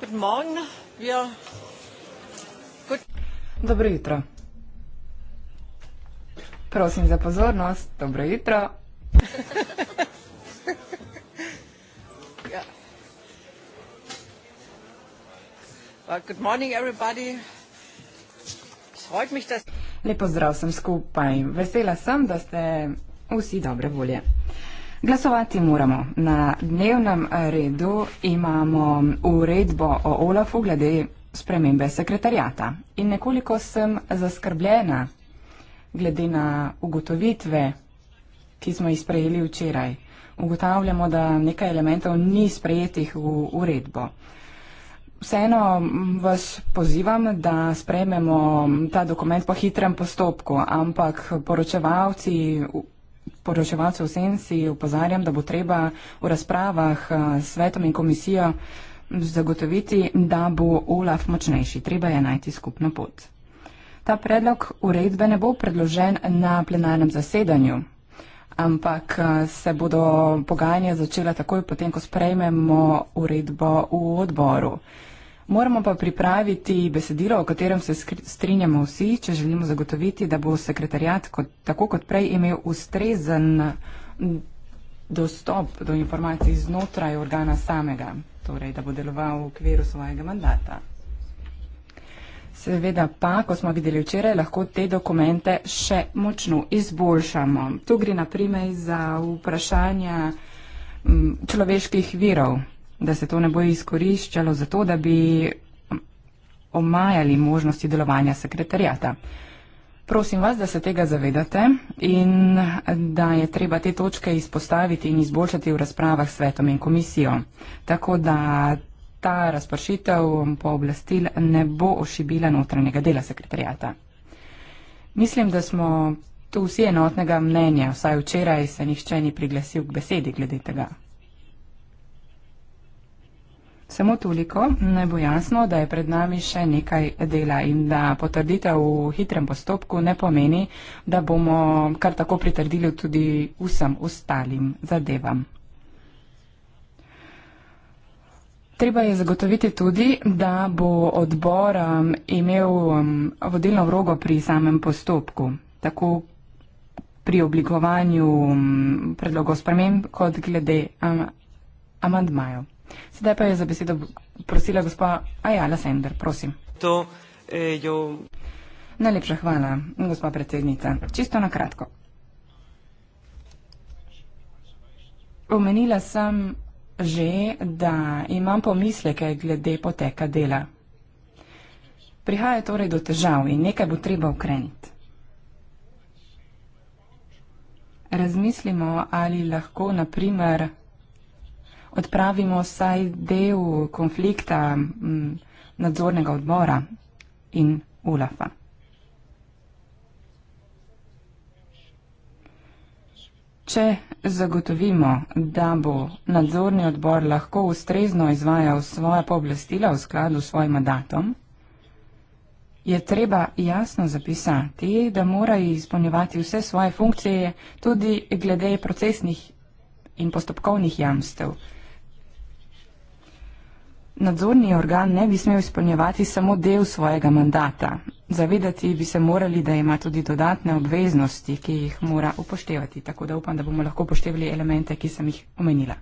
Guten Morgen. Wir Gut. Dobro jutro. Prosim za pozornost. Dobro jutro. Ja. Good morning, everybody. Freut mich, dass... Lepo zdrav sem skupaj. Vesela sem, da ste vsi dobre volje. Glasovati moramo. Na dnevnem eh, redu imamo mm, uredbo o Olafu glede spremembe sekretarjata. In nekoliko sem zaskrbljena glede na ugotovitve, ki smo jih sprejeli včeraj. Ugotavljamo, da nekaj elementov ni sprejetih v uredbo. Vseeno mm, vas pozivam, da sprejmemo mm, ta dokument po hitrem postopku, ampak poročevalci poroževalcev senci upozarjam, da bo treba v razpravah eh, s svetom in komisijo zagotoviti, da bo OLAF močnejši. Treba je najti skupno pot. Ta predlog uredbe ne bo predložen na plenarnem zasedanju, ampak eh, se bodo pogajanja začela takoj potem, ko sprejmemo uredbo v odboru. Moramo pa pripraviti besedilo, o katerem se strinjamo vsi, če želimo zagotoviti, da bo sekretarjat kot, tako kot prej imel ustrezen dostop do informacij znotraj organa samega, torej da bo deloval v okviru svojega mandata. Seveda pa, ko smo videli včeraj, lahko te dokumente še močno izboljšamo. Tu gre naprimer za vprašanja človeških virov, da se to ne bo izkoriščalo za to, da bi omajali možnosti delovanja sekretarjata. Prosim vas, da se tega zavedate in da je treba te točke izpostaviti in izboljšati v razpravah s svetom in komisijo. Tako da ta razpršitev po oblastil ne bo ošibila notranjega dela sekretarjata. Mislim, da smo tu vsi enotnega mnenja, vsaj včeraj se nihče ni priglasil k besedi glede tega. Samo toliko, naj bo jasno, da je pred nami še nekaj dela in da potrditev v hitrem postopku ne pomeni, da bomo kar tako pritrdili tudi vsem ostalim zadevam. Treba je zagotoviti tudi, da bo odbor um, imel um, vodilno vrogo pri samem postopku, tako pri oblikovanju um, predlogov sprememb kot glede amandmajev. Sedaj pa je za besedo prosila gospa Ajala Sender, prosim. To, e, jo... Najlepša hvala, gospa predsednica. Čisto na kratko. Omenila sem že, da imam pomisleke glede poteka dela. Prihaja torej do težav in nekaj bo treba ukreniti. Razmislimo, ali lahko, na primer, odpravimo vsaj del konflikta mm, nadzornega odbora in ULAFA. Če zagotovimo, da bo nadzorni odbor lahko ustrezno izvajal svoja pooblastila v skladu s svojim mandatom, je treba jasno zapisati, da mora izpolnjevati vse svoje funkcije tudi glede procesnih in postopkovnih jamstev nadzorni organ ne bi smel izpolnjevati samo del svojega mandata. Zavedati bi se morali, da ima tudi dodatne obveznosti, ki jih mora upoštevati. Tako da upam, da bomo lahko upoštevali elemente, ki sem jih omenila.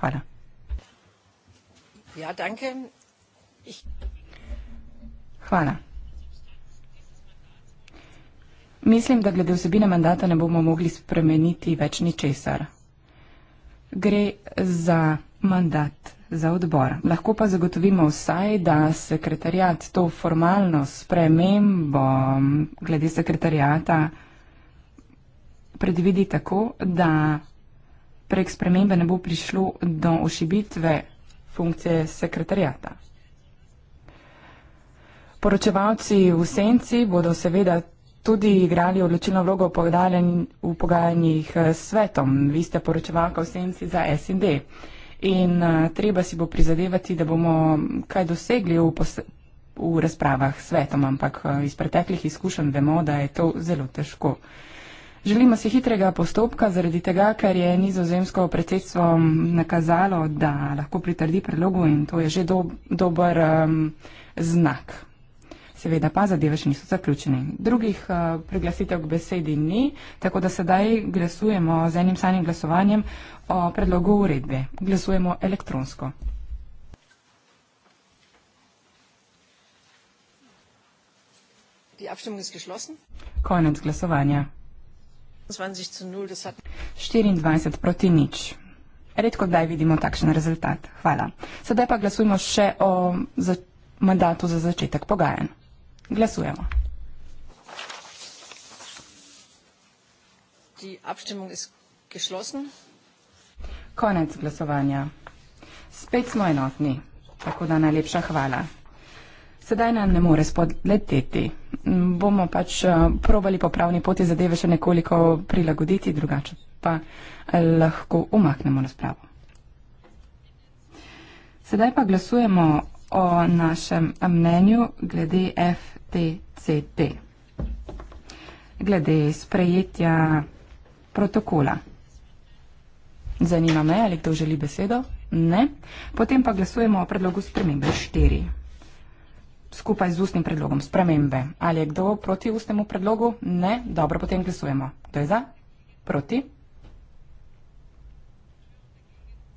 Hvala. Ja, danke. Ich... Hvala. Mislim, da glede vsebine mandata ne bomo mogli spremeniti več ničesar. Gre za mandat za odbor. Lahko pa zagotovimo vsaj, da sekretarjat to formalno spremembo glede sekretarjata predvidi tako, da prek spremembe ne bo prišlo do ošibitve funkcije sekretarjata. Poročevalci v senci bodo seveda tudi igrali odločilno vlogo v pogajanjih eh, s svetom. Vi ste poročevalka v senci za SND in uh, treba si bo prizadevati, da bomo kaj dosegli v, v razpravah s svetom, ampak uh, iz preteklih izkušenj vemo, da je to zelo težko. Želimo si hitrega postopka zaradi tega, ker je nizozemsko predsedstvo nakazalo, da lahko pritrdi predlogu in to je že do, dober um, znak. Seveda pa zadeve še niso zaključene. Drugih uh, eh, preglasitev k besedi ni, tako da sedaj glasujemo z enim samim glasovanjem o predlogu uredbe. Glasujemo elektronsko. Konec glasovanja. 24 proti nič. Redko kdaj vidimo takšen rezultat. Hvala. Sedaj pa glasujemo še o mandatu za začetek pogajanj. Glasujemo. Die Abstimmung ist geschlossen. Konec glasovanja. Spet smo enotni, tako da najlepša hvala. Sedaj nam ne more spodleteti. Bomo pač eh, probali po pravni poti zadeve še nekoliko prilagoditi, drugače pa eh, lahko umaknemo razpravo. Sedaj pa glasujemo o našem mnenju glede FTCT, glede sprejetja protokola. Zanima me, ali kdo želi besedo? Ne. Potem pa glasujemo o predlogu spremembe 4. Skupaj z ustnim predlogom spremembe. Ali je kdo proti ustnemu predlogu? Ne. Dobro, potem glasujemo. Kdo je za? Proti?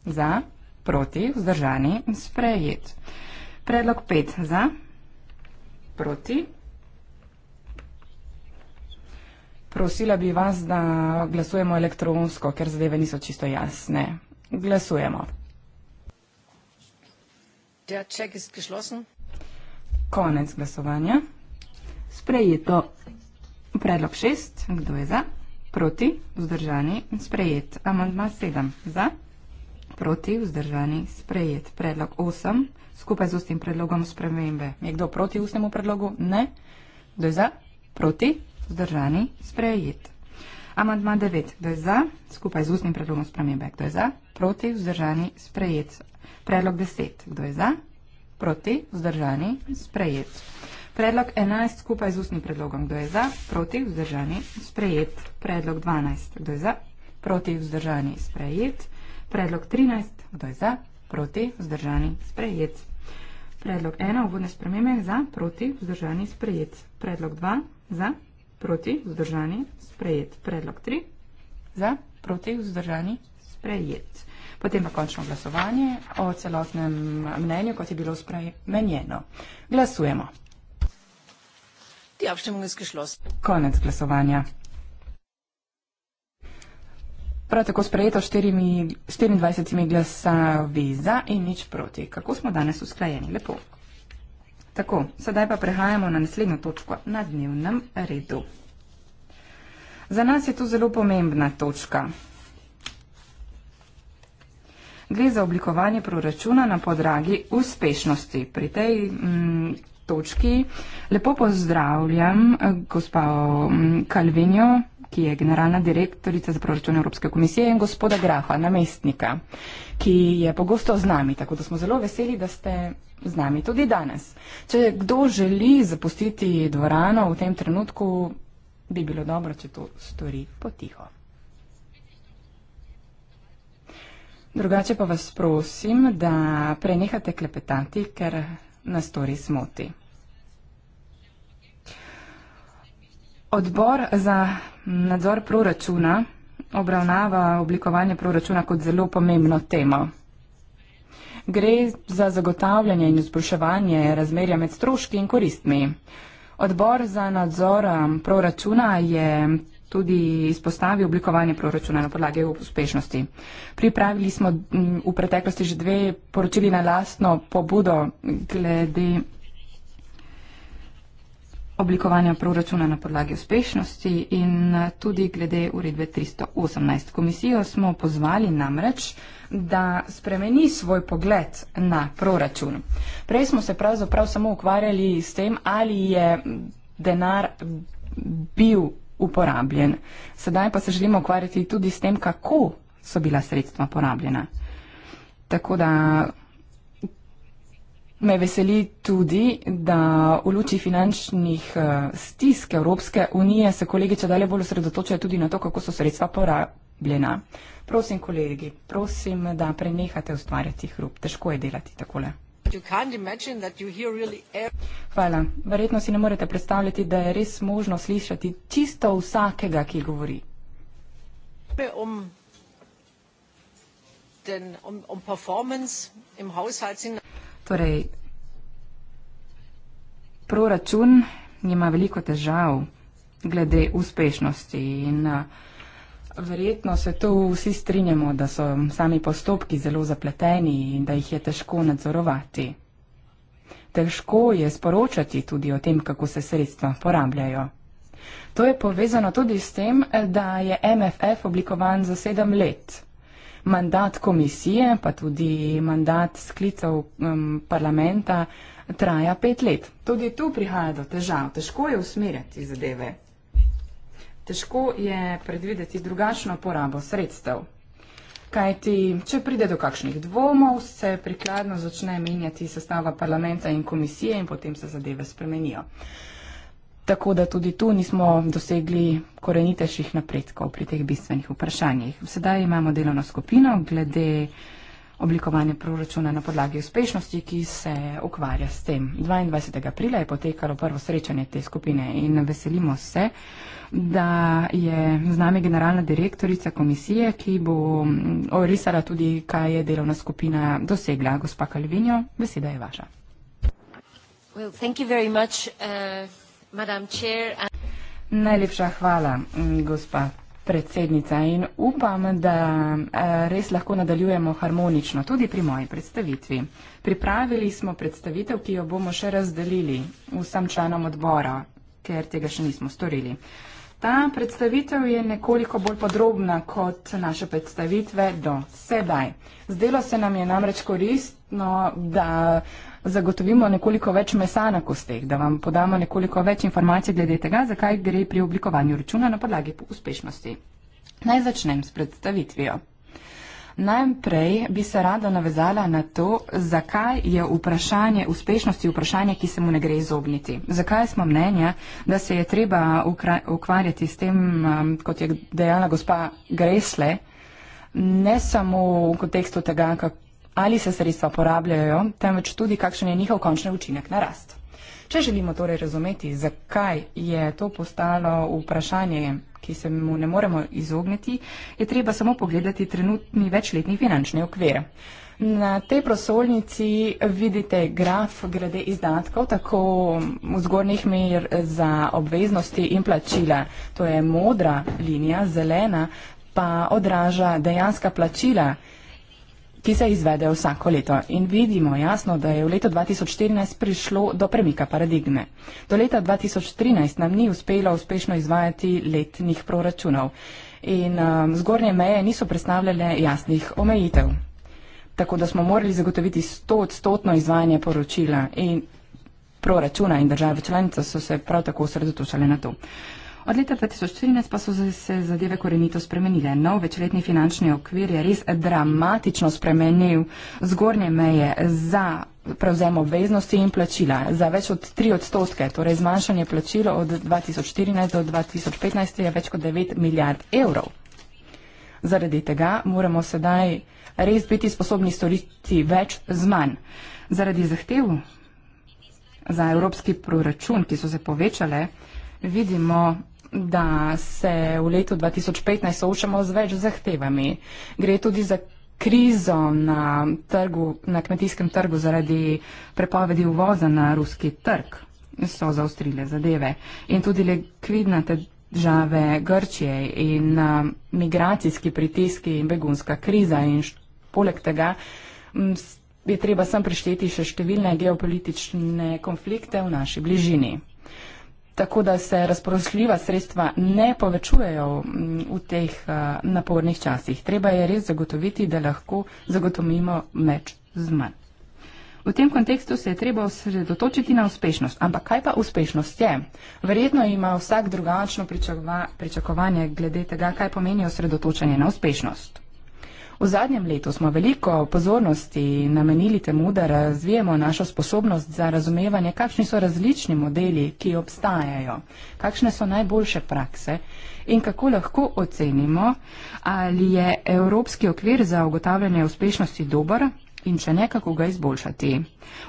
Za? Proti? Vzdržani? Sprejet. Predlog 5. Za? Proti? Prosila bi vas, da glasujemo elektronsko, ker zadeve niso čisto jasne. Glasujemo. Konec glasovanja. Sprejeto. Predlog šest. Kdo je za? Proti. Vzdržani. Sprejet. Amandma sedem. Za. Proti. Vzdržani. Sprejet. Predlog osem. Skupaj z ustnim predlogom spremembe. Je kdo proti ustnemu predlogu? Ne. Kdo je za? Proti vzdržani, sprejet. Amandma 9, kdo je za, skupaj z ustnim predlogom spremembe, kdo je za, proti, vzdržani, sprejet. Predlog 10, kdo je za, proti, vzdržani, sprejet. Predlog 11, skupaj z ustnim predlogom, kdo je za, proti, vzdržani, sprejet. Predlog 12, kdo je za, proti, vzdržani, sprejet. Predlog 13, kdo je za, proti, vzdržani, sprejet. Predlog 1, uvodne spremembe, za, proti, vzdržani, sprejet. Predlog 2, za, proti, vzdržani, sprejet. Proti, vzdržani, sprejet. Predlog 3. Za, proti, vzdržani, sprejet. Potem pa končno glasovanje o celotnem mnenju, kot je bilo spremenjeno. Glasujemo. Konec glasovanja. Prav tako sprejeto 24 glasovi za in nič proti. Kako smo danes usklajeni? Lepo. Tako, sedaj pa prehajamo na naslednjo točko na dnevnem redu. Za nas je to zelo pomembna točka. Gre za oblikovanje proračuna na podragi uspešnosti. Pri tej m, mm, točki lepo pozdravljam eh, gospod Kalvinjo. Mm, ki je generalna direktorica za proračun Evropske komisije, in gospoda Graha, namestnika, ki je pogosto z nami. Tako da smo zelo veseli, da ste z nami tudi danes. Če kdo želi zapustiti dvorano v tem trenutku, bi bilo dobro, če to stori potiho. Drugače pa vas prosim, da prenehate klepetati, ker nas to res moti. Odbor za nadzor proračuna obravnava oblikovanje proračuna kot zelo pomembno temo. Gre za zagotavljanje in izboljševanje razmerja med stroški in koristmi. Odbor za nadzor um, proračuna je tudi izpostavil oblikovanje proračuna na podlagi uspešnosti. Pripravili smo v preteklosti že dve poročili na lastno pobudo glede oblikovanja proračuna na podlagi uspešnosti in tudi glede uredbe 318. Komisijo smo pozvali namreč, da spremeni svoj pogled na proračun. Prej smo se pravzaprav samo ukvarjali s tem, ali je denar bil uporabljen. Sedaj pa se želimo ukvarjati tudi s tem, kako so bila sredstva porabljena. Tako da Me veseli tudi, da v luči finančnih eh, stisk Evropske unije se kolegi čedalje bolj osredotočajo tudi na to, kako so sredstva porabljena. Prosim, kolegi, prosim, da prenehate ustvarjati hrup. Težko je delati takole. Hvala. Verjetno si ne morete predstavljati, da je res možno slišati čisto vsakega, ki govori. Um, den, um, um Torej, proračun ima veliko težav glede uspešnosti in eh, verjetno se tu vsi strinjamo, da so sami postopki zelo zapleteni in da jih je težko nadzorovati. Težko je sporočati tudi o tem, kako se sredstva porabljajo. To je povezano tudi s tem, da je MFF oblikovan za sedem let mandat komisije, pa tudi mandat sklicev um, parlamenta traja pet let. Tudi tu prihaja do težav. Težko je usmerjati zadeve. Težko je predvideti drugačno porabo sredstev. Kajti, če pride do kakšnih dvomov, se prikladno začne menjati sestava parlamenta in komisije in potem se zadeve spremenijo. Tako da tudi tu nismo dosegli korenitejših napredkov pri teh bistvenih vprašanjih. Sedaj imamo delovno skupino glede oblikovanja proračuna na podlagi uspešnosti, ki se ukvarja s tem. 22. aprila je potekalo prvo srečanje te skupine in veselimo se, da je z nami generalna direktorica komisije, ki bo orisala tudi, kaj je delovna skupina dosegla. Gospa Kalvinjo, beseda je vaša. Well, Najlepša hvala, mm, gospa predsednica. In upam, da eh, res lahko nadaljujemo harmonično tudi pri moji predstavitvi. Pripravili smo predstavitev, ki jo bomo še razdelili vsem članom odbora, ker tega še nismo storili. Ta predstavitev je nekoliko bolj podrobna kot naše predstavitve do sedaj. Zdelo se nam je namreč koristno, da zagotovimo nekoliko več mesa na kosteh, da vam podamo nekoliko več informacij glede tega, zakaj gre pri oblikovanju računa na podlagi uspešnosti. Naj začnem s predstavitvijo. Najprej bi se rada navezala na to, zakaj je vprašanje uspešnosti vprašanje, ki se mu ne gre izogniti. Zakaj smo mnenja, da se je treba ukvarjati s tem, um, kot je dejala gospa Gresle, ne samo v kontekstu tega, kako ali se sredstva porabljajo, temveč tudi kakšen je njihov končni učinek na rast. Če želimo torej razumeti, zakaj je to postalo vprašanje, ki se mu ne moremo izogniti, je treba samo pogledati trenutni večletni finančni okvir. Na tej prosolnici vidite graf glede izdatkov, tako vzgornjih mer za obveznosti in plačila. To je modra linija, zelena pa odraža dejanska plačila ki se izvede vsako leto. In vidimo jasno, da je v letu 2014 prišlo do premika paradigme. Do leta 2013 nam ni uspelo uspešno izvajati letnih proračunov in um, zgornje meje niso predstavljale jasnih omejitev. Tako da smo morali zagotoviti 100-odstotno izvajanje poročila in proračuna in države članice so se prav tako osredotočale na to. Uh, Od leta 2013 pa so se zadeve korenito spremenile. Nov večletni finančni okvir je res dramatično spremenil zgornje meje za prevzem obveznosti in plačila za več od 3 odstotke, torej zmanjšanje plačilo od 2014 do 2015 je več kot 9 milijard evrov. Zaradi tega moramo sedaj res biti sposobni storiti več z manj. Zaradi zahtev za evropski proračun, ki so se povečale, vidimo, da se v letu 2015 soočamo z več zahtevami. Gre tudi za krizo na, trgu, na kmetijskem trgu zaradi prepovedi uvoza na ruski trg. So zaostrile zadeve. In tudi likvidna težave Grčije in migracijski pritiski in begunska kriza. In poleg tega je treba sem prišteti še številne geopolitične konflikte v naši bližini. Mm tako da se razpoložljiva sredstva ne povečujejo mm, v teh eh, napornih časih. Treba je res zagotoviti, da lahko zagotovimo meč z manj. V tem kontekstu se je treba osredotočiti na uspešnost. Ampak kaj pa uspešnost je? Verjetno ima vsak drugačno pričakovanje glede tega, kaj pomeni osredotočanje na uspešnost. V zadnjem letu smo veliko pozornosti namenili temu, da razvijemo našo sposobnost za razumevanje, kakšni so različni modeli, ki obstajajo, kakšne so najboljše prakse in kako lahko ocenimo, ali je Evropski okvir za ugotavljanje uspešnosti dober in če ne, kako ga izboljšati.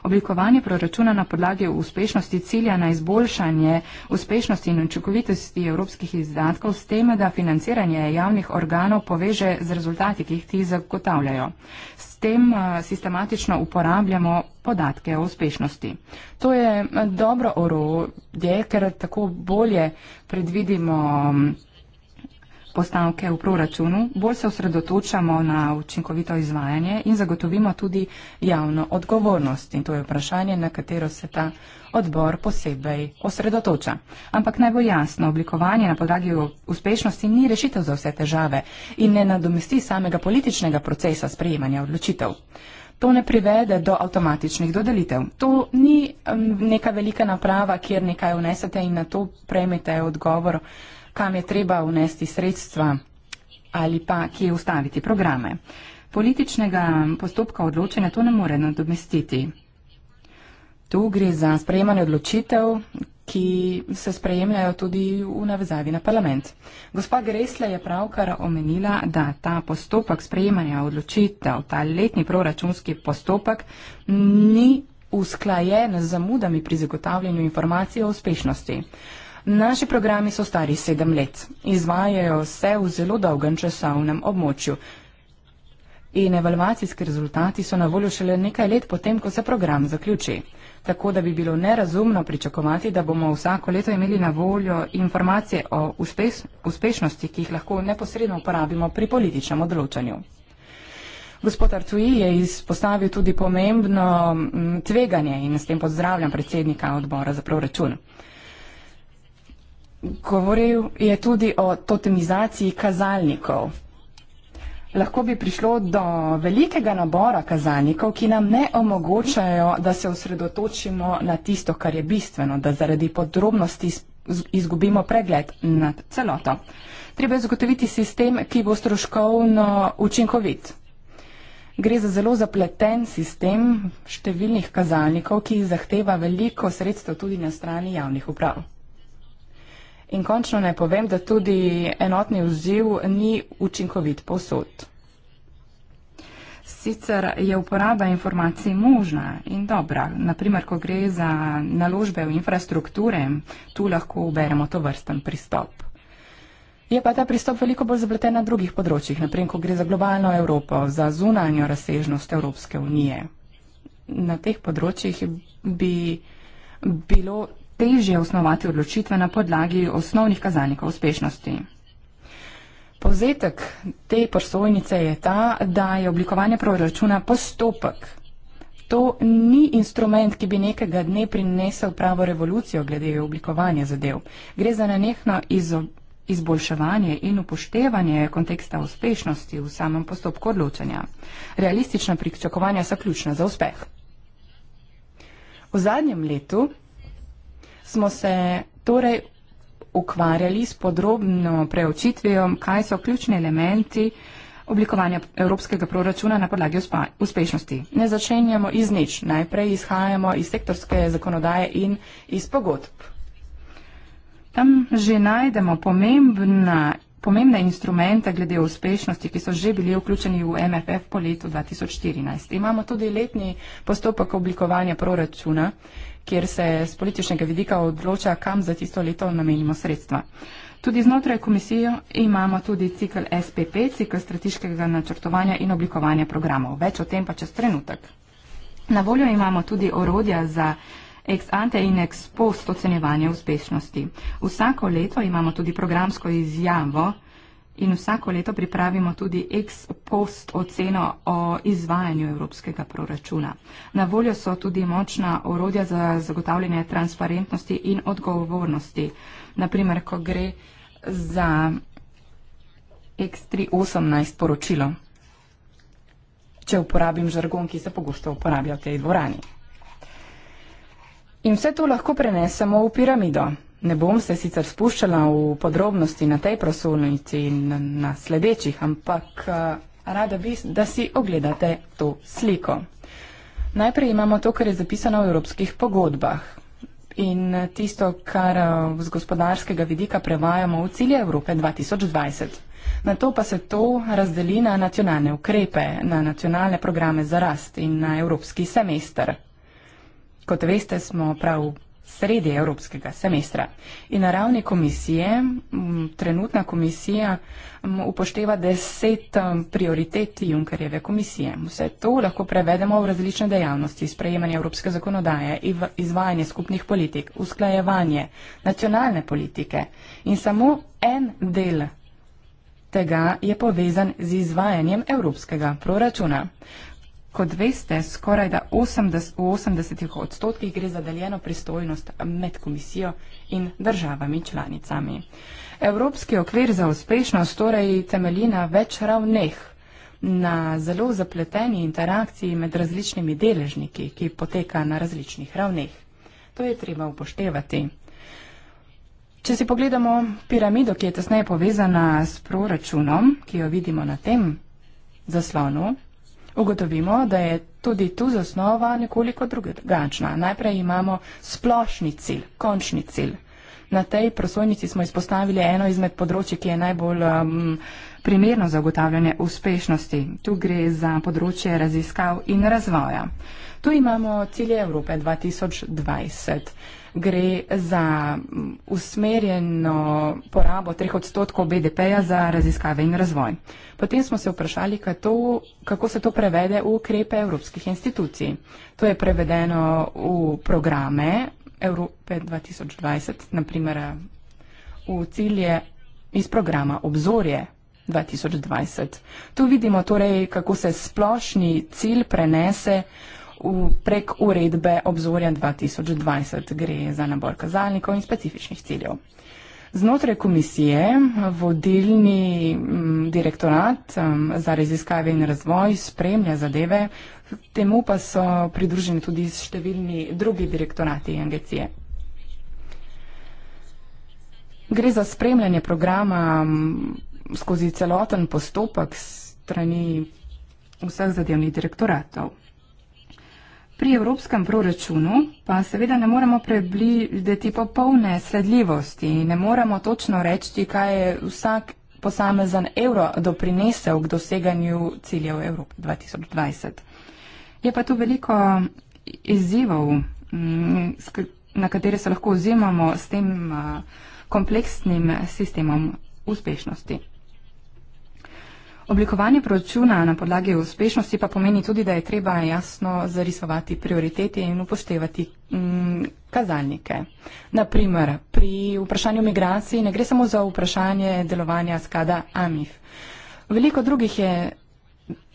Oblikovanje proračuna na podlagi uspešnosti cilja na izboljšanje uspešnosti in učinkovitosti evropskih izdatkov s tem, da financiranje javnih organov poveže z rezultati, ki jih ti zagotavljajo. S tem eh, sistematično uporabljamo podatke o uspešnosti. To je eh, dobro orodje, ker tako bolje predvidimo postavke v proračunu, bolj se osredotočamo na učinkovito izvajanje in zagotovimo tudi javno odgovornost. In to je vprašanje, na katero se ta odbor posebej osredotoča. Ampak najbolj jasno, oblikovanje na podlagi uspešnosti ni rešitev za vse težave in ne nadomesti samega političnega procesa sprejemanja odločitev. To ne privede do avtomatičnih dodelitev. To ni neka velika naprava, kjer nekaj vnesete in na to prejmete odgovor kam je treba unesti sredstva ali pa kje ustaviti programe. Političnega postopka odločanja to ne more nadomestiti. Tu gre za sprejemanje odločitev, ki se sprejemljajo tudi v navezavi na parlament. Gospa Gresla je pravkar omenila, da ta postopek sprejemanja odločitev, ta letni proračunski postopek, ni usklajen z zamudami pri zagotavljanju informacij o uspešnosti. Naši programi so stari sedem let. Izvajajo se v zelo dolgem časovnem območju. In evalvacijski rezultati so na voljo šele nekaj let potem, ko se program zaključi. Tako da bi bilo nerazumno pričakovati, da bomo vsako leto imeli na voljo informacije o uspeš uspešnosti, ki jih lahko neposredno uporabimo pri političnem odločanju. Gospod Artui je izpostavil tudi pomembno tveganje in s tem pozdravljam predsednika odbora za proračun. Govoril je tudi o totemizaciji kazalnikov. Lahko bi prišlo do velikega nabora kazalnikov, ki nam ne omogočajo, da se osredotočimo na tisto, kar je bistveno, da zaradi podrobnosti izgubimo pregled nad celoto. Treba je zagotoviti sistem, ki bo stroškovno učinkovit. Gre za zelo zapleten sistem številnih kazalnikov, ki zahteva veliko sredstev tudi na strani javnih uprav. In končno naj povem, da tudi enotni vziv ni učinkovit posod. Sicer je uporaba informacij možna in dobra. Naprimer, ko gre za naložbe v infrastrukture, tu lahko uberemo to vrsten pristop. Je pa ta pristop veliko bolj zapleten na drugih področjih, naprimer, ko gre za globalno Evropo, za zunanjo razsežnost Evropske unije. Na teh področjih bi bilo težje osnovati odločitve na podlagi osnovnih kazalnikov uspešnosti. Povzetek te prosojnice je ta, da je oblikovanje proračuna postopek. To ni instrument, ki bi nekega dne prinesel pravo revolucijo glede oblikovanja zadev. Gre za nenehno izboljševanje in upoštevanje konteksta uspešnosti v samem postopku odločanja. Realistična pričakovanja so ključna za uspeh. V zadnjem letu smo se torej ukvarjali s podrobno preučitvijo, kaj so ključni elementi oblikovanja evropskega proračuna na podlagi uspešnosti. Ne začenjamo iz nič, najprej izhajamo iz sektorske zakonodaje in iz pogodb. Tam že najdemo pomembna, pomembne instrumente glede uspešnosti, ki so že bili vključeni v MFF po letu 2014. Imamo tudi letni postopek oblikovanja proračuna, kjer se z političnega vidika odloča, kam za tisto leto namenimo sredstva. Tudi znotraj komisijo imamo tudi cikl SPP, cikl strateškega načrtovanja in oblikovanja programov. Več o tem pa čez trenutek. Na voljo imamo tudi orodja za ex ante in ex post ocenjevanje uspešnosti. Vsako leto imamo tudi programsko izjavo, in vsako leto pripravimo tudi ex post oceno o izvajanju evropskega proračuna. Na voljo so tudi močna orodja za zagotavljanje transparentnosti in odgovornosti. Naprimer, ko gre za ex 318 poročilo, če uporabim žargon, ki se pogosto uporablja v tej dvorani. In vse to lahko prenesemo v piramido. Ne bom se sicer spuščala v podrobnosti na tej prosolnici in na sledečih, ampak eh, rada bi, da si ogledate to sliko. Najprej imamo to, kar je zapisano v evropskih pogodbah in eh, tisto, kar eh, z gospodarskega vidika prevajamo v cilje Evrope 2020. Na to pa se to razdeli na nacionalne ukrepe, na nacionalne programe za rast in na evropski semester. Kot veste, smo prav sredi evropskega semestra. In na ravni komisije, trenutna komisija upošteva deset prioritet Junkerjeve komisije. Vse to lahko prevedemo v različne dejavnosti, sprejemanje evropske zakonodaje, izvajanje skupnih politik, usklajevanje nacionalne politike. In samo en del tega je povezan z izvajanjem evropskega proračuna kot veste, skoraj da 80, v 80 odstotkih gre za deljeno pristojnost med komisijo in državami članicami. Evropski okvir za uspešnost torej temelji na več ravneh, na zelo zapleteni interakciji med različnimi deležniki, ki poteka na različnih ravneh. To je treba upoštevati. Če si pogledamo piramido, ki je tesneje povezana s proračunom, ki jo vidimo na tem zaslonu, Ugotovimo, da je tudi tu zasnova nekoliko drugačna. Najprej imamo splošni cilj, končni cilj. Na tej prosojnici smo izpostavili eno izmed področji, ki je najbolj um, primerno za ugotavljanje uspešnosti. Tu gre za področje raziskav in razvoja. Tu imamo cilje Evrope 2020 gre za mm, usmerjeno porabo 3 odstotkov BDP-ja za raziskave in razvoj. Potem smo se vprašali, kato, kako se to prevede v ukrepe evropskih institucij. To je prevedeno v programe Evrope 2020, naprimer v cilje iz programa Obzorje. 2020. Tu vidimo torej, kako se splošni cilj prenese v, prek uredbe obzorja 2020 gre za nabor kazalnikov in specifičnih ciljev. Znotraj komisije vodilni m, mm, direktorat m, mm, za raziskave in razvoj spremlja zadeve, temu pa so pridruženi tudi številni drugi direktorati in agencije. Gre za spremljanje programa m, mm, skozi celoten postopek strani vseh zadevnih direktoratov. Pri evropskem proračunu pa seveda ne moremo prebliti popolne sledljivosti, ne moremo točno reči, kaj je vsak posamezen evro doprinesel k doseganju ciljev Evrope 2020. Je pa tu veliko izzivov, mm, na katere se lahko ozimamo s tem kompleksnim sistemom uspešnosti. Oblikovanje proračuna na podlagi uspešnosti pa pomeni tudi, da je treba jasno zarisovati prioritete in upoštevati mm, kazalnike. Naprimer, pri vprašanju migracij ne gre samo za vprašanje delovanja sklada AMIF. Veliko drugih je,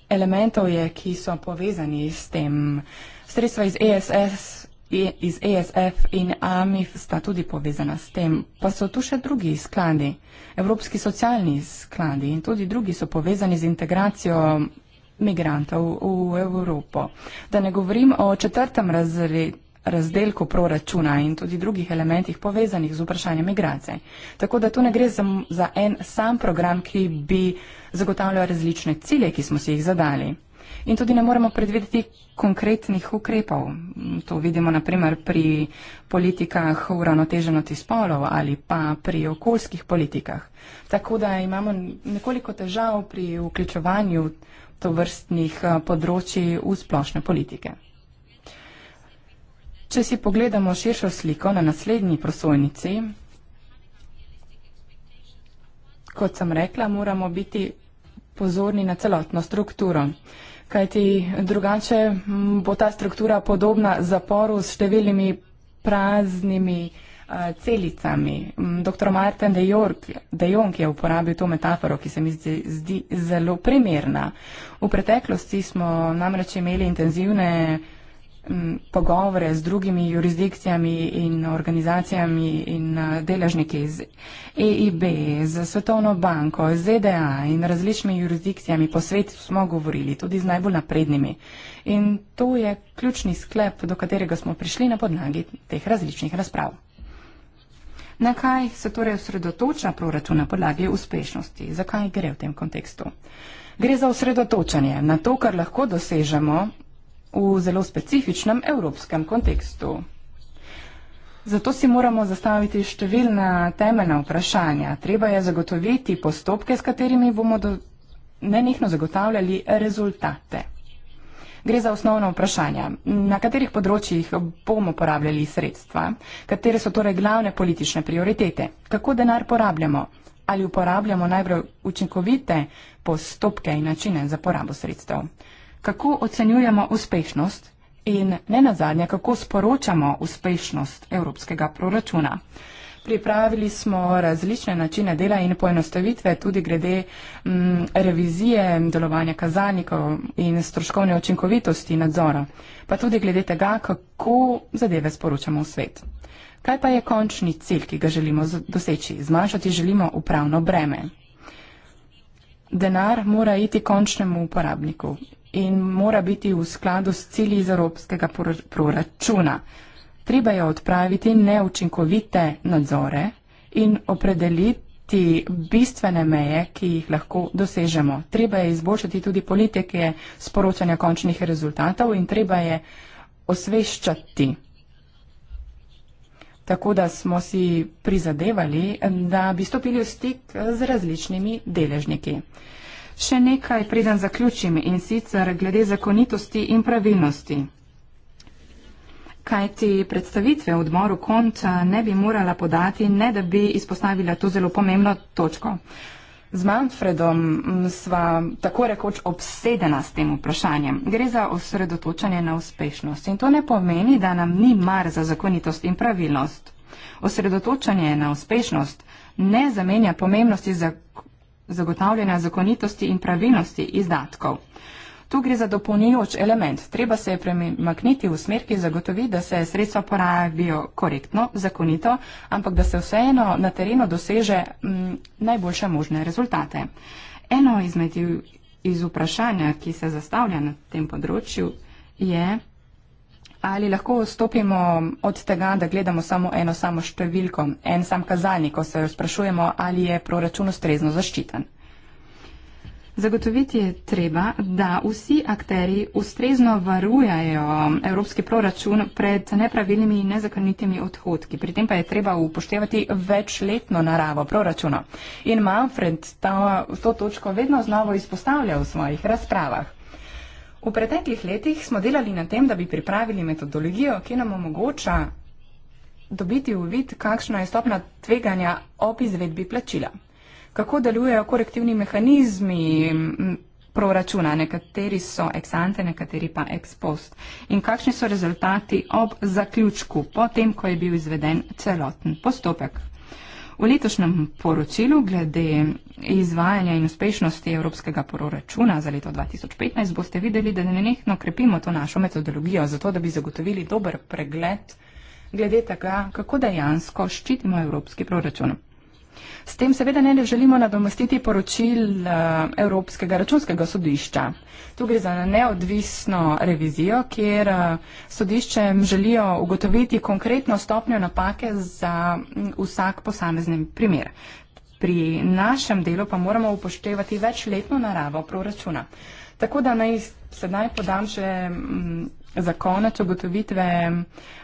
elementov je, ki so povezani s tem. Sredstva iz ESS E- iz ESF in AMIF sta tudi povezana s tem. Pa so tu še drugi skladi, Evropski socialni skladi in tudi drugi so povezani z integracijo migrantov v Evropo. Da ne govorim o četrtem razredu razdelku proračuna in tudi drugih elementih povezanih z vprašanjem migracije. Tako da tu ne gre za en sam program, ki bi zagotavljal različne cilje, ki smo si jih zadali in tudi ne moremo predvideti konkretnih ukrepov. To vidimo naprimer pri politikah uravnoteženosti spolov ali pa pri okoljskih politikah. Tako da imamo nekoliko težav pri vključevanju tovrstnih eh, področji v splošne politike. Če si pogledamo širšo sliko na naslednji prosojnici, kot sem rekla, moramo biti pozorni na celotno strukturo kajti drugače bo ta struktura podobna zaporu s številnimi praznimi celicami. Dr. Martin de, York, de Jong je uporabil to metaforo, ki se mi zdi, zdi zelo primerna. V preteklosti smo namreč imeli intenzivne pogovore z drugimi jurisdikcijami in organizacijami in deležniki z EIB, z Svetovno banko, z ZDA in različnimi jurisdikcijami po svetu smo govorili, tudi z najbolj naprednimi. In to je ključni sklep, do katerega smo prišli na podlagi teh različnih razprav. Na kaj se torej osredotoča proračun na podlagi uspešnosti? Zakaj gre v tem kontekstu? Gre za osredotočanje na to, kar lahko dosežemo v zelo specifičnem evropskem kontekstu. Zato si moramo zastaviti številna temeljna vprašanja. Treba je zagotoviti postopke, s katerimi bomo nenehno zagotavljali rezultate. Gre za osnovna vprašanja, na katerih področjih bomo porabljali sredstva, katere so torej glavne politične prioritete, kako denar porabljamo, ali uporabljamo najbolj učinkovite postopke in načine za porabo sredstev kako ocenjujemo uspešnost in ne nazadnje, kako sporočamo uspešnost evropskega proračuna. Pripravili smo različne načine dela in poenostavitve, tudi glede m, mm, revizije delovanja kazalnikov in stroškovne učinkovitosti nadzora, pa tudi glede tega, kako zadeve sporočamo v svet. Kaj pa je končni cilj, ki ga želimo doseči? Zmanjšati želimo upravno breme. Denar mora iti končnemu uporabniku in mora biti v skladu s cilji iz evropskega proračuna. Treba je odpraviti neučinkovite nadzore in opredeliti bistvene meje, ki jih lahko dosežemo. Treba je izboljšati tudi politike sporočanja končnih rezultatov in treba je osveščati. Tako da smo si prizadevali, da bi stopili v stik z različnimi deležniki. Še nekaj preden zaključim in sicer glede zakonitosti in pravilnosti. Kajti predstavitve v odmoru kont ne bi morala podati, ne da bi izpostavila to zelo pomembno točko. Z Manfredom sva tako rekoč obsedena s tem vprašanjem. Gre za osredotočanje na uspešnost in to ne pomeni, da nam ni mar za zakonitost in pravilnost. Osredotočanje na uspešnost ne zamenja pomembnosti za zagotavljanja zakonitosti in pravilnosti izdatkov. Tu gre za dopolnjujoč element. Treba se je premakniti v smer, ki zagotovi, da se sredstva porabijo korektno, zakonito, ampak da se vseeno na terenu doseže m, mm, najboljše možne rezultate. Eno izmed iz vprašanja, ki se zastavlja na tem področju, je Ali lahko stopimo od tega, da gledamo samo eno samo številko, en sam kazalnik, ko se sprašujemo, ali je proračun ustrezno zaščiten? Zagotoviti je treba, da vsi akteri ustrezno varujajo evropski proračun pred nepravilnimi in nezakonitimi odhodki. Pri tem pa je treba upoštevati večletno naravo proračuna. In Manfred ta, to točko vedno znova izpostavlja v svojih razpravah. V preteklih letih smo delali na tem, da bi pripravili metodologijo, ki nam omogoča dobiti uvid, kakšna je stopna tveganja ob izvedbi plačila. Kako delujejo korektivni mehanizmi proračuna, nekateri so eksante, nekateri pa ekspost. In kakšni so rezultati ob zaključku, potem, ko je bil izveden celoten postopek. V letošnjem poročilu glede izvajanja in uspešnosti evropskega proračuna za leto 2015 boste videli, da nenehno krepimo to našo metodologijo, zato da bi zagotovili dober pregled glede tega, kako dejansko ščitimo evropski proračun. S tem seveda ne želimo nadomestiti poročil eh, Evropskega računskega sodišča. Tu gre za neodvisno revizijo, kjer eh, sodiščem želijo ugotoviti konkretno stopnjo napake za mm, vsak posamezni primer. Pri našem delu pa moramo upoštevati večletno naravo proračuna. Tako da naj sedaj podam še mm, za konec ugotovitve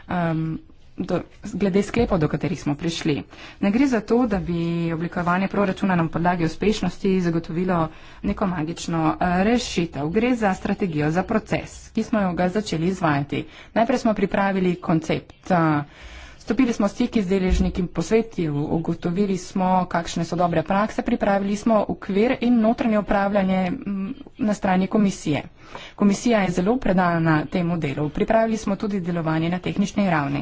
um, do, glede sklepov, do katerih smo prišli. Ne gre za to, da bi oblikovanje proračuna na podlagi uspešnosti zagotovilo neko magično eh, rešitev. Gre za strategijo, za proces, ki smo jo ga začeli izvajati. Najprej smo pripravili koncept. Uh, Stopili smo stik z deležniki posveti, ugotovili smo, kakšne so dobre prakse, pripravili smo ukvir in notranje upravljanje na strani komisije. Komisija je zelo predana temu delu. Pripravili smo tudi delovanje na tehnični ravni.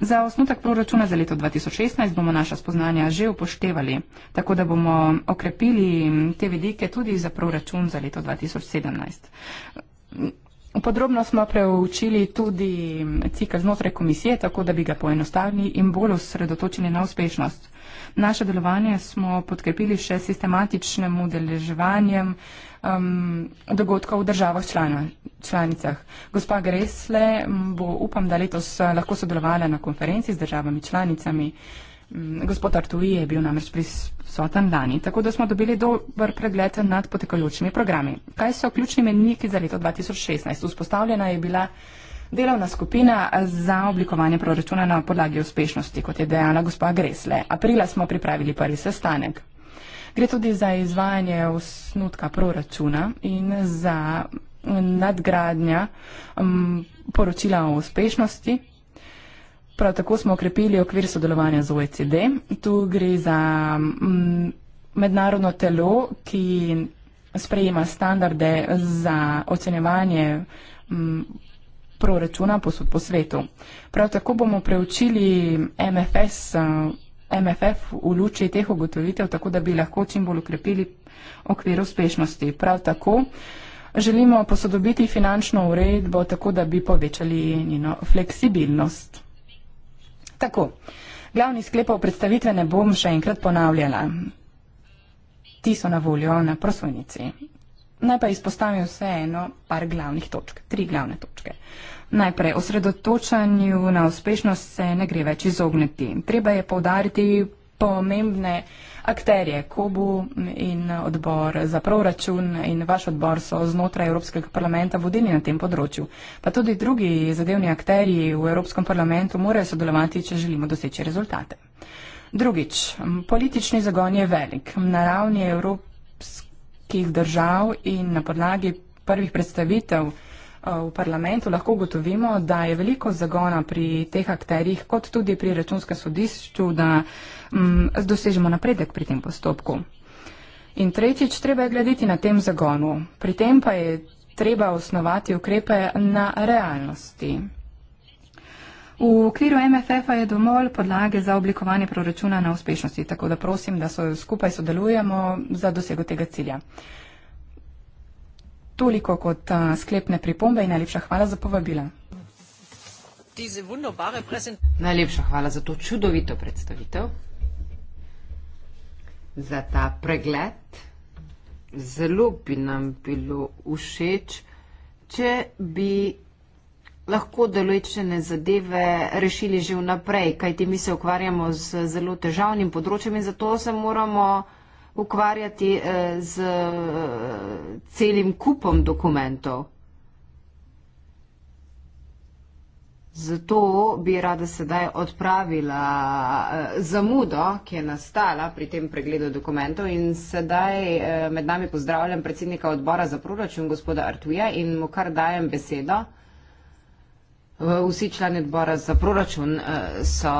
Za osnutek proračuna za leto 2016 bomo naša spoznanja že upoštevali, tako da bomo okrepili te vidike tudi za proračun za leto 2017. Podrobno smo preučili tudi cikl znotraj komisije, tako da bi ga poenostavili in bolj osredotočili na uspešnost. Naše delovanje smo podkrepili še sistematičnemu deleževanjem um, dogodkov v državah člana, članicah. Gospa Gresle bo upam, da letos eh, lahko sodelovala na konferenci z državami članicami. Uh, Mm, gospod Artuji je bil namreč prisoten lani, tako da smo dobili dober pregled nad potekajočimi programi. Kaj so ključni meniki za leto 2016? Vzpostavljena je bila delovna skupina za oblikovanje proračuna na podlagi uspešnosti, kot je dejala gospa Gresle. Aprila smo pripravili prvi sestanek. Gre tudi za izvajanje osnutka proračuna in za nadgradnja um, poročila o uspešnosti, Prav tako smo okrepili okvir sodelovanja z OECD. Tu gre za mm, mednarodno telo, ki sprejema standarde za ocenjevanje mm, proračuna po, po svetu. Prav tako bomo preučili MFS, eh, MFF v luči teh ugotovitev, tako da bi lahko čim bolj ukrepili okvir uspešnosti. Prav tako želimo posodobiti finančno uredbo, tako da bi povečali njeno fleksibilnost. Tako, glavni sklepov predstavitve ne bom še enkrat ponavljala. Ti so na voljo na prosojnici. Naj pa izpostavim vseeno par glavnih točk, tri glavne točke. Najprej, osredotočanju na uspešnost se ne gre več izogniti. Treba je povdariti pomembne akterje, Kobu in odbor za proračun in vaš odbor so znotraj Evropskega parlamenta vodeni na tem področju. Pa tudi drugi zadevni akterji v Evropskem parlamentu morajo sodelovati, če želimo doseči rezultate. Drugič, politični zagon je velik. Na ravni evropskih držav in na podlagi prvih predstavitev uh, v parlamentu lahko gotovimo, da je veliko zagona pri teh akterjih, kot tudi pri računskem sodišču, da uh, m, mm, dosežemo napredek pri tem postopku. In tretjič, treba je gledati na tem zagonu. Pri tem pa je treba osnovati ukrepe na realnosti. V okviru MFF-a je domol podlage za oblikovanje proračuna na uspešnosti, tako da prosim, da so skupaj sodelujemo za dosego tega cilja. Toliko kot sklepne pripombe in najlepša hvala za povabila. Najlepša hvala za to čudovito predstavitev za ta pregled. Zelo bi nam bilo všeč, če bi lahko določene zadeve rešili že vnaprej, kajti mi se ukvarjamo z zelo težavnim področjem in zato se moramo ukvarjati eh, z eh, celim kupom dokumentov. Zato bi rada sedaj odpravila eh, zamudo, ki je nastala pri tem pregledu dokumentov in sedaj eh, med nami pozdravljam predsednika odbora za proračun, gospoda Artuja in mu kar dajem besedo. Vsi člani odbora za proračun eh, so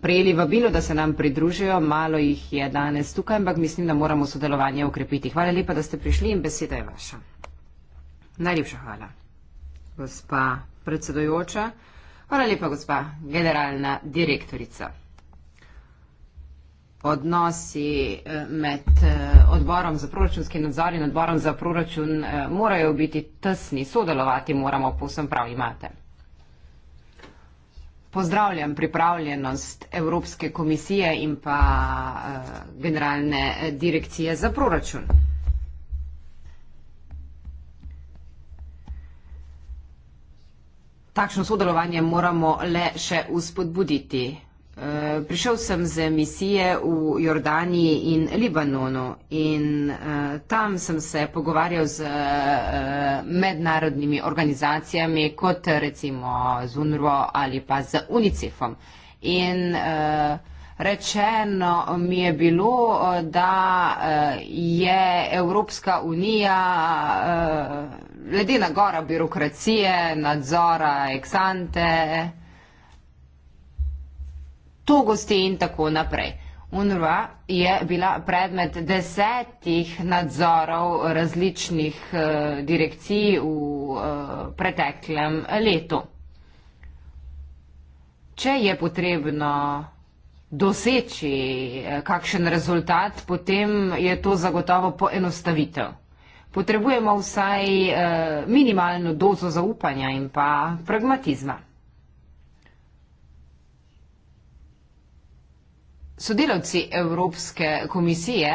prejeli vabilo, da se nam pridružijo, malo jih je danes tukaj, ampak mislim, da moramo sodelovanje ukrepiti. Hvala lepa, da ste prišli in beseda je vaša. Najlepša hvala. Gospa predsedojoča. Hvala lepa, gospa generalna direktorica. Odnosi eh, med eh, odborom za proračunski nadzor in odborom za proračun eh, morajo biti tesni, sodelovati moramo, povsem prav imate. Pozdravljam pripravljenost Evropske komisije in pa generalne direkcije za proračun. takšno sodelovanje moramo le še uspodbuditi. E, prišel sem z misije v Jordaniji in Libanonu in e, tam sem se pogovarjal z e, mednarodnimi organizacijami, kot recimo z UNRO ali pa z UNICEF-om. In uh, Rečeno mi je bilo, da eh, je Evropska unija eh, ledena gora birokracije, nadzora, eksante, togosti in tako naprej. UNRWA je bila predmet desetih nadzorov različnih eh, direkcij v preteklem letu. Če je potrebno doseči eh, kakšen rezultat, potem je to zagotovo poenostavitev. Potrebujemo vsaj eh, minimalno dozo zaupanja in pa pragmatizma. Sodelavci Evropske komisije,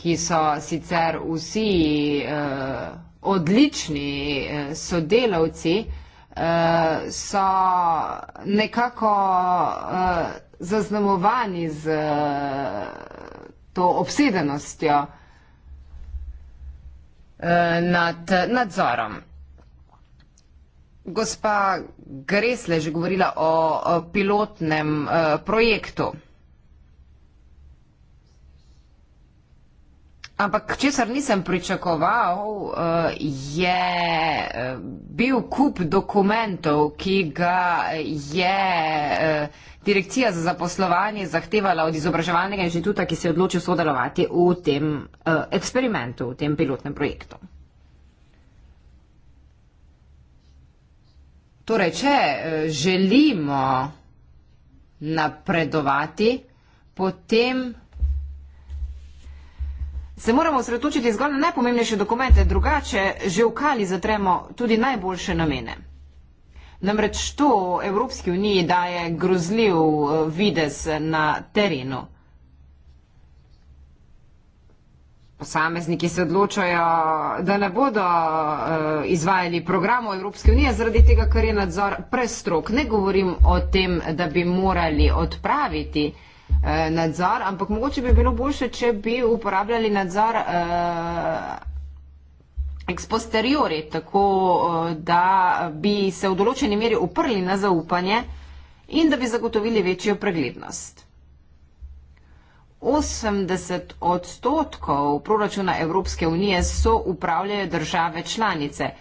ki so sicer vsi eh, odlični sodelavci, Eh, so nekako uh, zaznamovani z uh, to obsedenostjo uh, nad nadzorom. Gospa Gresle je že govorila o, o pilotnem uh, projektu. Ampak, česar nisem pričakoval, eh, je eh, bil kup dokumentov, ki ga je eh, Direkcija za zaposlovanje zahtevala od izobraževalnega inštituta, ki se je odločil sodelovati v tem eksperimentu, v tem pilotnem projektu. Torej, če želimo napredovati, potem se moramo osredotočiti zgolj na najpomembnejše dokumente, drugače že v kali zatremo tudi najboljše namene. Namreč to Evropski uniji daje grozljiv eh, vides na terenu. Posamezniki se odločajo, da ne bodo uh, izvajali programov Evropske unije zaradi tega, ker je nadzor prestrok. Ne govorim o tem, da bi morali odpraviti uh, eh, nadzor, ampak mogoče bi bilo boljše, če bi uporabljali nadzor eh, ex posteriori, tako eh, da bi se v določeni meri uprli na zaupanje in da bi zagotovili večjo preglednost. 80 odstotkov proračuna Evropske unije so upravljajo države članice.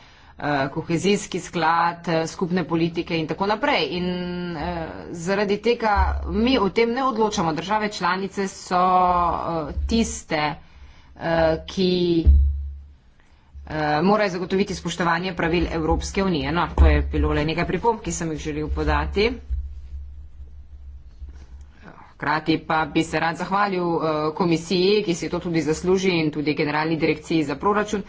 Eh, kohezijski sklad, eh, skupne politike in tako naprej. In eh, zaradi tega mi o tem ne odločamo. Države članice so tiste, ki morajo zagotoviti spoštovanje pravil Evropske unije. No, to je bilo le nekaj pripomb, ki sem jih želel podati. Hkrati pa bi se rad zahvalil komisiji, ki si to tudi zasluži in tudi generalni direkciji za proračun,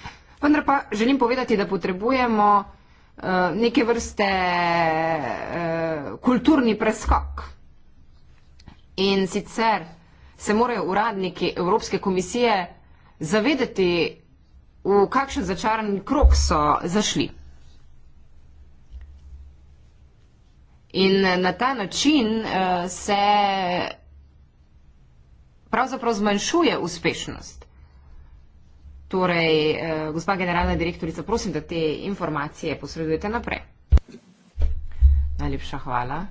Vendar pa želim povedati, da potrebujemo eh, neke vrste eh, kulturni preskok. In sicer se morajo uradniki Evropske komisije zavedeti, v kakšen začaran krok so zašli. In na ta način eh, se pravzaprav zmanjšuje uspešnost. Torej, eh, gospa generalna direktorica, prosim, da te informacije posredujete naprej. Najlepša hvala.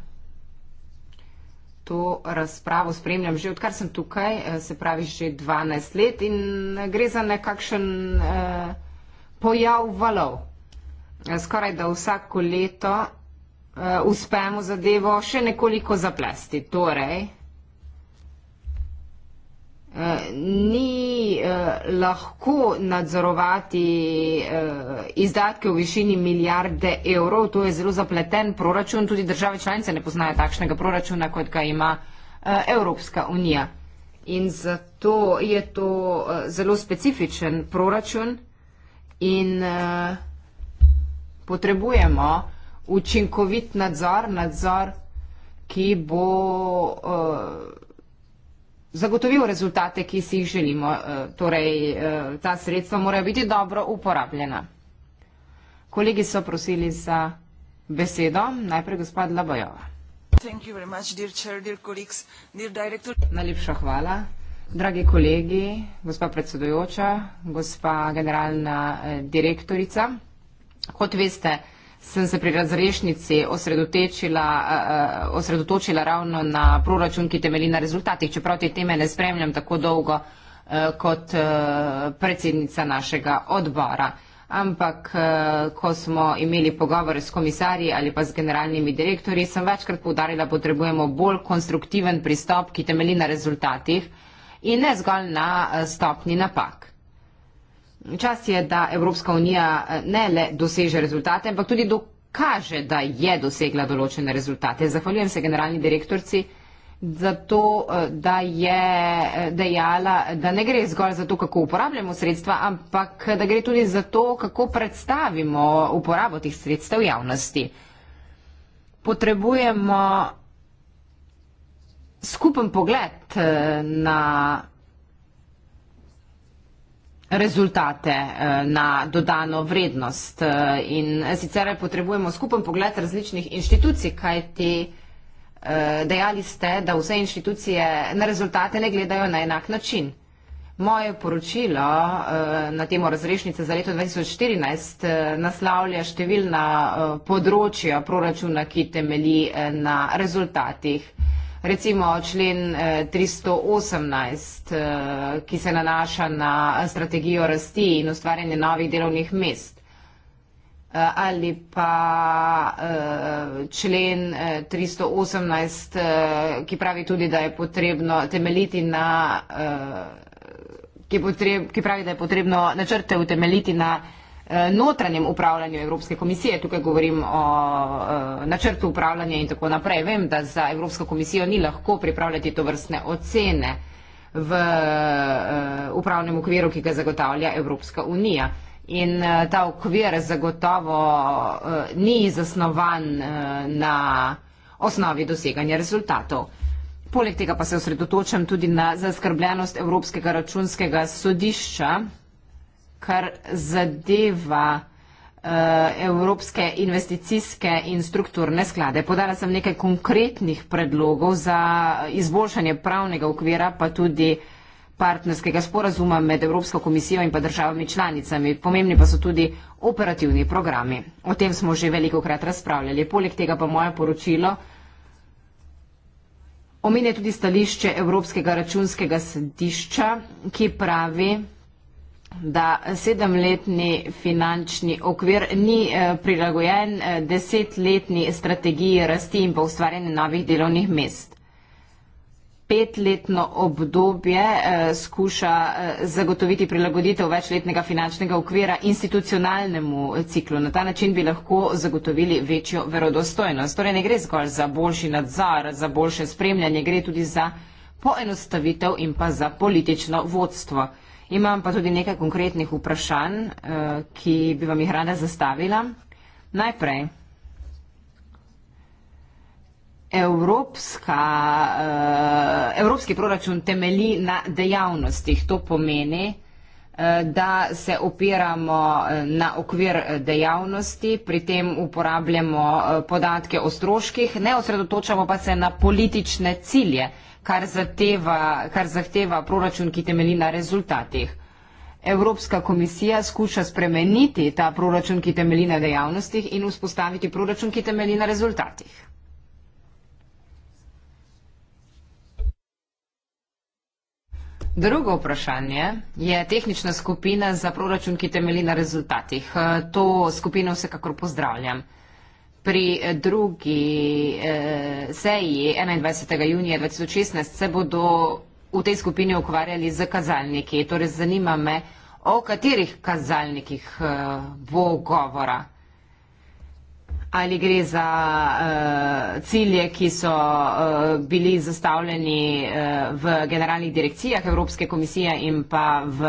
To razpravo spremljam že odkar sem tukaj, eh, se pravi že 12 let in gre za nekakšen eh, pojav valov. Eh, skoraj da vsako leto eh, uspemo zadevo še nekoliko zaplesti. Torej, ni eh, lahko nadzorovati eh, izdatke v višini milijarde evrov. To je zelo zapleten proračun. Tudi države članice ne poznajo takšnega proračuna, kot ga ima eh, Evropska unija. In zato je to zelo specifičen proračun in potrebujemo učinkovit nadzor, nadzor, ki bo zagotovil rezultate, ki si jih želimo. Eh, torej, eh, ta sredstva morajo biti dobro uporabljena. Kolegi so prosili za besedo. Najprej gospod Labojova. Najlepša hvala. Dragi kolegi, gospa predsedujoča, gospa generalna eh, direktorica, kot veste, sem se pri razrešnici osredotočila, uh, osredotočila ravno na proračun, ki temelji na rezultatih, čeprav te teme ne spremljam tako dolgo uh, kot uh, predsednica našega odbora. Ampak, uh, ko smo imeli pogovore s komisarji ali pa z generalnimi direktorji, sem večkrat povdarila, da potrebujemo bolj konstruktiven pristop, ki temelji na rezultatih in ne zgolj na uh, stopni napak čas je, da Evropska unija eh, ne le doseže rezultate, ampak tudi dokaže, da je dosegla določene rezultate. Zahvaljujem se generalni direktorci za to, eh, da je eh, dejala, da ne gre zgolj za to, kako uporabljamo sredstva, ampak da gre tudi za to, kako predstavimo uporabo teh sredstev javnosti. Potrebujemo skupen pogled na rezultate eh, na dodano vrednost. Eh, in sicer potrebujemo skupen pogled različnih inštitucij, kaj ti eh, dejali ste, da vse inštitucije na rezultate ne gledajo na enak način. Moje poročilo na temo razrešnice za leto 2014 naslavlja številna področja proračuna, ki temelji na rezultatih recimo člen 318, eh, eh, ki se nanaša na strategijo rasti in ustvarjanje novih delovnih mest, eh, ali pa člen 318, ki pravi tudi, da je potrebno temeljiti na. Ki, potreb, ki pravi, da je potrebno načrte utemeljiti na Eh, notranjem upravljanju Evropske komisije, tukaj govorim o eh, načrtu upravljanja in tako naprej. Vem, da za Evropsko komisijo ni lahko pripravljati to vrstne ocene v eh, upravnem okviru, ki ga zagotavlja Evropska unija. In ta okvir zagotovo ni zasnovan na osnovi doseganja rezultatov. Poleg tega pa se osredotočam tudi na zaskrbljenost Evropskega računskega sodišča, kar zadeva eh, evropske investicijske in strukturne sklade. Podala sem nekaj konkretnih predlogov za izboljšanje pravnega okvira, pa tudi partnerskega sporazuma med Evropsko komisijo in pa državami članicami. Pomembni pa so tudi operativni programi. O tem smo že veliko krat razpravljali. Poleg tega pa moje poročilo omenja tudi stališče Evropskega računskega sedišča, ki pravi, da sedemletni finančni okvir ni eh, prilagojen eh, desetletni strategiji rasti in pa ustvarjanje novih delovnih mest. Petletno obdobje eh, skuša zagotoviti prilagoditev večletnega finančnega okvira institucionalnemu ciklu. Na ta način bi lahko zagotovili večjo verodostojnost. Torej ne gre zgolj za boljši nadzor, za boljše spremljanje, gre tudi za poenostavitev in pa za politično vodstvo. Imam pa tudi nekaj konkretnih vprašanj, eh, ki bi vam jih rada zastavila. Najprej, Evropska, eh, evropski proračun temelji na dejavnostih. To pomeni, eh, da se opiramo na okvir dejavnosti, pri tem uporabljamo podatke o stroških, ne osredotočamo pa se na politične cilje kar zahteva, kar zahteva proračun, ki temelji na rezultatih. Evropska komisija skuša spremeniti ta proračun, ki temelji na dejavnostih in vzpostaviti proračun, ki temelji na rezultatih. Drugo vprašanje je tehnična skupina za proračun, ki temelji na rezultatih. To skupino vsekakor pozdravljam. Pri eh, drugi eh, seji 21. junija 2016 se bodo v tej skupini ukvarjali z kazalniki. Torej zanima me, o katerih kazalnikih eh, bo govora ali gre za uh, cilje, ki so uh, bili zastavljeni uh, v generalnih direkcijah Evropske komisije in pa v uh,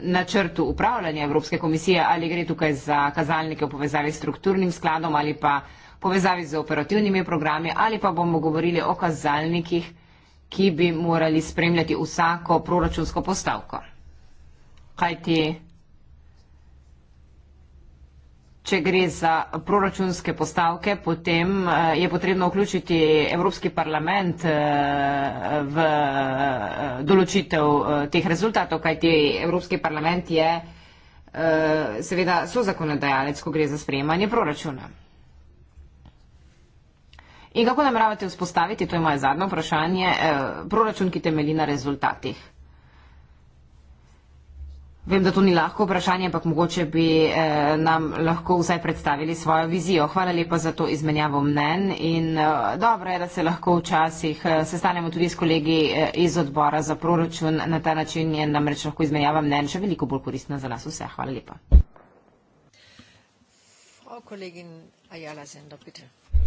načrtu upravljanja Evropske komisije, ali gre tukaj za kazalnike v povezavi s strukturnim skladom ali pa povezavi z operativnimi programi ali pa bomo govorili o kazalnikih, ki bi morali spremljati vsako proračunsko postavko. Kaj ti? Če gre za proračunske postavke, potem eh, je potrebno vključiti Evropski parlament eh, v eh, določitev teh rezultatov, kajti Evropski parlament je seveda sozakonodajalec, ko gre za sprejemanje proračuna. In kako nameravate vzpostaviti, to je moje zadnje vprašanje, proračun, ki temelji na rezultatih? Vem, da to ni lahko vprašanje, ampak mogoče bi eh, nam lahko vsaj predstavili svojo vizijo. Hvala lepa za to izmenjavo mnen in eh, dobro je, da se lahko včasih eh, sestanemo tudi s kolegi eh, iz odbora za proračun. Na ta način je namreč lahko izmenjava mnen še veliko bolj koristna za nas vse. Hvala lepa.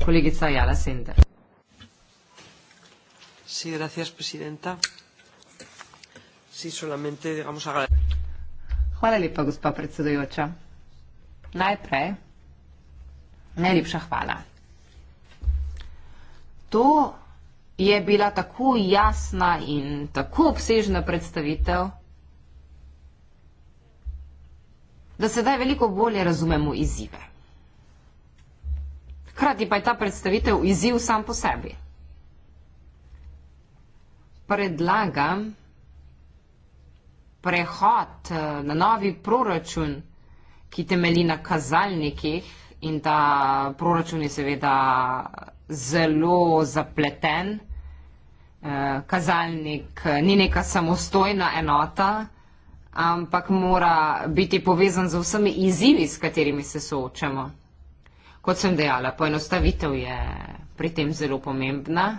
Kolegica Ajala Sender. Sí, gracias, presidenta. Sí, solamente, digamos, agradecer. Hvala lepa, gospa predsedujoča. Najprej najlepša hvala. To je bila tako jasna in tako obsežna predstavitev, da sedaj veliko bolje razumemo izzive. Hkrati pa je ta predstavitev izziv sam po sebi. Predlagam, prehod eh, na novi proračun, ki temelji na kazalnikih in ta proračun je seveda zelo zapleten. Eh, kazalnik eh, ni neka samostojna enota, ampak mora biti povezan z vsemi izzivi, s katerimi se soočamo. Kot sem dejala, poenostavitev je pri tem zelo pomembna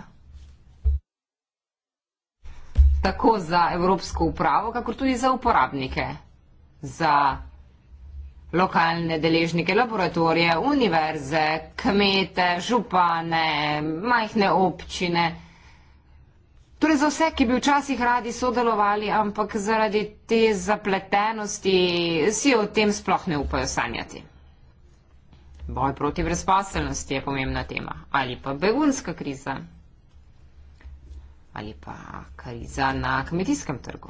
tako za evropsko upravo, kako tudi za uporabnike, za lokalne deležnike, laboratorije, univerze, kmete, župane, majhne občine. Torej za vse, ki bi včasih radi sodelovali, ampak zaradi te zapletenosti si o tem sploh ne upajo sanjati. Boj proti brezposelnosti je pomembna tema ali pa begunska kriza ali pa kariza na kmetijskem trgu.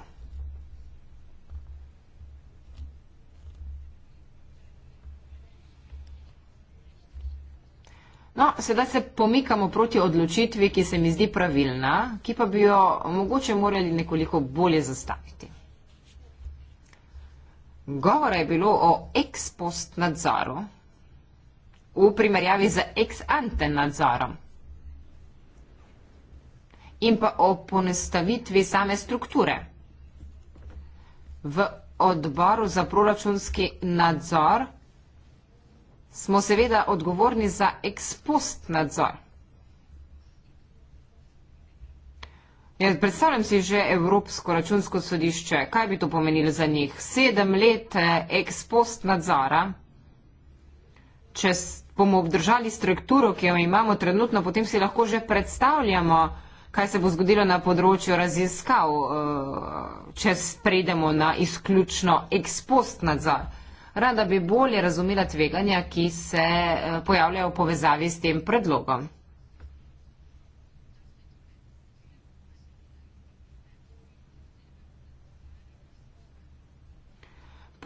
No, sedaj se pomikamo proti odločitvi, ki se mi zdi pravilna, ki pa bi jo mogoče morali nekoliko bolje zastaviti. Govora je bilo o ex post nadzoru v primerjavi z ex ante nadzorom, in pa o ponestavitvi same strukture. V odboru za proračunski nadzor smo seveda odgovorni za ekspost nadzor. Ja, predstavljam si že Evropsko računsko sodišče. Kaj bi to pomenilo za njih? Sedem let ekspost eh, nadzora. Če bomo obdržali strukturo, ki jo imamo trenutno, potem si lahko že predstavljamo, kaj se bo zgodilo na področju raziskav, eh, če spredemo na izključno ekspost nadzor. Rada bi bolje razumela tveganja, ki se eh, pojavljajo v povezavi s tem predlogom.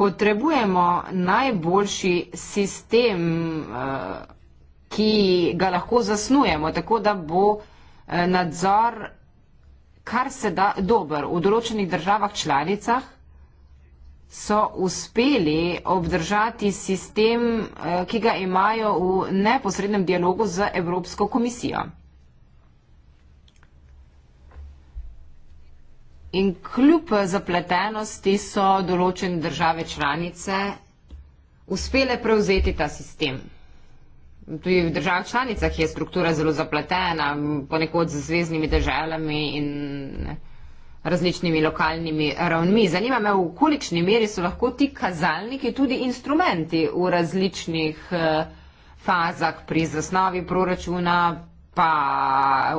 Potrebujemo najboljši sistem, eh, ki ga lahko zasnujemo, tako da bo Eh, nadzor kar se da dober. V določenih državah članicah so uspeli obdržati sistem, eh, ki ga imajo v neposrednem dialogu z Evropsko komisijo. In kljub zapletenosti so določene države članice uspele prevzeti ta sistem tudi v državah članicah je struktura zelo zapletena, ponekod z zvezdnimi državami in različnimi lokalnimi ravnmi. Zanima me, v kolikšni meri so lahko ti kazalniki tudi instrumenti v različnih eh, fazah pri zasnovi proračuna, pa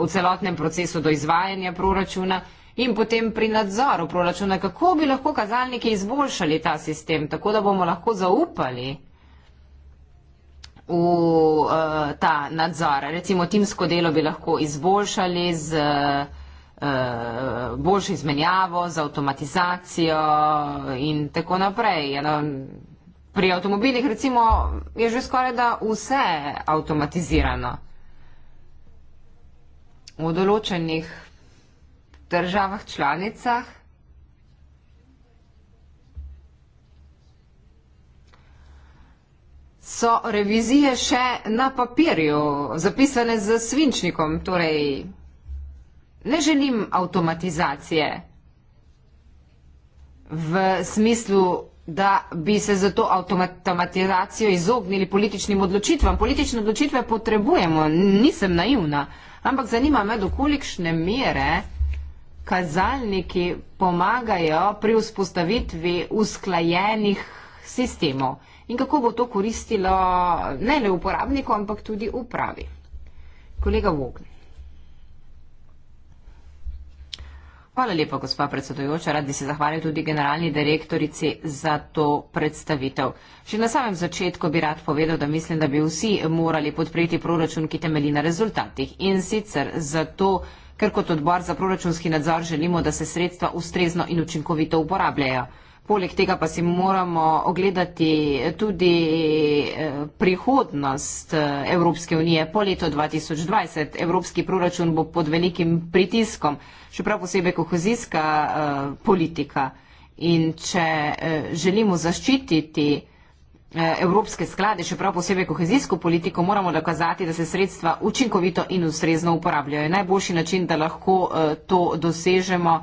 v celotnem procesu do izvajanja proračuna in potem pri nadzoru proračuna, kako bi lahko kazalniki izboljšali ta sistem, tako da bomo lahko zaupali v uh, ta nadzor. Recimo timsko delo bi lahko izboljšali z uh, boljšo izmenjavo, z avtomatizacijo in tako naprej. Eno, ja, pri avtomobilih recimo je že skoraj da vse avtomatizirano. V določenih državah članicah so revizije še na papirju, zapisane z svinčnikom, torej ne želim avtomatizacije v smislu, da bi se za to avtomatizacijo izognili političnim odločitvam. Politične odločitve potrebujemo, nisem naivna, ampak zanima me, dokolikšne mere kazalniki pomagajo pri vzpostavitvi usklajenih sistemov in kako bo to koristilo ne le uporabniku, ampak tudi upravi. Kolega Vogn. Hvala lepa, gospa predsedojoča. Rad bi se zahvalil tudi generalni direktorici za to predstavitev. Še na samem začetku bi rad povedal, da mislim, da bi vsi morali podpreti proračun, ki temelji na rezultatih. In sicer zato, ker kot odbor za proračunski nadzor želimo, da se sredstva ustrezno in učinkovito uporabljajo. Poleg tega pa si moramo ogledati tudi eh, prihodnost eh, Evropske unije po letu 2020. Evropski proračun bo pod velikim pritiskom, še prav posebej kohezijska eh, politika. In če želimo zaščititi evropske sklade, še prav posebej kohezijsko politiko, moramo dokazati, da se sredstva učinkovito in ustrezno uporabljajo. Najboljši način, da lahko to dosežemo,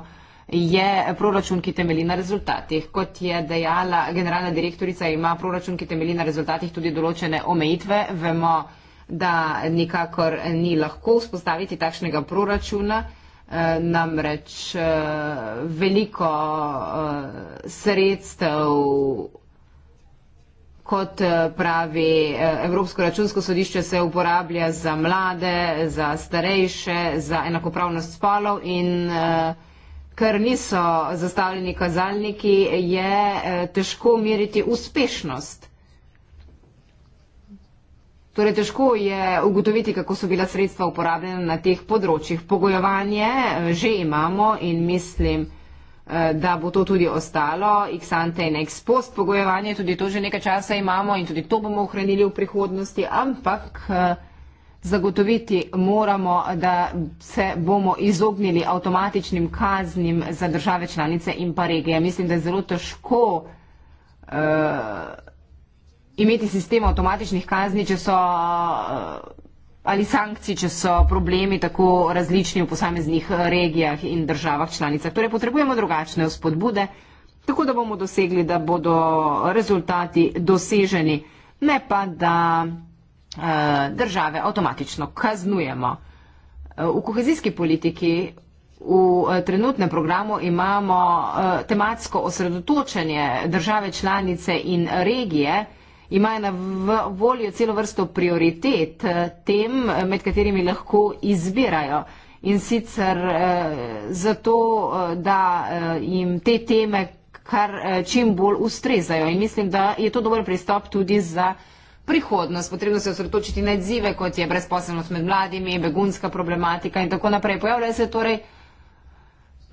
je proračun, ki temelji na rezultatih. Kot je dejala generalna direktorica, ima proračun, ki temelji na rezultatih, tudi določene omejitve. Vemo, da nikakor ni lahko vzpostaviti takšnega proračuna. Eh, namreč eh, veliko eh, sredstev, kot pravi Evropsko računsko sodišče, se uporablja za mlade, za starejše, za enakopravnost spolov in kar niso zastavljeni kazalniki, je eh, težko meriti uspešnost. Torej, težko je ugotoviti, kako so bila sredstva uporabljena na teh področjih. Pogojevanje eh, že imamo in mislim, eh, da bo to tudi ostalo. Xante in expost pogojevanje, tudi to že nekaj časa imamo in tudi to bomo ohranili v prihodnosti, ampak Zagotoviti moramo, da se bomo izognili avtomatičnim kaznim za države članice in pa regije. Mislim, da je zelo težko uh, imeti sistem avtomatičnih kazni, če so uh, ali sankcij, če so problemi tako različni v posameznih regijah in državah članicah. Torej potrebujemo drugačne spodbude, tako da bomo dosegli, da bodo rezultati doseženi, ne pa da. Eh, države avtomatično kaznujemo. Eh, v kohezijski politiki, v eh, trenutnem programu imamo tematsko osredotočenje države članice in regije, imajo na voljo celo vrsto prioritet tem, med katerimi lahko izbirajo. In sicer zato, da jim te teme kar čim bolj ustrezajo. In mislim, da je to dober pristop tudi za prihodnost, potrebno se osredotočiti na izzive, kot je brezposelnost med mladimi, begunska problematika in tako naprej. Pojavljajo se torej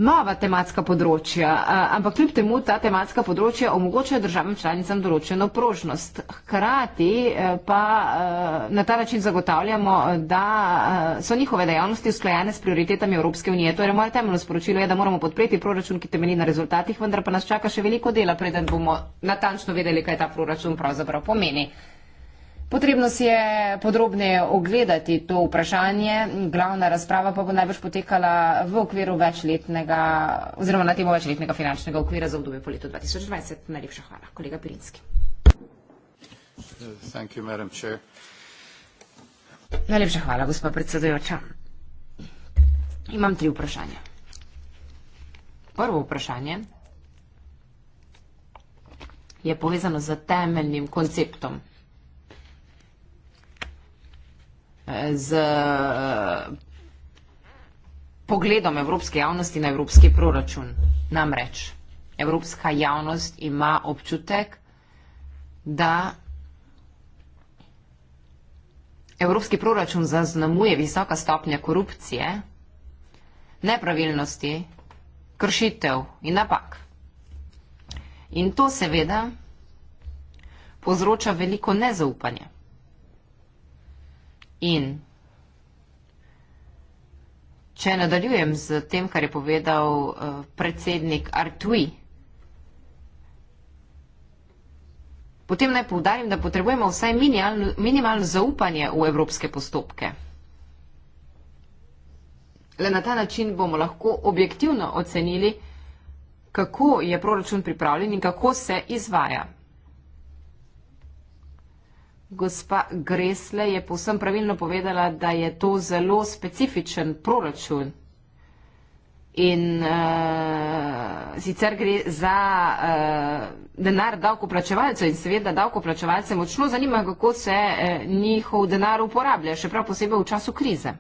nova tematska področja, ampak kljub temu ta tematska področja omogočajo državam članicam določeno prožnost. Hkrati e, pa e, na ta način zagotavljamo, da e, so njihove dejavnosti usklajene s prioritetami Evropske unije. Torej moje temeljno sporočilo je, da moramo podpreti proračun, ki temelji na rezultatih, vendar pa nas čaka še veliko dela, preden bomo natančno vedeli, kaj ta proračun pravzaprav pomeni. Potrebno si je podrobneje ogledati to vprašanje. Glavna razprava pa bo najbrž potekala v okviru večletnega oziroma na temo večletnega finančnega okvira za obdobje po letu 2020. Najlepša hvala, kolega Pirinski. Najlepša hvala, gospod predsedujoča. Imam tri vprašanja. Prvo vprašanje je povezano z temeljnim konceptom z eh, pogledom evropske javnosti na evropski proračun. Namreč, evropska javnost ima občutek, da evropski proračun zaznamuje visoka stopnja korupcije, nepravilnosti, kršitev in napak. In to seveda povzroča veliko nezaupanje in. Če nadaljujem z tem, kar je povedal eh, predsednik Artui, potem naj povdarim, da potrebujemo vsaj minimalno zaupanje v evropske postopke. Le na ta način bomo lahko objektivno ocenili, kako je proračun pripravljen in kako se izvaja. Gospa Gresle je povsem pravilno povedala, da je to zelo specifičen proračun. In uh, sicer gre za uh, denar davkoplačevalcev in seveda davkoplačevalce močno zanima, kako se uh, njihov denar uporablja, še prav posebej v času krize.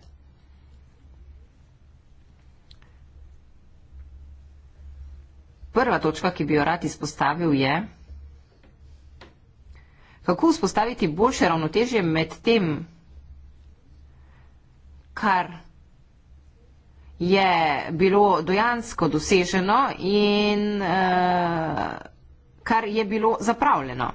Prva točka, ki bi jo rad izpostavil, je, kako vzpostaviti boljše ravnotežje med tem, kar je bilo dojansko doseženo in uh, kar je bilo zapravljeno.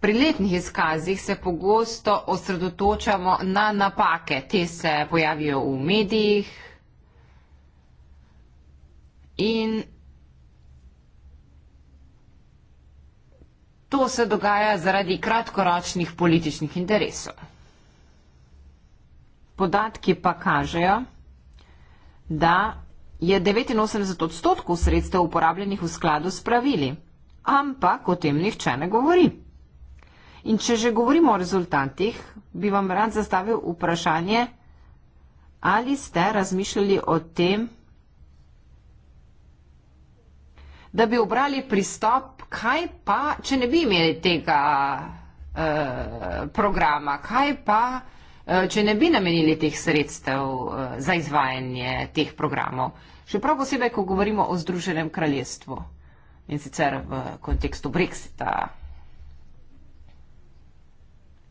Pri letnih izkazih se pogosto osredotočamo na napake. Te se pojavijo v medijih in To se dogaja zaradi kratkoročnih političnih interesov. Podatki pa kažejo, da je 89 odstotkov sredstev uporabljenih v skladu s pravili, ampak o tem nihče ne govori. In če že govorimo o rezultatih, bi vam rad zastavil vprašanje, ali ste razmišljali o tem, da bi obrali pristop kaj pa, če ne bi imeli tega uh, programa, kaj pa, uh, če ne bi namenili teh sredstev uh, za izvajanje teh programov? Še prav posebej, ko govorimo o Združenem kraljestvu in sicer v kontekstu Brexita.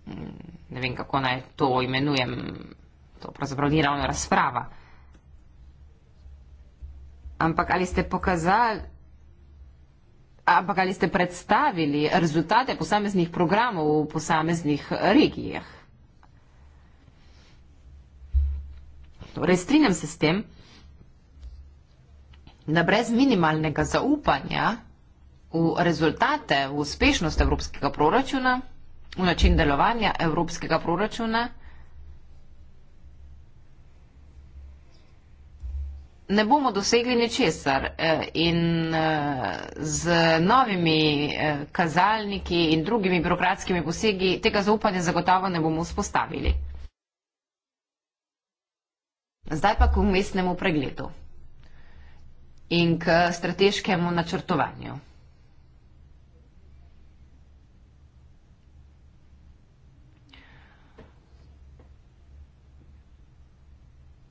Mm, ne vem, kako naj to imenujem. To pravzaprav ni ravno razprava. Ampak ali ste pokazali, Ampak ali ste predstavili rezultate posameznih programov v posameznih regijah? Torej, strinjam se s tem, da brez minimalnega zaupanja v rezultate, v uspešnost evropskega proračuna, v način delovanja evropskega proračuna, ne bomo dosegli ničesar eh, in eh, z novimi eh, kazalniki in drugimi birokratskimi posegi tega zaupanja zagotovo ne bomo vzpostavili. Zdaj pa k umestnemu pregledu in k strateškemu načrtovanju.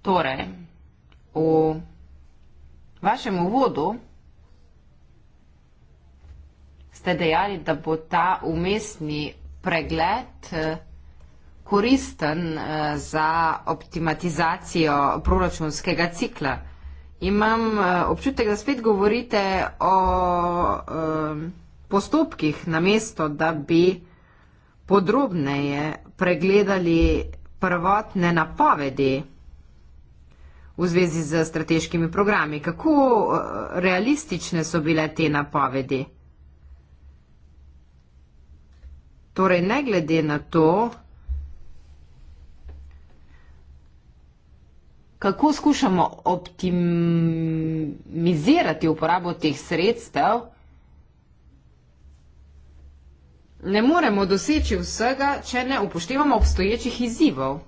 Torej, у вашем уводу ste dejali, da bo ta umestni pregled eh, koristen eh, za optimatizacijo proračunskega cikla. Imam eh, občutek, da spet govorite o postopkih na mesto, da bi podrobneje pregledali prvotne napovedi v zvezi z strateškimi programi. Kako eh, realistične so bile te napovedi? Torej, ne glede na to, kako skušamo optimizirati uporabo teh sredstev, ne moremo doseči vsega, če ne upoštevamo obstoječih izzivov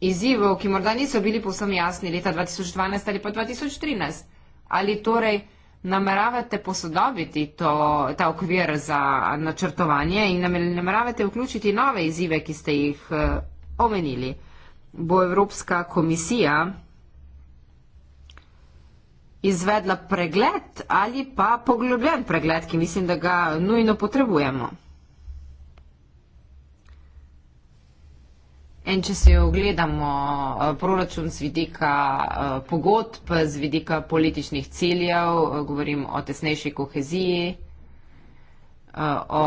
izzivov, ki morda niso bili povsem jasni leta 2012 ali pa 2013. Ali torej nameravate posodobiti to, ta okvir za načrtovanje in nameravate vključiti nove izzive, ki ste jih eh, omenili? Bo Evropska komisija izvedla pregled ali pa poglobljen pregled, ki mislim, da ga nujno potrebujemo? In če se ogledamo eh, proračun z vidika eh, pogodb, z vidika političnih ciljev, eh, govorim o tesnejši koheziji, o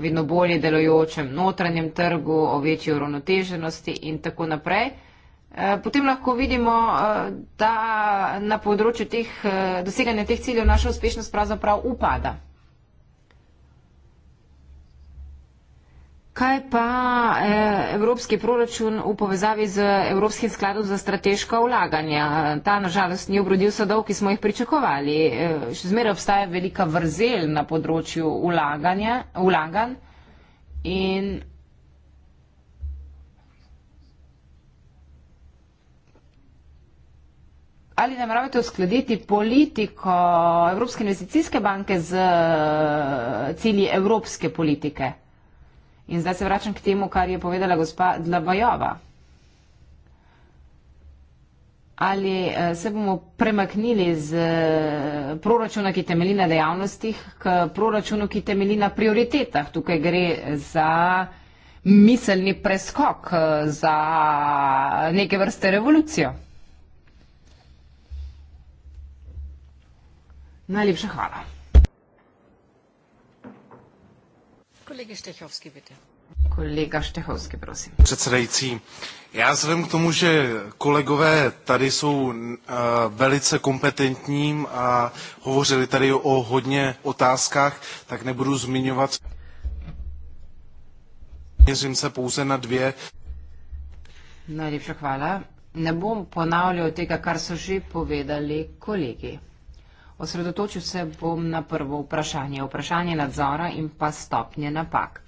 vedno bolje delojočem notranjem trgu, o večji uravnoteženosti in tako naprej, potem lahko vidimo, da na področju teh, doseganja teh ciljev naša uspešnost pravzaprav upada. Kaj pa eh, evropski proračun v povezavi z Evropskim skladom za strateška vlaganja? Ta nažalost ni obrodil sadov, ki smo jih pričakovali. Eh, še zmeraj obstaja velika vrzel na področju vlaganj. In... Ali nameravate uskladiti politiko Evropske investicijske banke z eh, cilji evropske politike? In zdaj se vračam k temu, kar je povedala gospa Dlabajova. Ali eh, se bomo premaknili z eh, proračuna, ki temelji na dejavnostih, k proračunu, ki temelji na prioritetah? Tukaj gre za miselni preskok, eh, za neke vrste revolucijo. Najlepša hvala. Kolega Štechovski, bitte. Kolega Štechovský, prosím. Předsedající, já vzhledem k tomu, že kolegové tady jsou uh, velice kompetentní a hovořili tady o hodně otázkách, tak nebudu zmiňovat. Měřím se pouze na dvě. Najlepša chvála. Ne bom ponavljal tega, kar so že povedali kolegi. Osredotočil se bom na prvo vprašanje, vprašanje nadzora in pa stopnje napak.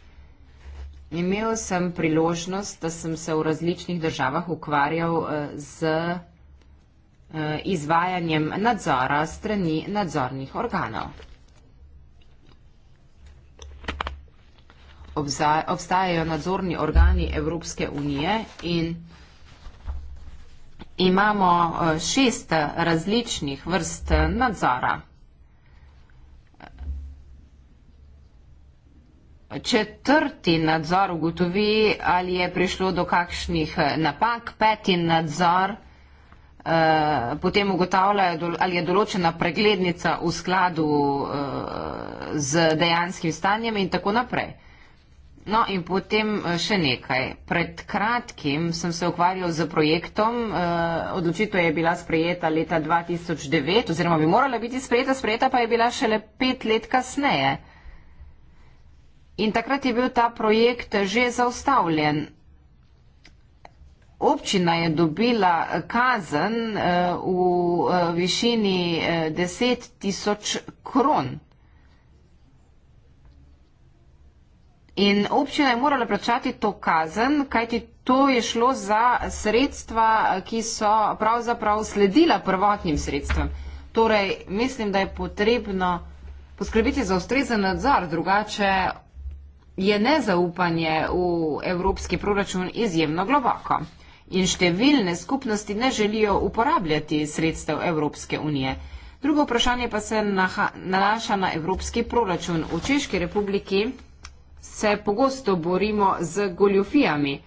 Imel sem priložnost, da sem se v različnih državah ukvarjal eh, z eh, izvajanjem nadzora strani nadzornih organov. Obstajajo nadzorni organi Evropske unije in nadzorni organi imamo eh, šest različnih vrst nadzora. Četrti nadzor ugotovi, ali je prišlo do kakšnih eh, napak, peti nadzor eh, potem ugotavljajo, ali je določena preglednica v skladu z dejanskim stanjem in tako naprej. No in potem eh, še nekaj. Pred kratkim sem se ukvarjal z projektom, eh, odločitev je bila sprejeta leta 2009, oziroma bi morala biti sprejeta, sprejeta pa je bila šele pet let kasneje. In takrat je bil ta projekt že zaustavljen. Občina je dobila eh, kazen v višini 10 tisoč kron. In občina je morala plačati to kazen, kajti to je šlo za sredstva, ki so pravzaprav sledila prvotnim sredstvom. Torej, mislim, da je potrebno poskrbiti za ustrezen nadzor, drugače je nezaupanje v evropski proračun izjemno globoko. In številne skupnosti ne želijo uporabljati sredstev Evropske unije. Drugo vprašanje pa se nanaša na evropski proračun. V Češki republiki se pogosto borimo z goljofijami.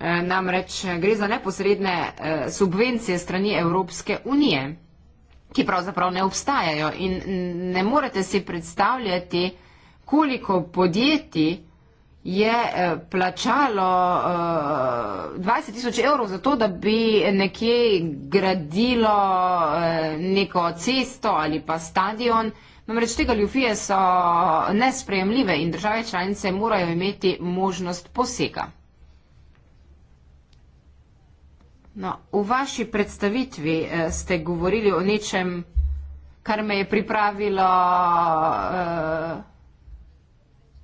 E, namreč gre za neposredne e, subvencije strani Evropske unije, ki pravzaprav ne obstajajo in ne morete si predstavljati, koliko podjetij je e, plačalo 20 tisoč evrov za to, da bi nekje gradilo neko cesto ali pa stadion, Namreč tega ljufije so nesprejemljive in države članice morajo imeti možnost posega. No, v vaši predstavitvi eh, ste govorili o nečem, kar me je pripravilo eh,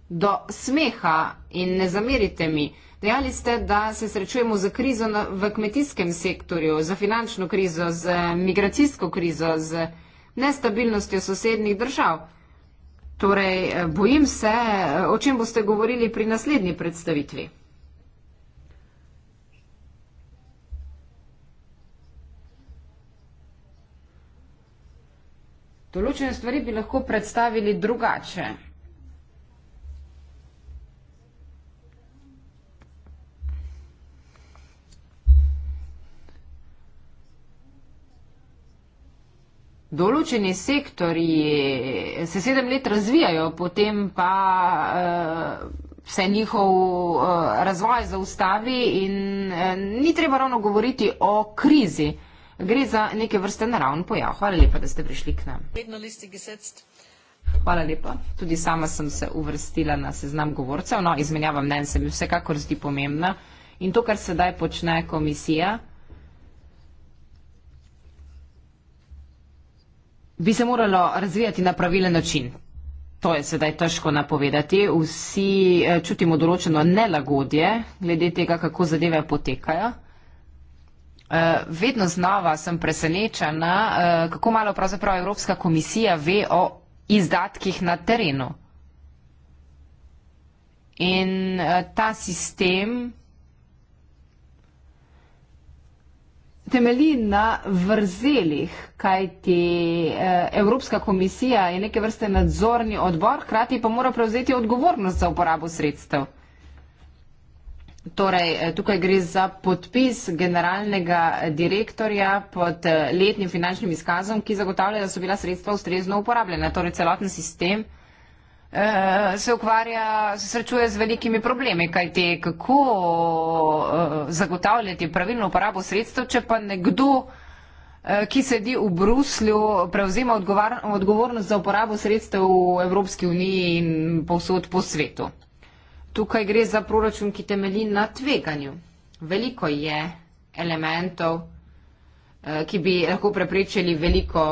do smeha in ne zamerite mi. Dejali ste, da se srečujemo z krizo v kmetijskem sektorju, za finančno krizo, z migracijsko krizo, z eh, nestabilnostjo sosednjih držav. Torej, eh, bojim se, eh, o čem boste govorili pri naslednji predstavitvi. Določene stvari bi lahko predstavili drugače. določeni sektori se sedem let razvijajo, potem pa uh, se njihov uh, razvoj zaustavi in uh, ni treba ravno govoriti o krizi. Gre za neke vrste naravn pojav. Hvala lepa, da ste prišli k nam. Hvala lepa. Tudi sama sem se uvrstila na seznam govorcev. No, izmenjava mnen se mi vsekakor zdi pomembna. In to, kar sedaj počne komisija, bi se moralo razvijati na pravilen način. To je sedaj težko napovedati. Vsi eh, čutimo določeno nelagodje glede tega, kako zadeve potekajo. Eh, vedno znova sem presenečena, eh, kako malo pravzaprav Evropska komisija ve o izdatkih na terenu. In ta sistem temelji na vrzelih, kaj ti eh, Evropska komisija je neke vrste nadzorni odbor, hkrati pa mora prevzeti odgovornost za uporabo sredstev. Torej, eh, tukaj gre za podpis generalnega direktorja pod eh, letnim finančnim izkazom, ki zagotavlja, da so bila sredstva ustrezno uporabljena. Torej, celoten sistem uh, Eh, se ukvarja, se srečuje z velikimi problemi, kajte kako eh, zagotavljati pravilno uporabo sredstev, če pa nekdo, eh, ki sedi v Bruslju, prevzema odgovornost za uporabo sredstev v Evropski uniji in povsod po svetu. Tukaj gre za proračun, ki temelji na tveganju. Veliko je elementov, ki bi lahko preprečili veliko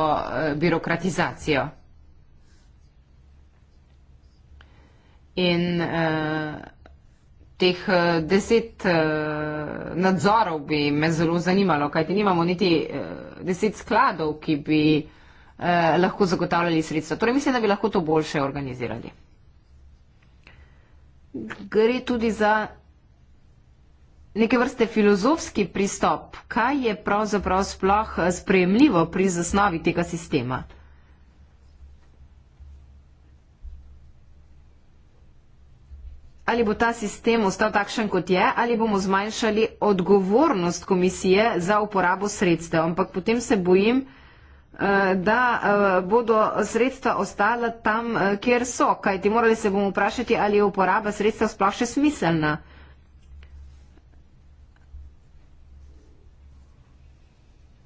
birokratizacijo. in uh, teh eh, deset uh, nadzorov bi me zelo zanimalo, kajti nimamo niti uh, deset skladov, ki bi uh, lahko zagotavljali sredstva. Torej mislim, da bi lahko to boljše organizirali. Gre tudi za neke vrste filozofski pristop, kaj je pravzaprav sploh sprejemljivo pri zasnovi tega sistema. ali bo ta sistem ostal takšen, kot je, ali bomo zmanjšali odgovornost komisije za uporabo sredstev. Ampak potem se bojim, eh, da eh, bodo sredstva ostala tam, eh, kjer so. Kaj ti morali se bomo vprašati, ali je uporaba sredstva sploh še smiselna.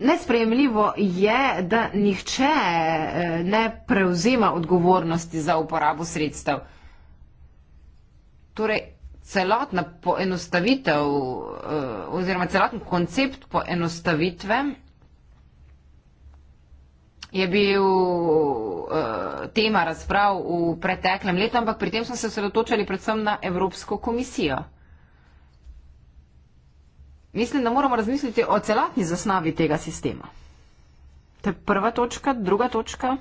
Nesprejemljivo je, da nihče ne prevzema odgovornosti za uporabo sredstev. Torej, celotna poenostavitev eh, oziroma celoten koncept poenostavitve je bil eh, tema razprav v preteklem letu, ampak pri tem smo se osredotočali predvsem na Evropsko komisijo. Mislim, da moramo razmisliti o celotni zasnavi tega sistema. To je prva točka, druga točka.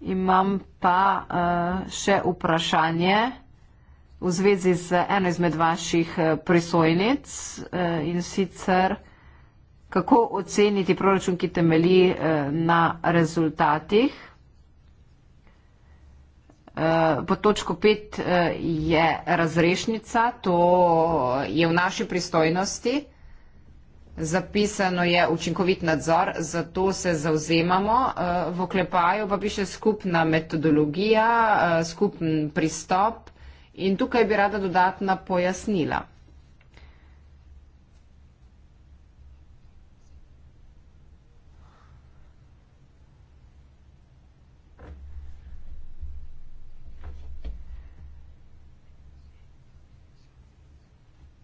Imam pa uh, še vprašanje v zvezi z eno izmed vaših eh, prisojnic uh, in sicer kako oceniti proračun, ki temelji uh, na rezultatih. Pod točko 5 je razrešnica, to je v naši pristojnosti zapisano je učinkovit nadzor, zato se zauzemamo eh, v oklepaju, pa piše skupna metodologija, eh, skupen pristop in tukaj bi rada dodatna pojasnila.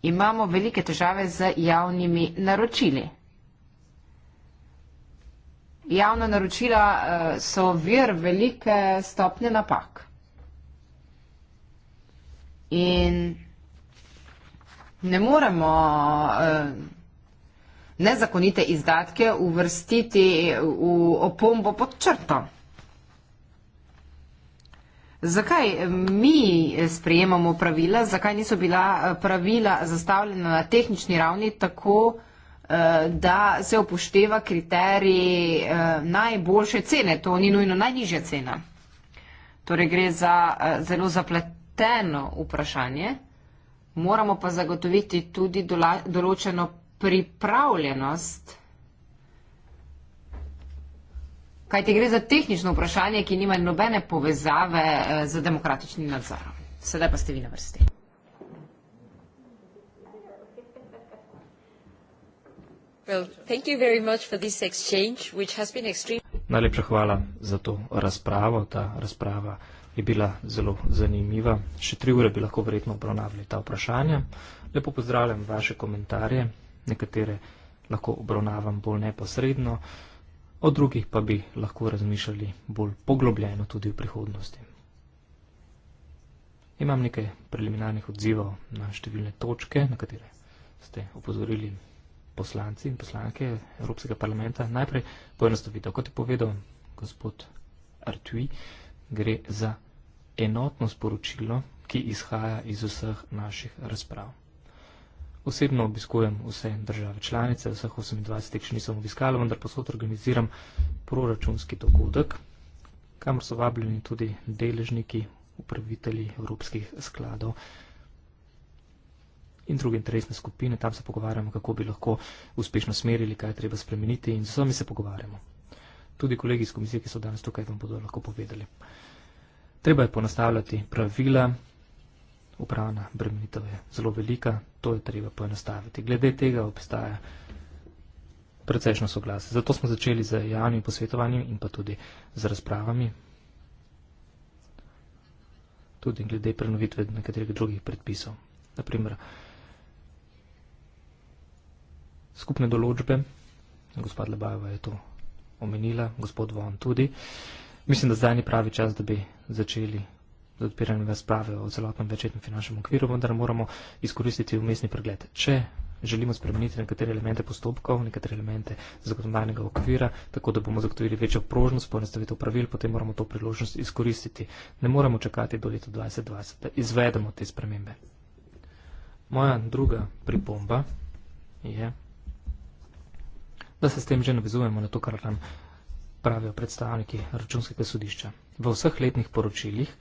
imamo velike težave z javnimi naročili. Javna naročila eh, so vir velike stopnje napak. In ne moremo eh, nezakonite izdatke uvrstiti v opombo pod črto. Zakaj mi sprejemamo pravila, zakaj niso bila eh, pravila zastavljena na tehnični ravni tako, eh, da se upošteva kriterij eh, najboljše cene, to ni nujno najnižja cena. Torej gre za zelo zapleteno vprašanje, moramo pa zagotoviti tudi določeno pripravljenost kaj ti gre za tehnično vprašanje, ki nima nobene povezave eh, z demokratičnim nadzorom. Sedaj pa ste vi na vrsti. Najlepša hvala za to razpravo. Ta razprava je bila zelo zanimiva. Še tri ure bi lahko verjetno obravnavali ta vprašanja. Lepo pozdravljam vaše komentarje, nekatere lahko obravnavam bolj neposredno o drugih pa bi lahko razmišljali bolj poglobljeno tudi v prihodnosti. Imam nekaj preliminarnih odzivov na številne točke, na katere ste opozorili poslanci in poslanke Evropskega parlamenta. Najprej poenostavitev. Kot je povedal gospod Artui, gre za enotno sporočilo, ki izhaja iz vseh naših razprav. Osebno obiskujem vse države članice, vseh 28 še nisem obiskala, vendar posod organiziram proračunski dogodek, kamor so vabljeni tudi deležniki, upravitelji evropskih skladov in druge interesne skupine. Tam se pogovarjamo, kako bi lahko uspešno smerili, kaj je treba spremeniti in z vsemi se pogovarjamo. Tudi kolegi iz komisije, ki so danes tukaj, vam bodo lahko povedali. Treba je ponastavljati pravila, upravna bremenitev je zelo velika, to je treba poenostaviti. Glede tega obstaja precejšno soglasje. Zato smo začeli z javnim posvetovanjem in pa tudi z razpravami, tudi glede prenovitve nekaterih drugih predpisov. Naprimer, skupne določbe, gospod Lebajeva je to omenila, gospod Von tudi. Mislim, da zdaj ni pravi čas, da bi začeli za odpiranje razprave o celotnem večetnem finančnem okviru, vendar moramo izkoristiti umestni pregled. Če želimo spremeniti nekatere elemente postopkov, nekatere elemente zakonodajnega okvira, tako da bomo zagotovili večjo prožnost, poenostavitev pravil, potem moramo to priložnost izkoristiti. Ne moremo čakati do leta 2020, da izvedemo te spremembe. Moja druga pripomba je, da se s tem že navizujemo na to, kar nam pravijo predstavniki računskega sodišča. V vseh letnih poročilih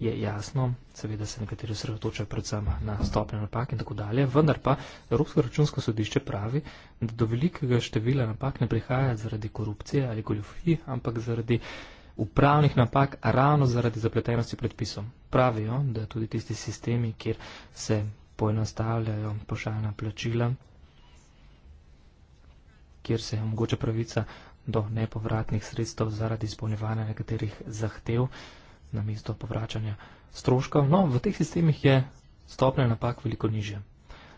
je jasno, seveda se nekateri osredotočajo predvsem na stopnje napak in tako dalje, vendar pa Evropsko računsko sodišče pravi, da do velikega števila napak ne prihaja zaradi korupcije ali goljofij, ampak zaradi upravnih napak, ravno zaradi zapletenosti predpisom. Pravijo, da tudi tisti sistemi, kjer se poenostavljajo pošaljna plačila, kjer se omogoča pravica do nepovratnih sredstev zaradi izpolnjevanja nekaterih zahtev, na mesto povračanja stroškov. No, v teh sistemih je stopnja napak veliko nižja.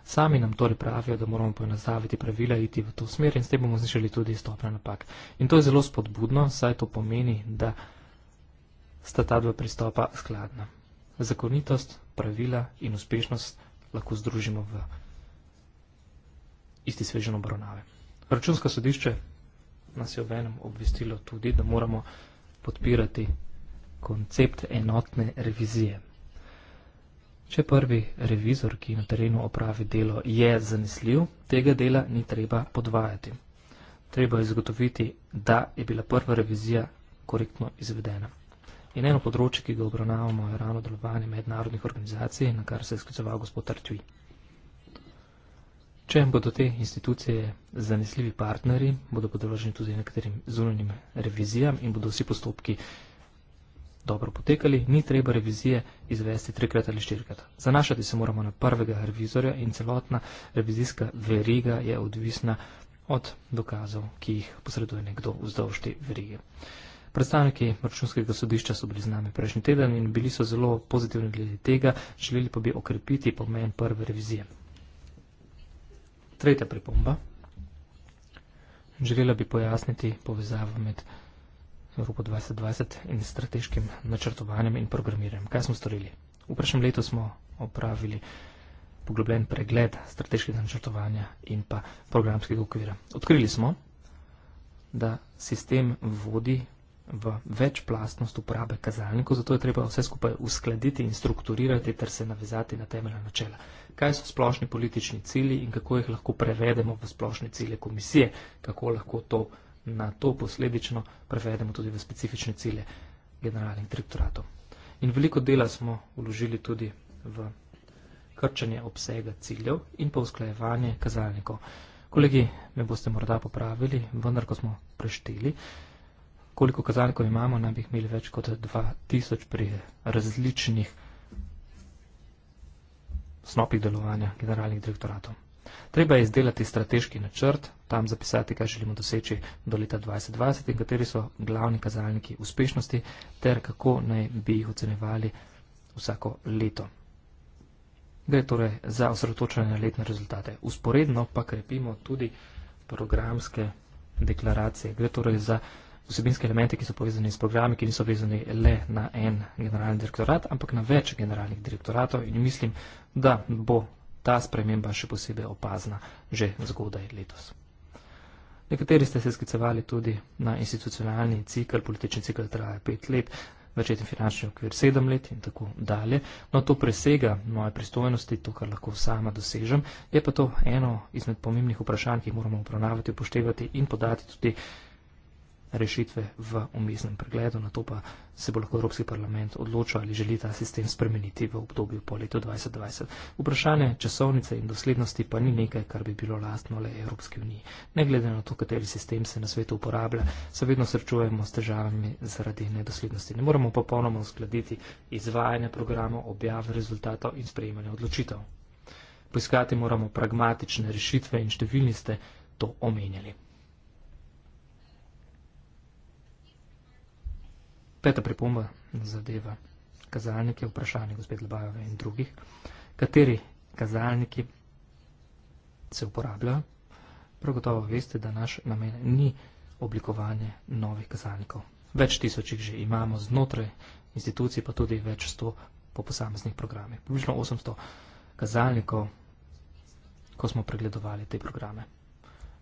Sami nam torej pravijo, da moramo poenostaviti pravila, iti v to smer in s tem bomo znižali tudi stopnjo napak. In to je zelo spodbudno, saj to pomeni, da sta ta dva pristopa skladna. Zakonitost, pravila in uspešnost lahko združimo v isti svežen obravnave. Računsko sodišče nas je obenem obvestilo tudi, da moramo podpirati koncept enotne revizije. Če prvi revizor, ki na terenu opravi delo, je zanesljiv, tega dela ni treba podvajati. Treba je zagotoviti, da je bila prva revizija korektno izvedena. In eno področje, ki ga obravnavamo, je ravno delovanje mednarodnih organizacij, na kar se je skliceval gospod Artui. Če bodo te institucije zanesljivi partnerji, bodo podvrženi tudi nekaterim zunanjim revizijam in bodo vsi postopki dobro potekali, ni treba revizije izvesti trikrat ali štirikrat. Zanašati se moramo na prvega revizorja in celotna revizijska veriga je odvisna od dokazov, ki jih posreduje nekdo vzdolž te verige. Predstavniki računskega sodišča so bili z nami prejšnji teden in bili so zelo pozitivni glede tega, želeli pa bi okrepiti pomen prve revizije. Tretja pripomba. Želela bi pojasniti povezavo med Evropo 2020 in strateškim načrtovanjem in programiranjem. Kaj smo storili? V prejšnjem letu smo opravili poglobljen pregled strateškega načrtovanja in pa programskega okvira. Odkrili smo, da sistem vodi v večplastnost uporabe kazalnikov, zato je treba vse skupaj uskladiti in strukturirati ter se navezati na temeljna načela. Kaj so splošni politični cilji in kako jih lahko prevedemo v splošne cilje komisije, kako lahko to na to posledično prevedemo tudi v specifične cilje generalnih direktoratov. In veliko dela smo vložili tudi v krčanje obsega ciljev in pa usklajevanje kazalnikov. Kolegi, me boste morda popravili, vendar ko smo prešteli, koliko kazalnikov imamo, naj bi jih imeli več kot 2000 pri različnih snopih delovanja generalnih direktoratov. Treba je izdelati strateški načrt, tam zapisati, kaj želimo doseči do leta 2020 in kateri so glavni kazalniki uspešnosti ter kako naj bi jih ocenevali vsako leto. Gre torej za osredotočanje na letne rezultate. Usporedno pa krepimo tudi programske deklaracije. Gre torej za vsebinske elemente, ki so povezani s programi, ki niso vezani le na en generalni direktorat, ampak na več generalnih direktoratov in mislim, da bo ta sprememba še posebej opazna že zgodaj letos. Nekateri ste se skicevali tudi na institucionalni cikl, politični cikl traja pet let, začetni finančni okvir sedem let in tako dalje. No, to presega moje pristojnosti, to, kar lahko sama dosežem, je pa to eno izmed pomembnih vprašanj, ki jih moramo upravnavati, upoštevati in podati tudi rešitve v umestnem pregledu, na to pa se bo lahko Evropski parlament odločil, ali želi ta sistem spremeniti v obdobju po letu 2020. Vprašanje časovnice in doslednosti pa ni nekaj, kar bi bilo lastno le Evropski uniji. Ne glede na to, kateri sistem se na svetu uporablja, se vedno srečujemo s težavami zaradi nedoslednosti. Ne moremo popolnoma uskladiti izvajanje programov, objav rezultatov in sprejemanje odločitev. Poiskati moramo pragmatične rešitve in številni ste to omenjali. Peta pripomba zadeva kazalnike, vprašanje gospod Lebajove in drugih, kateri kazalniki se uporabljajo. Prav gotovo veste, da naš namen ni oblikovanje novih kazalnikov. Več tisočih že imamo znotraj institucij, pa tudi več sto po posameznih programih. Približno 800 kazalnikov, ko smo pregledovali te programe.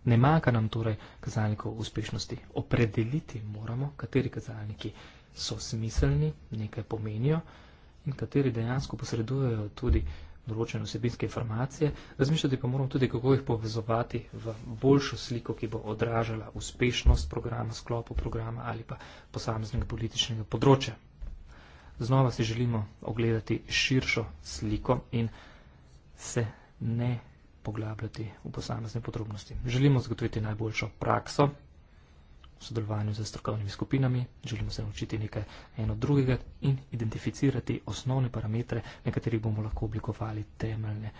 Ne manjka nam torej kazalnikov uspešnosti. Opredeliti moramo, kateri kazalniki so smiselni, nekaj pomenijo in kateri dejansko posredujejo tudi določene vsebinske informacije. Razmišljati pa moramo tudi, kako jih povezovati v boljšo sliko, ki bo odražala uspešnost programa, sklopu programa ali pa posameznega političnega področja. Znova si želimo ogledati širšo sliko in se ne poglabljati v posamezne podrobnosti. Želimo zagotoviti najboljšo prakso, v sodelovanju z strokovnimi skupinami, želimo se naučiti nekaj eno drugega in identificirati osnovne parametre, na katerih bomo lahko oblikovali temeljne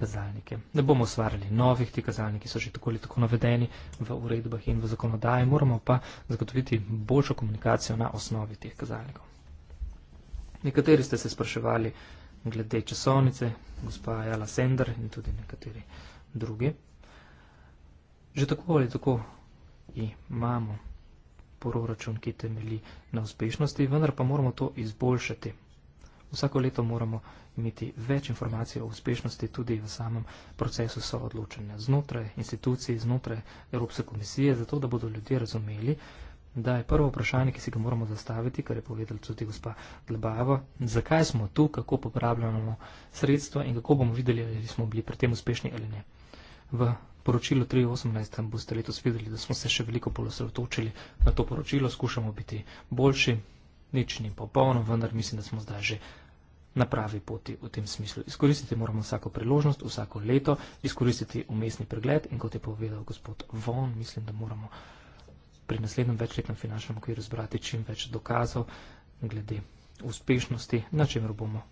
kazalnike. Ne bomo ustvarjali novih, ti kazalniki so že tako ali tako navedeni v uredbah in v zakonodaji, moramo pa zagotoviti boljšo komunikacijo na osnovi teh kazalnikov. Nekateri ste se spraševali glede časovnice, gospa Jala Sender in tudi nekateri drugi. Že tako ali tako imamo proračun, ki temelji na uspešnosti, vendar pa moramo to izboljšati. Vsako leto moramo imeti več informacij o uspešnosti tudi v samem procesu soodločanja znotraj institucij, znotraj Evropske komisije, zato da bodo ljudje razumeli, da je prvo vprašanje, ki si ga moramo zastaviti, kar je povedala tudi gospa Dlebava, zakaj smo tu, kako popravljamo sredstva in kako bomo videli, ali smo bili pri tem uspešni ali ne. V poročilo 3.18, tam boste letos videli, da smo se še veliko bolj osredotočili na to poročilo, skušamo biti boljši, nič ni popolno, vendar mislim, da smo zdaj že na pravi poti v tem smislu. Izkoristiti moramo vsako priložnost, vsako leto, izkoristiti umestni pregled in kot je povedal gospod Von, mislim, da moramo pri naslednjem večletnem finančnem okviru zbrati čim več dokazov glede uspešnosti, na čemer bomo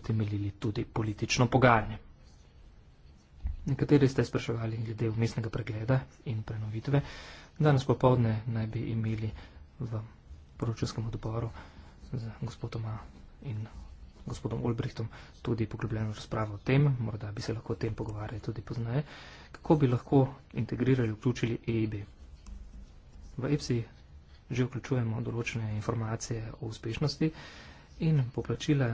utemeljili tudi politično pogajanje. Nekateri ste spraševali glede umestnega pregleda in prenovitve. Danes popovdne naj bi imeli v poročevskem odboru z gospodoma in gospodom Olbrihtom tudi poglobljeno razpravo o tem, morda bi se lahko o tem pogovarjali tudi poznaje, kako bi lahko integrirali, vključili EIB. V EPSI že vključujemo določene informacije o uspešnosti in poplačila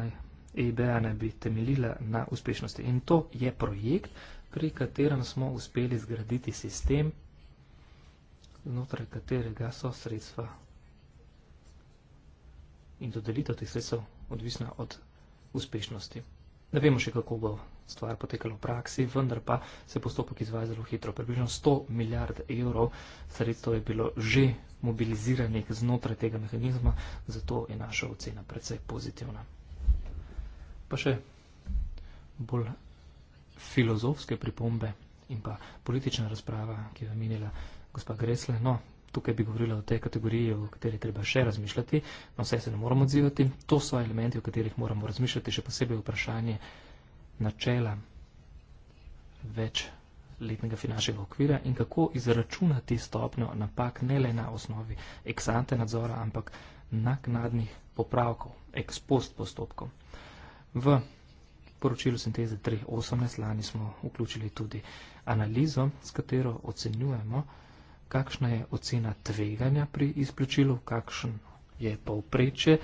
EIB-a naj bi temeljila na uspešnosti. In to je projekt, pri katerem smo uspeli zgraditi sistem, znotraj katerega so sredstva in dodelitev teh sredstev odvisna od uspešnosti. Ne vemo še, kako bo stvar potekala v praksi, vendar pa se postopek izvaja zelo hitro. Približno 100 milijard evrov sredstev je bilo že mobiliziranih znotraj tega mehanizma, zato je naša ocena predvsej pozitivna. Pa še bolj filozofske pripombe in pa politična razprava, ki jo je minila gospa Gresle. No, tukaj bi govorila o tej kategoriji, o kateri treba še razmišljati, na no, vse se ne moramo odzivati. To so elementi, o katerih moramo razmišljati, še posebej vprašanje načela več letnega finančnega okvira in kako izračunati stopnjo napak ne le na osnovi eksante nadzora, ampak naknadnih popravkov, ekspost postopkov. V poročilu sinteze 3.18 lani smo vključili tudi analizo, s katero ocenjujemo, kakšna je ocena tveganja pri izplačilu, kakšen je povpreče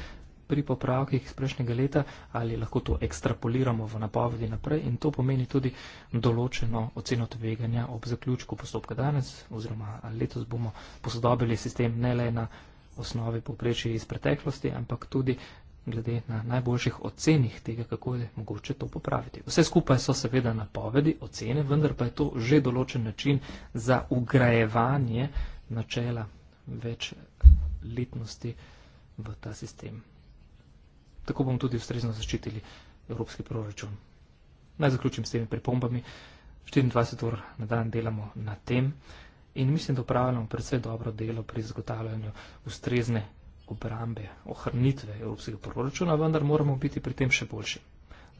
pri popravkih iz prejšnjega leta ali lahko to ekstrapoliramo v napovedi naprej in to pomeni tudi določeno oceno tveganja ob zaključku postopka danes oziroma letos bomo posodobili sistem ne le na osnovi povprečje iz preteklosti, ampak tudi glede na najboljših ocenih tega, kako je mogoče to popraviti. Vse skupaj so seveda napovedi, ocene, vendar pa je to že določen način za ugrajevanje načela večletnosti v ta sistem. Tako bomo tudi ustrezno zaščitili evropski proračun. Naj zaključim s temi pripombami. 24 ur na dan delamo na tem in mislim, da upravljamo predvsej dobro delo pri zagotavljanju ustrezne obrambe, ohranitve evropskega proračuna, vendar moramo biti pri tem še boljši.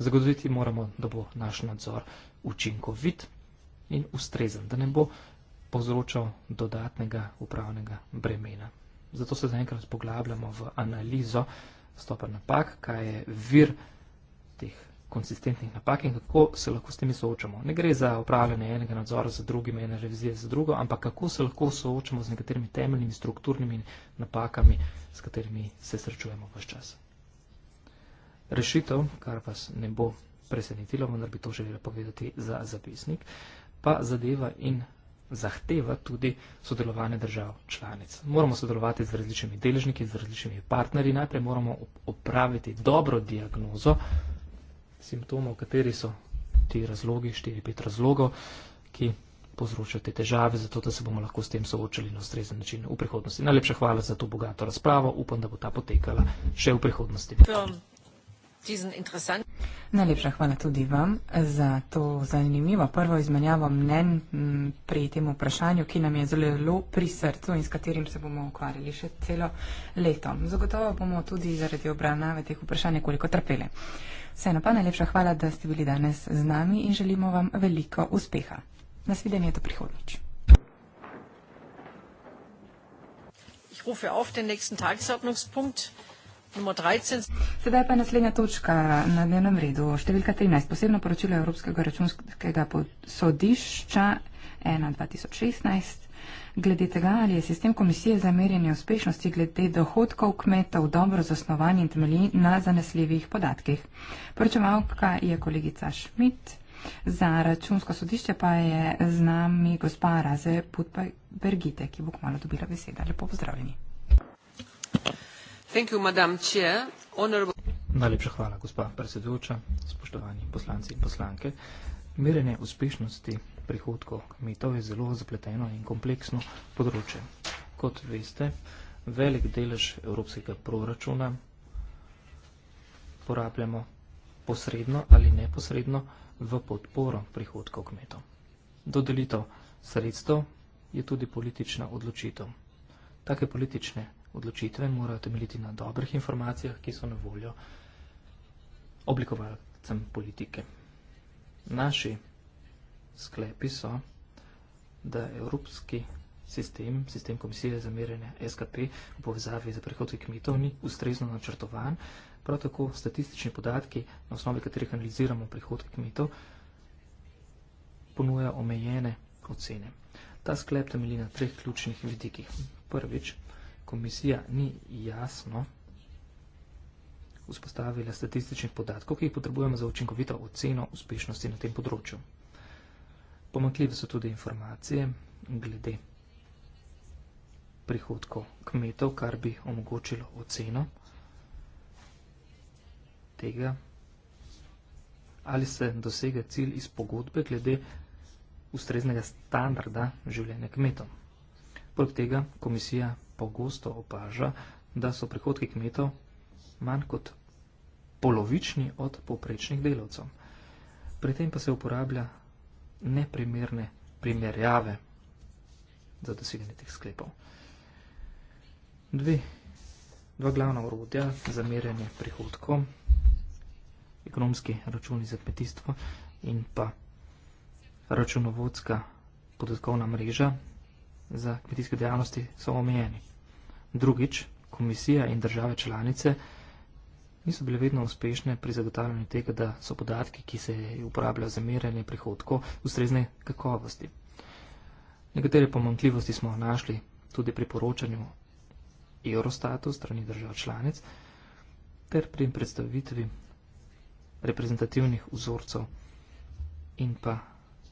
Zagotoviti moramo, da bo naš nadzor učinkovit in ustrezen, da ne bo povzročal dodatnega upravnega bremena. Zato se zaenkrat poglabljamo v analizo stopa napak, kaj je vir teh konsistentnih napak in kako se lahko s temi soočamo. Ne gre za upravljanje enega nadzora za drugim, ene revizije za drugo, ampak kako se lahko soočamo z nekaterimi temeljnimi strukturnimi napakami, s katerimi se srečujemo vse čas. Rešitev, kar vas ne bo presenetilo, vendar bi to želela povedati za zapisnik, pa zadeva in zahteva tudi sodelovanje držav članic. Moramo sodelovati z različnimi deležniki, z različnimi partnerji. Najprej moramo opraviti dobro diagnozo, simptomov, kateri so ti razlogi, 4-5 razlogov, ki povzročajo te težave, zato da se bomo lahko s tem soočali na ustrezen način v prihodnosti. Najlepša hvala za to bogato razpravo, upam, da bo ta potekala še v prihodnosti. Tom. Najlepša hvala tudi vam za to zanimivo prvo izmenjavo mnen pri tem vprašanju, ki nam je zelo pri srcu in s katerim se bomo ukvarjali še celo leto. Zagotovo bomo tudi zaradi obravnave teh vprašanj nekoliko trpeli. Vseeno pa najlepša hvala, da ste bili danes z nami in želimo vam veliko uspeha. Nasvidenje do prihodnič. Ich rufe auf den nächsten Tagesordnungspunkt. Sedaj pa je naslednja točka na dnevnem redu. Številka 13. Posebno poročilo Evropskega računskega sodišča 1.2016. Glede tega, ali je sistem komisije za merjenje uspešnosti glede dohodkov kmetov dobro zasnovan in temelji na zanesljivih podatkih. Poročevalka je kolegica Šmit. Za računsko sodišče pa je z nami gospa Raze Putpa Bergite, ki bo kmalo dobila besedo. Lepo pozdravljeni. Najlepša hvala, gospa predsedujoča, spoštovani poslanci in poslanke. Merenje uspešnosti prihodkov kmetov je zelo zapleteno in kompleksno področje. Kot veste, velik delež evropskega proračuna porabljamo posredno ali neposredno v podporo prihodkov kmetov. Dodelitev sredstev je tudi politična odločitev. Take politične odločitev odločitve in morajo temeljiti na dobrih informacijah, ki so na voljo oblikovalcem politike. Naši sklepi so, da evropski sistem, sistem komisije za merjenje SKP v povezavi za prihodke kmetov ni ustrezno načrtovan, prav tako statistični podatki, na osnovi katerih analiziramo prihodke kmetov, ponujajo omejene ocene. Ta sklep temelji na treh ključnih vidikih. Prvič, komisija ni jasno vzpostavila statističnih podatkov, ki jih potrebujemo za učinkovito oceno uspešnosti na tem področju. Pomakljive so tudi informacije glede prihodkov kmetov, kar bi omogočilo oceno tega, ali se dosega cilj iz pogodbe glede ustreznega standarda življenja kmetov. Prot tega komisija pogosto opaža, da so prihodki kmetov manj kot polovični od poprečnih delavcev. Pri tem pa se uporablja neprimerne primerjave za doseganje teh sklepov. Dve, dva glavna urodja za merjanje prihodkov, ekonomski računi za kmetijstvo in pa računovodska podatkovna mreža za kmetijske dejavnosti so omejeni. Drugič, komisija in države članice niso bile vedno uspešne pri zagotavljanju tega, da so podatki, ki se uporabljajo za merjanje prihodkov, ustrezne kakovosti. Nekatere pomankljivosti smo našli tudi pri poročanju Eurostatu strani držav članic ter pri predstavitvi reprezentativnih vzorcev in pa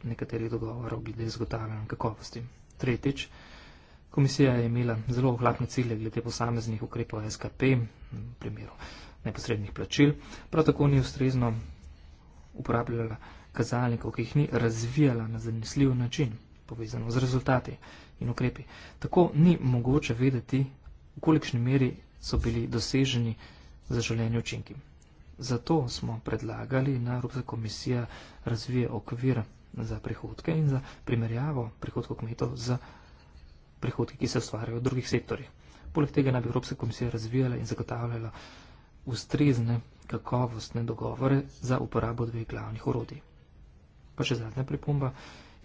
nekaterih dogovorov glede zagotavljanja kakovosti. Tretjič, Komisija je imela zelo ohlapne cilje glede posameznih ukrepov SKP v primeru neposrednih plačil. Prav tako ni ustrezno uporabljala kazalnikov, ki jih ni razvijala na zanesljiv način, povezano z rezultati in ukrepi. Tako ni mogoče vedeti, v kolikšni meri so bili doseženi zaželeni učinki. Zato smo predlagali, da Evropska komisija razvije okvir za prihodke in za primerjavo prihodkov kmetov z prihodki, ki se ustvarjajo v drugih sektorjih. Poleg tega naj bi Evropska komisija razvijala in zagotavljala ustrezne kakovostne dogovore za uporabo dveh glavnih orodij. Pa še zadnja pripomba.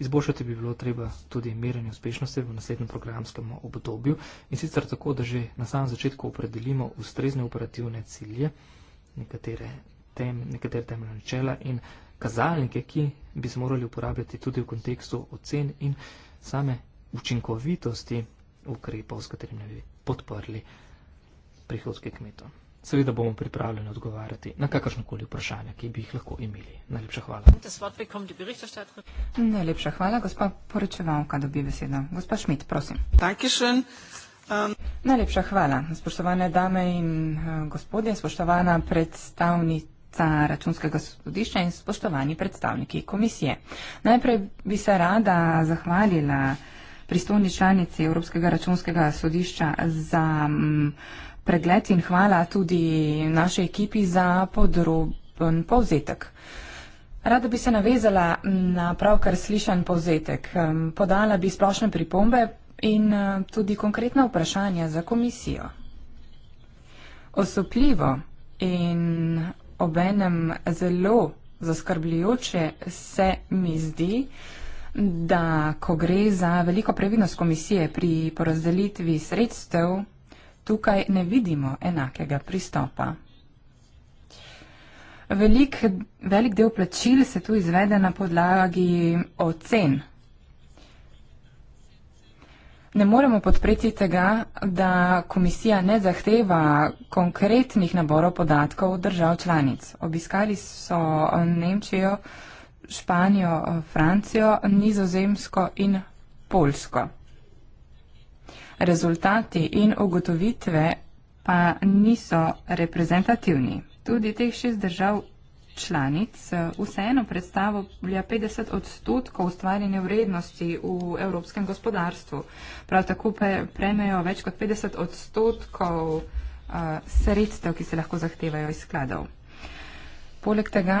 Izboljšati bi bilo treba tudi merjenje uspešnosti v naslednjem programskem obdobju in sicer tako, da že na samem začetku opredelimo ustrezne operativne cilje, nekatere, tem, nekatere temeljne načela in kazalnike, ki bi se morali uporabljati tudi v kontekstu ocen in same učinkovitosti ukrepov, s katerimi bi podprli prihodke kmetov. Seveda bomo pripravljeni odgovarjati na kakršnokoli vprašanja, ki bi jih lahko imeli. Najlepša hvala. Najlepša hvala, gospa poročevalka, dobi besedo. Gospa Šmit, prosim. Dankeschön. Um. Najlepša hvala, spoštovane dame in uh, gospodje, spoštovana predstavnica računskega sodišča in spoštovani predstavniki komisije. Najprej bi se rada zahvalila pristojni članici Evropskega računskega sodišča za mm, pregled in hvala tudi naši ekipi za podroben povzetek. Rada bi se navezala na pravkar slišan povzetek. Podala bi splošne pripombe in e, tudi konkretna vprašanja za komisijo. Osupljivo in obenem zelo zaskrbljujoče se mi zdi, da da ko gre za veliko previdnost komisije pri porazdelitvi sredstev, tukaj ne vidimo enakega pristopa. Velik, velik del plačil se tu izvede na podlagi ocen. Ne moremo podpreti tega, da komisija ne zahteva konkretnih naborov podatkov držav članic. Obiskali so Nemčijo. Španijo, eh, Francijo, Nizozemsko in Polsko. Rezultati in ugotovitve pa niso reprezentativni. Tudi teh šest držav članic eh, vseeno predstavlja 50 odstotkov ustvarjene vrednosti v evropskem gospodarstvu. Prav tako pa premejo več kot 50 odstotkov eh, sredstev, ki se lahko zahtevajo iz skladov. Poleg tega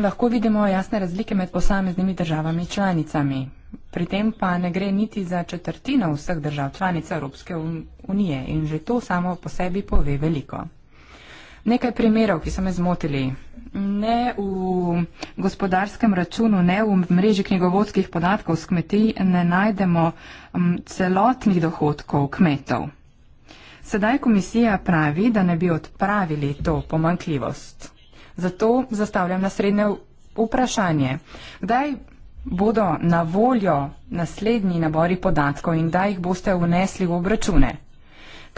lahko vidimo jasne razlike med posameznimi državami članicami. Pri tem pa ne gre niti za četrtino vseh držav članic Evropske unije in že to samo po sebi pove veliko. Nekaj primerov, ki so me zmotili. Ne v gospodarskem računu, ne v mreži knjigovodskih podatkov z kmetij ne najdemo celotnih dohodkov kmetov. Sedaj komisija pravi, da ne bi odpravili to pomankljivost. Zato zastavljam naslednje vprašanje. Kdaj bodo na voljo naslednji nabori podatkov in da jih boste vnesli v obračune?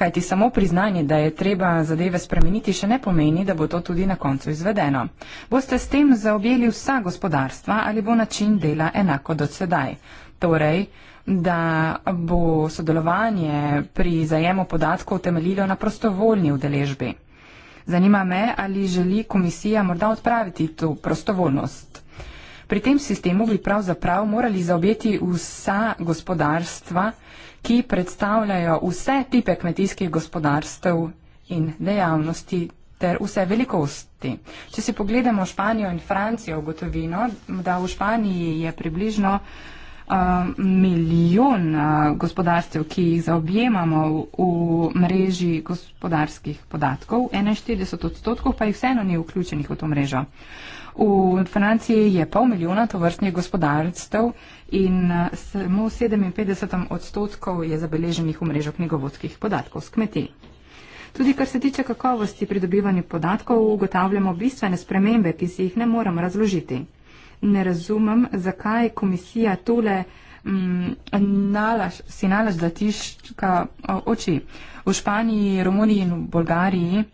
Kaj ti samo priznanje, da je treba zadeve spremeniti, še ne pomeni, da bo to tudi na koncu izvedeno. Boste s tem zaobjeli vsa gospodarstva ali bo način dela enako do sedaj? Torej, da bo sodelovanje pri zajemu podatkov temeljilo na prostovoljni udeležbi. Zanima me, ali želi komisija morda odpraviti to prostovoljnost. Pri tem sistemu bi pravzaprav morali zaobjeti vsa gospodarstva, ki predstavljajo vse tipe kmetijskih gospodarstv in dejavnosti ter vse velikosti. Če si pogledamo Španijo in Francijo, ugotovimo, da v Španiji je približno milijon gospodarstev, ki jih zaobjemamo v mreži gospodarskih podatkov, 41 odstotkov pa jih vseeno ni vključenih v to mrežo. V Franciji je pol milijona tovrstnih gospodarstev in samo 57 odstotkov je zabeleženih v mrežo knjigovodskih podatkov s kmetij. Tudi kar se tiče kakovosti pridobivanja podatkov, ugotavljamo bistvene spremembe, ki si jih ne moremo razložiti ne razumem, zakaj komisija tole mm, nalaž, si nalaž zatiška oči. V Španiji, Romuniji in v Bolgariji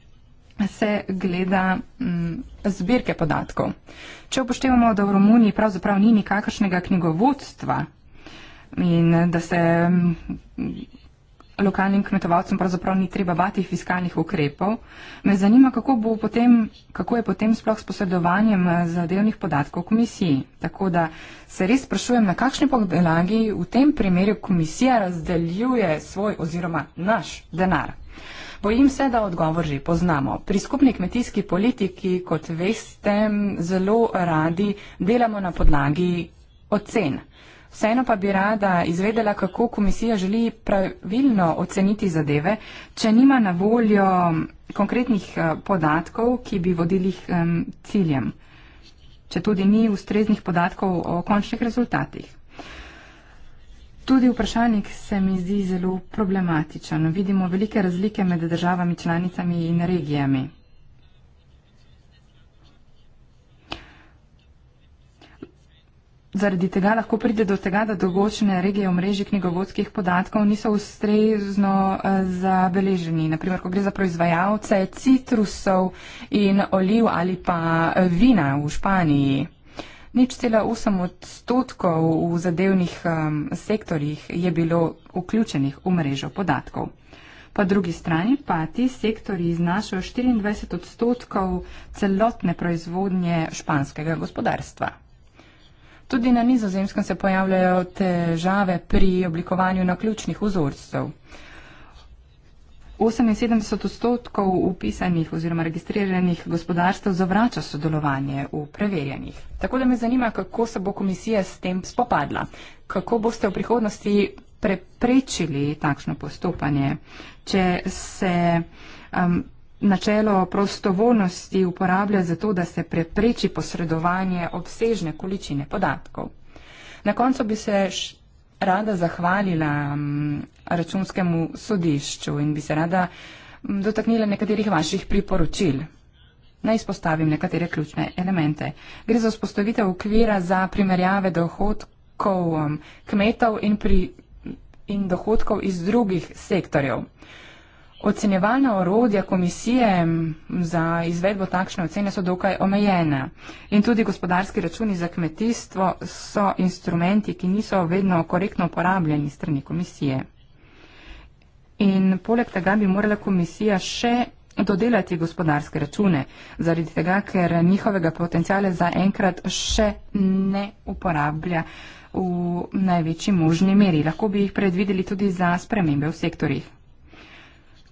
se gleda mm, zbirke podatkov. Če upoštevamo, da v Romuniji pravzaprav ni nikakršnega knjigovodstva in da se. Mm, lokalnim kmetovalcem pravzaprav ni treba bati fiskalnih ukrepov. Me zanima, kako, potem, kako je potem sploh s posredovanjem eh, zadevnih podatkov komisiji. Tako da se res sprašujem, na kakšni podlagi v tem primeru komisija razdeljuje svoj oziroma naš denar. Bojim se, da odgovor že poznamo. Pri skupni kmetijski politiki, kot veste, zelo radi delamo na podlagi ocen. Vseeno pa bi rada izvedela, kako komisija želi pravilno oceniti zadeve, če nima na voljo konkretnih eh, podatkov, ki bi vodili k ciljem, če tudi ni ustreznih podatkov o končnih rezultatih. Tudi vprašanje se mi zdi zelo problematičen. Vidimo velike razlike med državami članicami in regijami. Zaradi tega lahko pride do tega, da določene regije v mreži knjigovodskih podatkov niso ustrezno eh, zabeleženi. Naprimer, ko gre za proizvajalce citrusov in oliv ali pa eh, vina v Španiji. Nič cela 8 odstotkov v zadevnih um, sektorjih je bilo vključenih v mrežo podatkov. Po drugi strani pa ti sektori znašajo 24 odstotkov celotne proizvodnje španskega gospodarstva. Tudi na nizozemskem se pojavljajo težave pri oblikovanju naključnih vzorcev. 78 odstotkov upisanih oziroma registriranih gospodarstv zavrača sodelovanje v preverjanjih. Tako da me zanima, kako se bo komisija s tem spopadla. Kako boste v prihodnosti preprečili takšno postopanje, če se um, načelo prostovoljnosti uporablja zato, da se prepreči posredovanje obsežne količine podatkov. Na koncu bi se rada zahvalila računskemu sodišču in bi se rada dotaknila nekaterih vaših priporočil. Naj izpostavim nekatere ključne elemente. Gre za vzpostavitev okvira za primerjave dohodkov kmetov in, pri, in dohodkov iz drugih sektorjev. Ocenjevalna orodja komisije za izvedbo takšne ocene so dokaj omejena in tudi gospodarski računi za kmetijstvo so instrumenti, ki niso vedno korektno uporabljeni strani komisije. In poleg tega bi morala komisija še dodelati gospodarske račune, zaradi tega, ker njihovega potencijala zaenkrat še ne uporablja v največji možni meri. Lahko bi jih predvideli tudi za spremembe v sektorjih.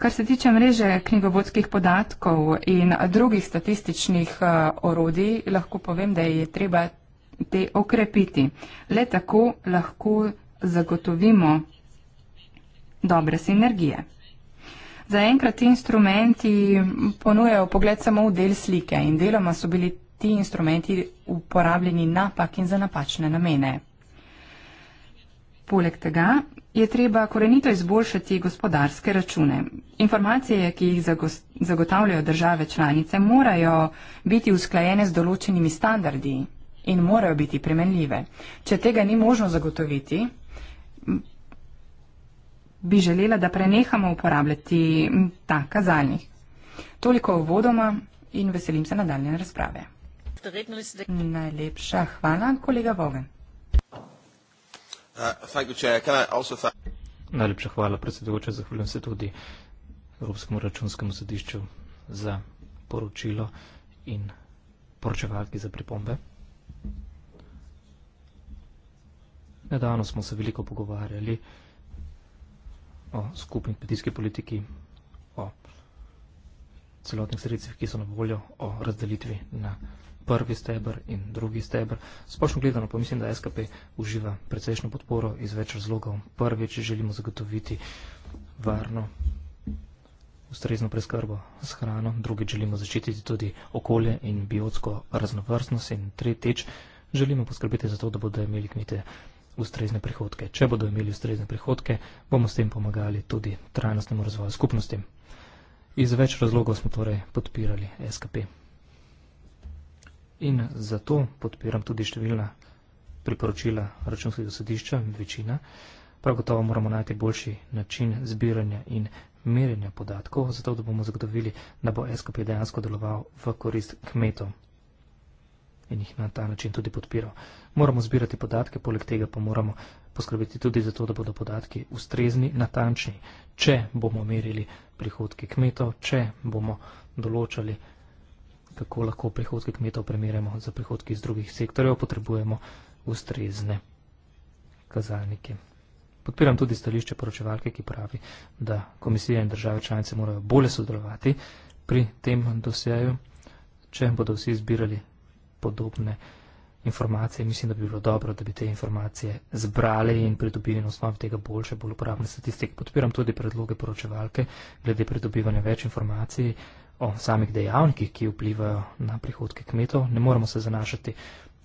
Kar se tiče mreže knjigovodskih podatkov in drugih statističnih eh, orodij, lahko povem, da je treba te okrepiti. Le tako lahko zagotovimo dobre sinergije. Zaenkrat ti instrumenti ponujejo pogled samo v del slike in deloma so bili ti instrumenti uporabljeni napak in za napačne namene. Poleg tega je treba korenito izboljšati gospodarske račune. Informacije, ki jih zagotavljajo države članice, morajo biti usklajene z določenimi standardi in morajo biti premenljive. Če tega ni možno zagotoviti, bi želela, da prenehamo uporabljati ta kazalnik. Toliko v vodoma in veselim se nadaljne razprave. Najlepša hvala, kolega Vogen. Uh, Najlepša hvala, predsedujoča. Zahvaljujem se tudi Evropskemu računskemu sodišču za poročilo in poročevalki za pripombe. Nedavno smo se veliko pogovarjali o skupni kmetijski politiki, o celotnih sredstvih, ki so na voljo, o razdelitvi na kmetijske prvi stebr in drugi stebr. Splošno gledano pa mislim, da SKP uživa precejšno podporo iz več razlogov. Prvič želimo zagotoviti varno, ustrezno preskrbo s hrano, drugič želimo zaščititi tudi okolje in biotsko raznovrstnost in tretjič želimo poskrbeti za to, da bodo imeli kmete ustrezne prihodke. Če bodo imeli ustrezne prihodke, bomo s tem pomagali tudi trajnostnemu razvoju skupnosti. Iz več razlogov smo torej podpirali SKP. In zato podpiram tudi številna priporočila računskega sodišča, večina. Prav gotovo moramo najti boljši način zbiranja in merjenja podatkov, zato da bomo zagotovili, da bo SKP dejansko deloval v korist kmetov in jih na ta način tudi podpiral. Moramo zbirati podatke, poleg tega pa moramo poskrbeti tudi za to, da bodo podatki ustrezni, natančni, če bomo merili prihodke kmetov, če bomo določali kako lahko prihodke kmetov primerjamo za prihodke iz drugih sektorjev, potrebujemo ustrezne kazalnike. Podpiram tudi stališče poročevalke, ki pravi, da komisija in države članice morajo bolje sodelovati pri tem dosjeju, če bodo vsi zbirali podobne informacije. Mislim, da bi bilo dobro, da bi te informacije zbrali in pridobili na osnovi tega boljše, bolj uporabne statistike. Podpiram tudi predloge poročevalke glede pridobivanja več informacij o samih dejavnikih, ki vplivajo na prihodke kmetov, ne moremo se zanašati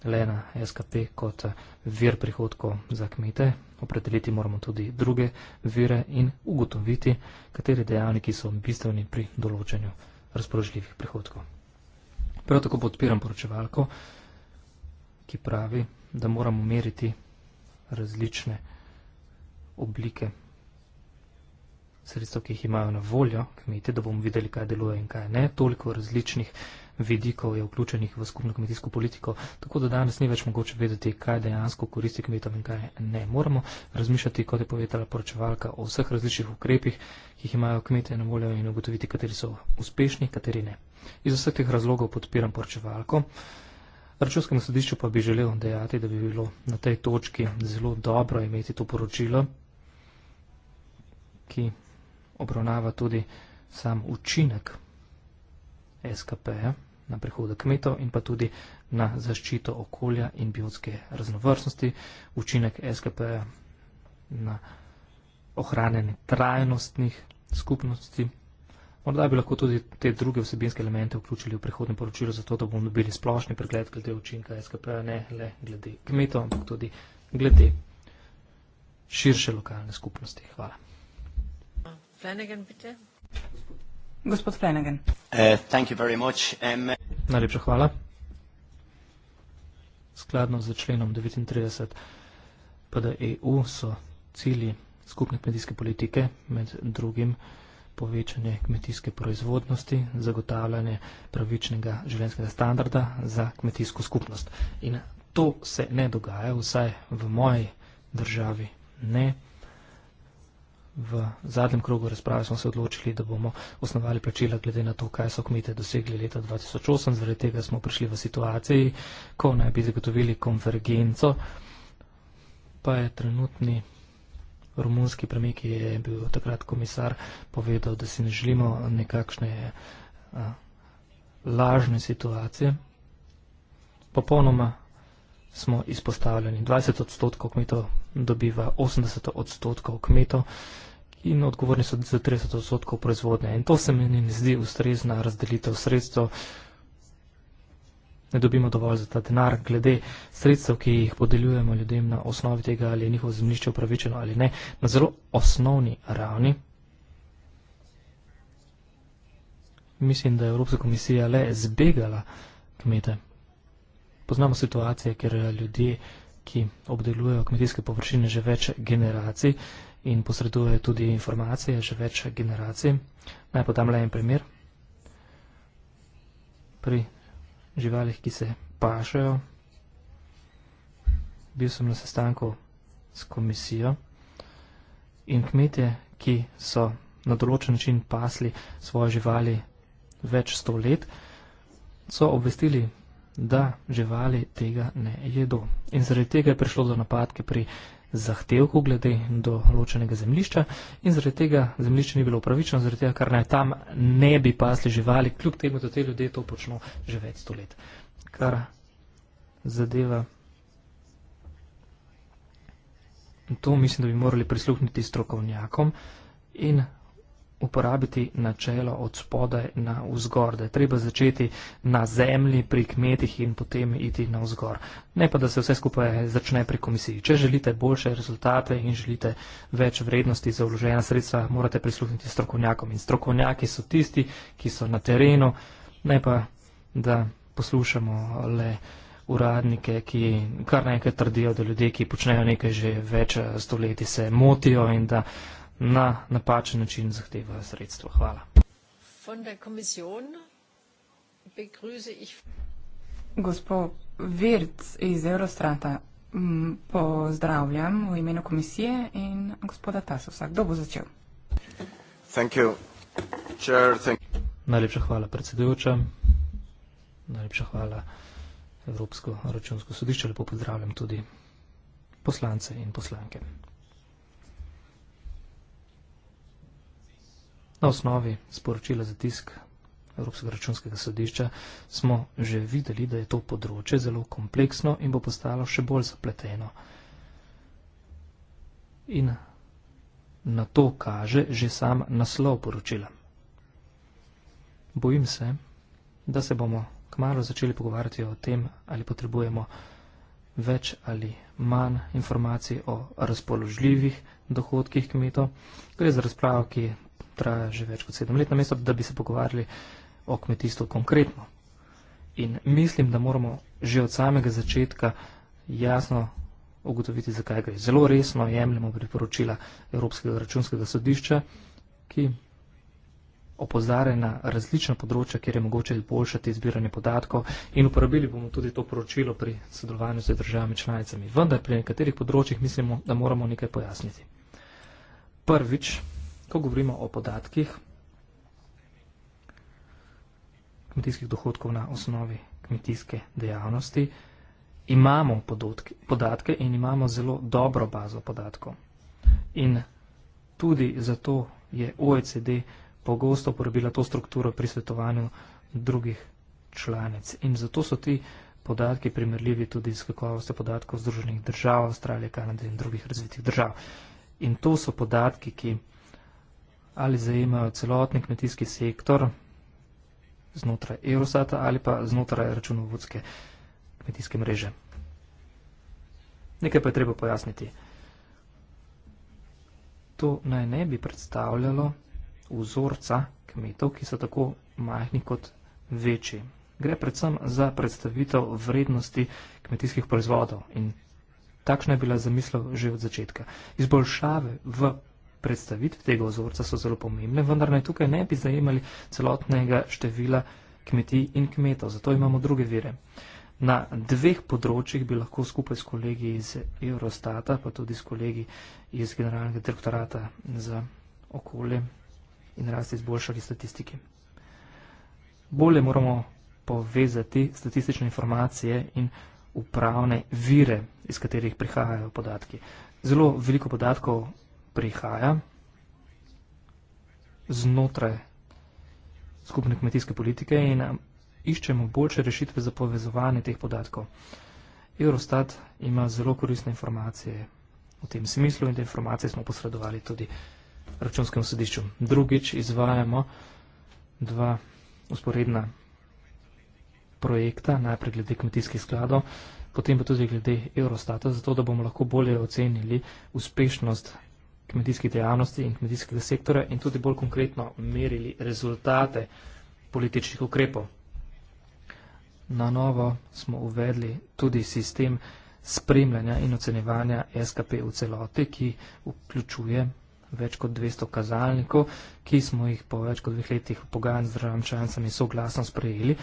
le na SKP kot eh, vir prihodkov za kmete, opredeliti moramo tudi druge vire in ugotoviti, kateri dejavniki so bistveni pri določanju razpoložljivih prihodkov. Prav tako podpiram poročevalko, ki pravi, da moramo meriti različne oblike sredstev, ki jih imajo na voljo kmetje, da bomo videli, kaj deluje in kaj ne. Toliko različnih vidikov je vključenih v skupno kmetijsko politiko, tako da danes ni več mogoče vedeti, kaj dejansko koristi kmetom in kaj ne. Moramo razmišljati, kot je povedala poročevalka, o vseh različnih ukrepih, ki jih imajo kmetje na voljo in ugotoviti, kateri so uspešni, kateri ne. Iz vseh teh razlogov podpiram poročevalko. Računskemu sodišču pa bi želel dejati, da bi bilo na tej točki zelo dobro imeti to poročilo, ki obravnava tudi sam učinek SKP-ja na prihodek kmetov in pa tudi na zaščito okolja in biotske raznovrstnosti, učinek SKP-ja na ohranjanje trajnostnih skupnosti. Morda bi lahko tudi te druge vsebinske elemente vključili v prihodnje poročilo, zato da bomo dobili splošni pregled glede učinka SKP-ja, ne le glede kmetov, ampak tudi glede širše lokalne skupnosti. Hvala. Flanagan, bitte. Gospod Flanagan. Uh, thank you very much. Um, Najlepša hvala. Skladno z členom 39 PDEU so cilji skupne kmetijske politike med drugim povečanje kmetijske proizvodnosti, zagotavljanje pravičnega življenjskega standarda za kmetijsko skupnost. In to se ne dogaja, vsaj v moji državi ne v zadnjem krogu razprave smo se odločili, da bomo osnovali plačila glede na to, kaj so kmete dosegli leta 2008. Zaradi tega smo prišli v situaciji, ko naj bi zagotovili konvergenco, pa je trenutni romunski premik, ki je bil takrat komisar, povedal, da si ne želimo nekakšne a, lažne situacije. Popolnoma smo izpostavljeni. 20 odstotkov kmetov dobiva 80 odstotkov kmetov in odgovorni so za 30 odstotkov proizvodnje. In to se mi ne zdi ustrezna razdelitev sredstev. Ne dobimo dovolj za ta denar, glede sredstev, ki jih podeljujemo ljudem na osnovi tega, ali je njihovo zemljišče upravičeno ali ne, na zelo osnovni ravni. Mislim, da je Evropska komisija le zbegala kmete. Poznamo situacije, ker ljudje, ki obdelujejo kmetijske površine že več generacij, in posreduje tudi informacije že več generacij. Naj podam le en primer. Pri živalih, ki se pašajo, bil sem na sestanku s komisijo in kmetje, ki so na določen način pasli svoje živali več sto let, so obvestili, da živali tega ne jedo. In zaradi tega je prišlo do napadke pri zahtevku glede določenega zemljišča in zaradi tega zemljišče ni bilo upravičeno, zaradi tega, ker naj tam ne bi pasli živali, kljub temu, da te ljudje to počno že več sto let. Kar zadeva to, mislim, da bi morali prisluhniti strokovnjakom in uporabiti načelo od spodaj na vzgor, da je treba začeti na zemlji, pri kmetih in potem iti na vzgor. Ne pa, da se vse skupaj začne pri komisiji. Če želite boljše rezultate in želite več vrednosti za vložena sredstva, morate prisluhniti strokovnjakom. In strokovnjaki so tisti, ki so na terenu, ne pa, da poslušamo le uradnike, ki kar nekaj trdijo, da ljudje, ki počnejo nekaj že več stoletij, se motijo in da na napačen način zahtevajo sredstva. Hvala. Gospod Virc iz Eurostrata, pozdravljam v imenu komisije in gospoda Tasovsa. Kdo bo začel? Najlepša hvala, predsedujoča. Najlepša hvala, Evropsko računsko sodišče. Lepo pozdravljam tudi poslance in poslanke. Na osnovi sporočila za tisk Evropskega računskega sodišča smo že videli, da je to področje zelo kompleksno in bo postalo še bolj zapleteno. In na to kaže že sam naslov poročila. Bojim se, da se bomo kmalo začeli pogovarjati o tem, ali potrebujemo več ali manj informacij o razpoložljivih dohodkih kmetov. Gre za razpravo, ki traja že več kot sedem let, namesto da bi se pogovarjali o kmetijstvu konkretno. In mislim, da moramo že od samega začetka jasno ugotoviti, zakaj gre. Zelo resno jemljemo priporočila Evropskega računskega sodišča, ki opozarja na različna področja, kjer je mogoče izboljšati zbiranje podatkov in uporabili bomo tudi to poročilo pri sodelovanju z državami članicami. Vendar pri nekaterih področjih mislimo, da moramo nekaj pojasniti. Prvič, ko govorimo o podatkih kmetijskih dohodkov na osnovi kmetijske dejavnosti, imamo podatke in imamo zelo dobro bazo podatkov. In tudi zato je OECD pogosto uporabila to strukturo pri svetovanju drugih članic. In zato so ti podatki primerljivi tudi s kakovostjo podatkov Združenih držav, Avstralije, Kanade in drugih razvitih držav. In to so podatki, ki ali zajemajo celotni kmetijski sektor znotraj Eurosata ali pa znotraj računovodske kmetijske mreže. Nekaj pa je treba pojasniti. To naj ne bi predstavljalo vzorca kmetov, ki so tako majhni kot večji. Gre predvsem za predstavitev vrednosti kmetijskih proizvodov in takšna je bila zamislav že od začetka. Izboljšave v predstavitve tega vzorca so zelo pomembne, vendar naj tukaj ne bi zajemali celotnega števila kmetij in kmetov, zato imamo druge vire. Na dveh področjih bi lahko skupaj s kolegi iz Eurostata, pa tudi s kolegi iz Generalnega direktorata za okolje in rast izboljšali statistiki. Bolje moramo povezati statistične informacije in upravne vire, iz katerih prihajajo podatki. Zelo veliko podatkov prihaja znotraj skupne kmetijske politike in um, iščemo boljše rešitve za povezovanje teh podatkov. Eurostat ima zelo koristne informacije v tem smislu in te informacije smo posredovali tudi računskemu sodišču. Drugič izvajamo dva usporedna projekta, najprej glede kmetijskih skladov, potem pa tudi glede Eurostata, zato da bomo lahko bolje ocenili uspešnost kmetijskih dejavnosti in kmetijskega sektora in tudi bolj konkretno merili rezultate političnih ukrepov. Na novo smo uvedli tudi sistem spremljanja in ocenevanja SKP v celoti, ki vključuje več kot 200 kazalnikov, ki smo jih po več kot dveh letih pogajanj z državami članicami soglasno sprejeli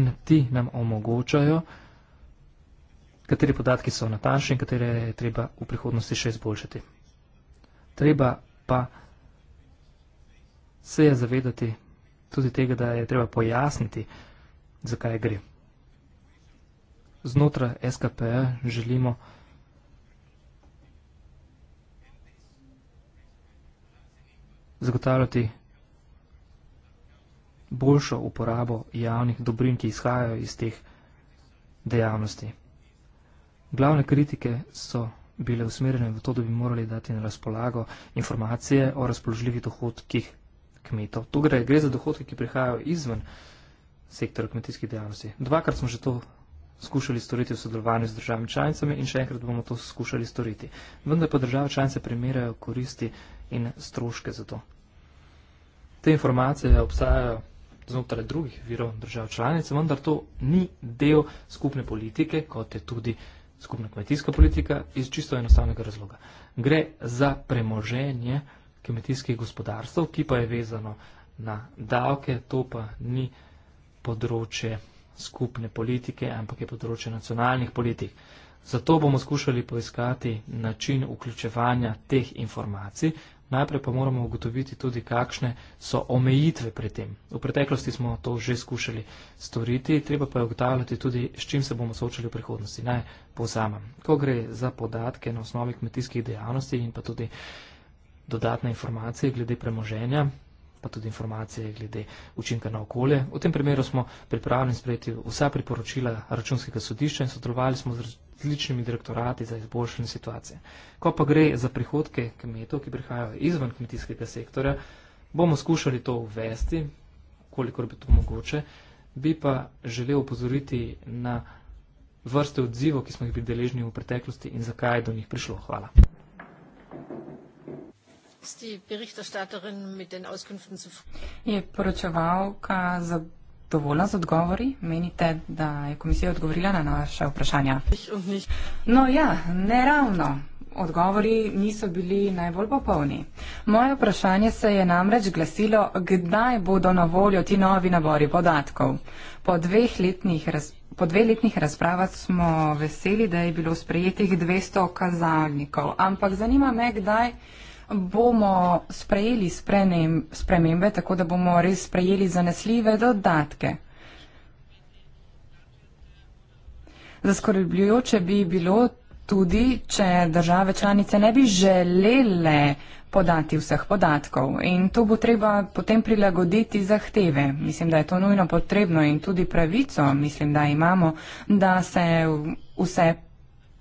in ti nam omogočajo, kateri podatki so natančni in katere je treba v prihodnosti še izboljšati treba pa se je zavedati tudi tega, da je treba pojasniti, zakaj gre. Znotraj SKP želimo zagotavljati boljšo uporabo javnih dobrin, ki izhajajo iz teh dejavnosti. Glavne kritike so bile usmerjene v to, da bi morali dati na razpolago informacije o razpoložljivih dohodkih kmetov. Tu gre, gre za dohodke, ki prihajajo izven sektora kmetijskih dejavnosti. Dvakrat smo že to skušali storiti v sodelovanju z državami članicami in še enkrat bomo to skušali storiti. Vendar pa države članice primerjajo koristi in stroške za to. Te informacije obstajajo znotraj drugih virov držav članic, vendar to ni del skupne politike, kot je tudi skupna kmetijska politika iz čisto enostavnega razloga. Gre za premoženje kmetijskih gospodarstv, ki pa je vezano na davke, to pa ni področje skupne politike, ampak je področje nacionalnih politik. Zato bomo skušali poiskati način vključevanja teh informacij Najprej pa moramo ugotoviti tudi, kakšne so omejitve pri tem. V preteklosti smo to že skušali storiti, treba pa je ugotavljati tudi, s čim se bomo soočali v prihodnosti. Naj povzamem. Ko gre za podatke na osnovi kmetijskih dejavnosti in pa tudi dodatne informacije glede premoženja, pa tudi informacije glede učinka na okolje. V tem primeru smo pripravljeni sprejeti vsa priporočila računskega sodišča in sodelovali smo z različnimi direktorati za izboljšanje situacije. Ko pa gre za prihodke kmetov, ki prihajajo izven kmetijskega sektorja, bomo skušali to uvesti, kolikor bi to mogoče, bi pa želel upozoriti na vrste odzivov, ki smo jih bili deležni v preteklosti in zakaj je do njih prišlo. Hvala. Je poročevalka za dovolj z odgovori? Menite, da je komisija odgovorila na naše vprašanja? No ja, neravno. Odgovori niso bili najbolj popolni. Moje vprašanje se je namreč glasilo, kdaj bodo na voljo ti novi nabori podatkov. Po dveh letnih razpravah. Po dveh letnih razpravah smo veseli, da je bilo sprejetih 200 kazalnikov, ampak zanima me, kdaj bomo sprejeli sprenem, spremembe, tako da bomo res sprejeli zanesljive dodatke. Zaskrbljujoče bi bilo tudi, če države članice ne bi želele podati vseh podatkov. In to bo treba potem prilagoditi zahteve. Mislim, da je to nujno potrebno in tudi pravico, mislim, da imamo, da se vse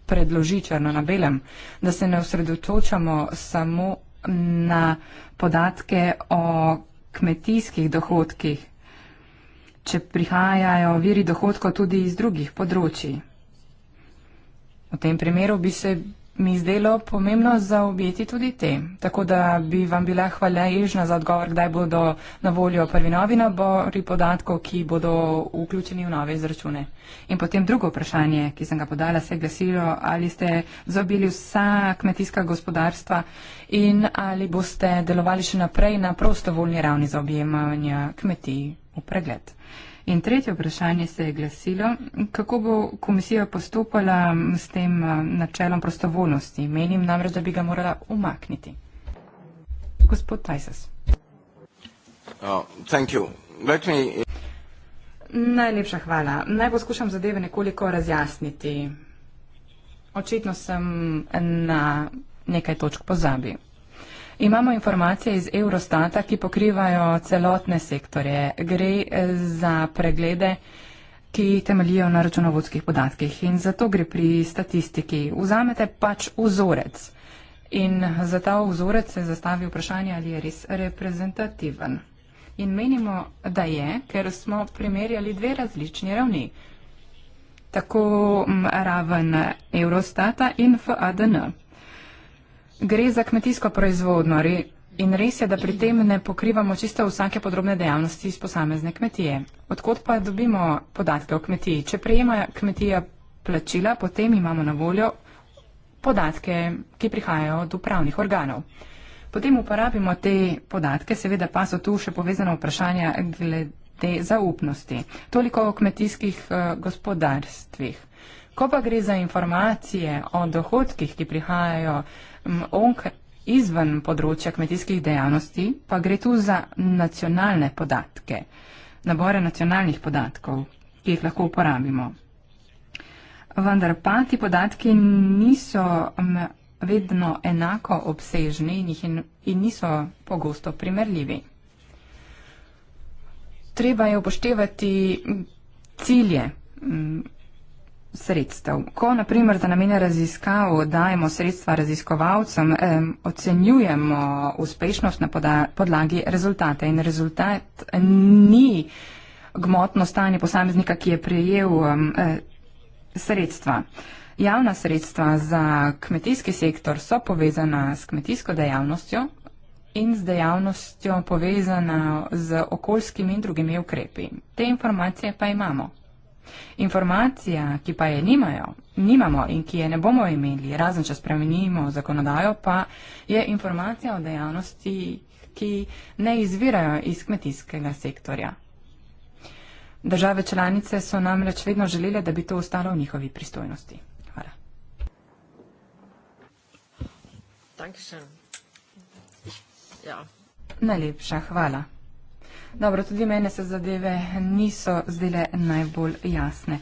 predloži črno na belem, da se ne osredotočamo samo na podatke o kmetijskih dohodkih, če prihajajo viri dohodkov tudi iz drugih področji. V tem primeru bi se mi zdelo pomembno zaobjeti tudi te. Tako da bi vam bila hvaležna za odgovor, kdaj bodo na voljo prvi novi nabori podatkov, ki bodo vključeni v nove izračune. In potem drugo vprašanje, ki sem ga podala, se je glasilo, ali ste zaobjeli vsa kmetijska gospodarstva in ali boste delovali še naprej na prostovoljni ravni za objemanje kmetij v pregled. In tretje vprašanje se je glasilo, kako bo komisija postopala s tem eh, načelom prostovoljnosti. Menim namreč, da bi ga morala umakniti. Gospod Tajsas. Oh, me... Najlepša hvala. Naj poskušam zadeve nekoliko razjasniti. Očitno sem na nekaj točk pozabil. Imamo informacije iz Eurostata, ki pokrivajo celotne sektorje. Gre eh, za preglede, ki temeljijo na računovodskih podatkih in zato gre pri statistiki. Vzamete pač vzorec in za ta vzorec se zastavi vprašanje, ali je res reprezentativen. In menimo, da je, ker smo primerjali dve različni ravni. Tako raven Eurostata in FADN. Gre za kmetijsko proizvodno in res je, da pri tem ne pokrivamo čisto vsake podrobne dejavnosti iz posamezne kmetije. Odkot pa dobimo podatke o kmetiji? Če prejema kmetija plačila, potem imamo na voljo podatke, ki prihajajo od upravnih organov. Potem uporabimo te podatke, seveda pa so tu še povezane vprašanja glede zaupnosti. Toliko o kmetijskih eh, gospodarstvih. Ko pa gre za informacije o dohodkih, ki prihajajo onk izven področja kmetijskih dejavnosti, pa gre tu za nacionalne podatke, nabore nacionalnih podatkov, ki jih lahko uporabimo. Vendar pa ti podatki niso vedno enako obsežni in, jih, in niso pogosto primerljivi. Treba je upoštevati cilje sredstev. Ko naprimer za namene raziskav dajemo sredstva raziskovalcem, eh, ocenjujemo uspešnost na poda, podlagi rezultate in rezultat ni gmotno stanje posameznika, ki je prejel eh, sredstva. Javna sredstva za kmetijski sektor so povezana s kmetijsko dejavnostjo in z dejavnostjo povezana z okoljskimi in drugimi ukrepi. Te informacije pa imamo. Informacija, ki pa je nimajo, nimamo in ki je ne bomo imeli, razen če spremenimo zakonodajo, pa je informacija o dejavnosti, ki ne izvirajo iz kmetijskega sektorja. Države članice so namreč vedno želele, da bi to ostalo v njihovi pristojnosti. Hvala. Ja. Najlepša hvala. Dobro, tudi mene se zadeve niso zdele najbolj jasne.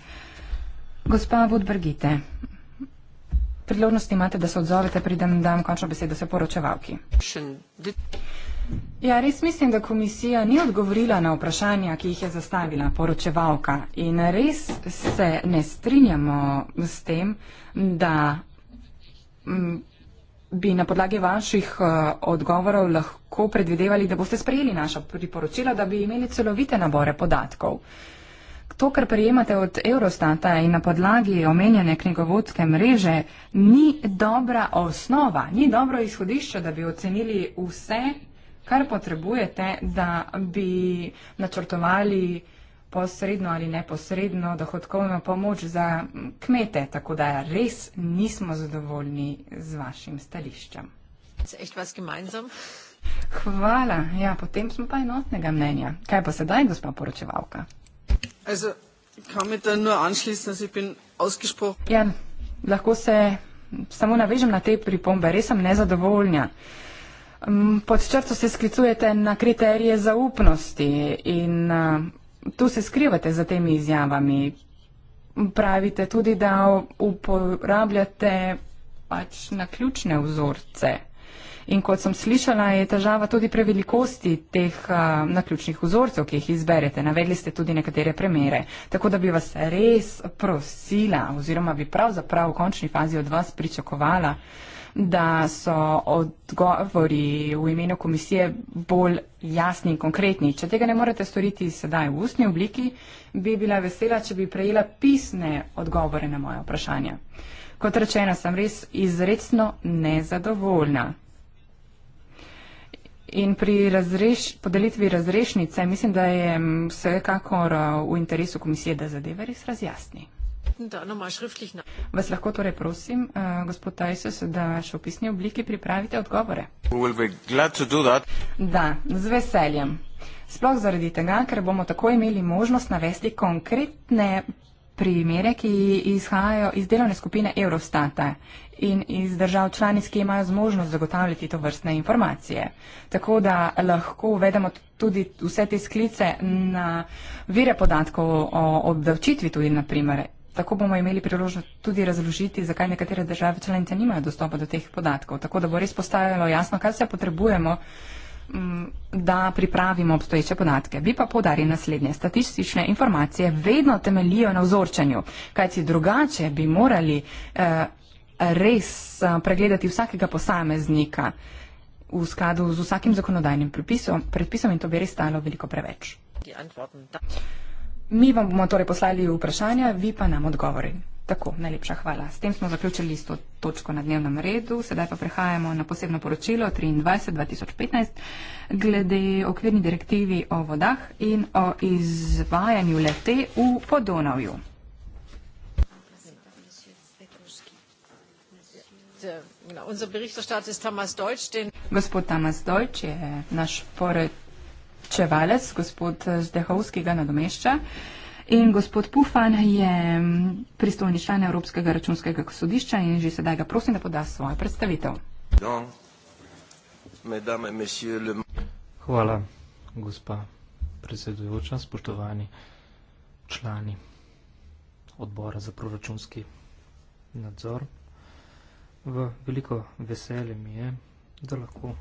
Gospa Budbrgite, priložnost imate, da se odzovete, pridem, dam končno besedo se poročevalki. Ja, res mislim, da komisija ni odgovorila na vprašanja, ki jih je zastavila poročevalka. In res se ne strinjamo s tem, da. Mm, bi na podlagi vaših eh, odgovorov lahko predvidevali, da boste sprejeli naša priporočila, da bi imeli celovite nabore podatkov. To, kar prejemate od Eurostata in na podlagi omenjene knjigovodske mreže, ni dobra osnova, ni dobro izhodišče, da bi ocenili vse, kar potrebujete, da bi načrtovali posredno ali neposredno dohodkovno pomoč za kmete, tako da res nismo zadovoljni z vašim stališčem. Hvala, ja, potem smo pa enotnega mnenja. Kaj pa sedaj, gospa poročevalka? Ja, lahko se samo navežem na te pripombe, res sem nezadovoljna. Pod črto se sklicujete na kriterije zaupnosti in tu se skrivate za temi izjavami. Pravite tudi, da uporabljate pač naključne vzorce. In kot sem slišala, je težava tudi pri velikosti teh a, naključnih vzorcev, ki jih izberete. Navedli ste tudi nekatere premere. Tako da bi vas res prosila, oziroma bi pravzaprav v končni fazi od vas pričakovala, da so odgovori v imenu komisije bolj jasni in konkretni. Če tega ne morete storiti sedaj v ustni obliki, bi bila vesela, če bi prejela pisne odgovore na moje vprašanje. Kot rečeno, sem res izredno nezadovoljna. In pri razreš, podelitvi razrešnice mislim, da je vsekakor v interesu komisije, da zadeve res razjasni. Vas lahko torej prosim, uh, gospod Tajsus, da še v pisni obliki pripravite odgovore? Da, z veseljem. Sploh zaradi tega, ker bomo tako imeli možnost navesti konkretne primere, ki izhajajo iz delovne skupine Eurostata in iz držav članic, ki imajo zmožnost zagotavljati to vrstne informacije. Tako da lahko uvedemo tudi vse te sklice na vire podatkov o obdavčitvi tudi, naprimer, Tako bomo imeli priložnost tudi razložiti, zakaj nekatere države članice nimajo dostopa do teh podatkov. Tako da bo res postavljalo jasno, kaj se potrebujemo, mm, da pripravimo obstoječe podatke. Bi pa povdaril naslednje. Statistične informacije vedno temelijo na vzorčanju, kajci drugače bi morali eh, res eh, pregledati vsakega posameznika v skladu z vsakim zakonodajnim predpisom in to bi res stalo veliko preveč. Die Antworten. Mi vam bomo torej poslali vprašanja, vi pa nam odgovori. Tako, najlepša hvala. S tem smo zaključili isto točko na dnevnem redu, sedaj pa prehajamo na posebno poročilo 23.2015 glede okvirni direktivi o vodah in o izvajanju lete v Podonavju. Ja, Gospod Tamas Dojč je naš poročilnik. Čevalec, gospod Zdehovski ga nadomešča. In gospod Pufan je mm, pristojni član Evropskega računskega sodišča in že sedaj ga prosim, da poda svojo predstavitev. Hvala, gospa predsedujoča, spoštovani člani odbora za proračunski nadzor. V veliko veselje mi je, da lahko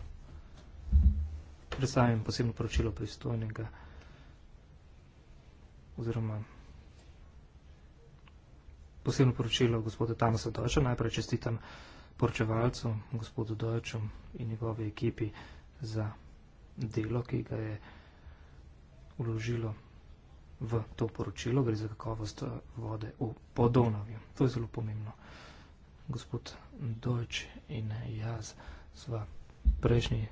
predstavim posebno poročilo pristojnega oziroma posebno poročilo gospoda Tanasa Dojča. Najprej čestitam poročevalcu, gospodu Dojču in njegovi ekipi za delo, ki ga je uložilo v to poročilo. Gre za kakovost eh, vode v Podonavju. To je zelo pomembno. Gospod Dojč in jaz sva prejšnji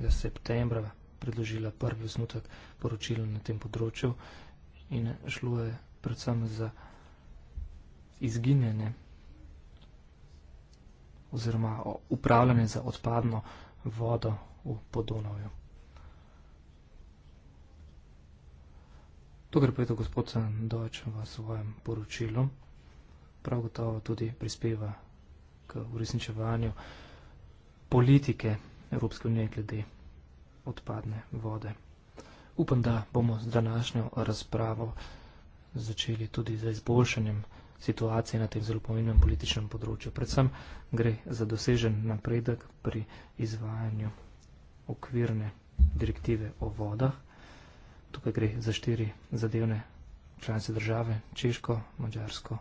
je septembra predložila prvi osnutek poročila na tem področju in šlo je predvsem za izginjanje oziroma upravljanje za odpadno vodo v Podonovju. To, kar pa je to gospod Dojč v svojem poročilu, prav gotovo tudi prispeva k uresničevanju politike politike Evropske unije glede odpadne vode. Upam, da bomo z današnjo razpravo začeli tudi za izboljšanjem situacije na tem zelo pomembnem političnem področju. Predvsem gre za dosežen napredek pri izvajanju okvirne direktive o vodah. Tukaj gre za štiri zadevne članice države, češko, mađarsko,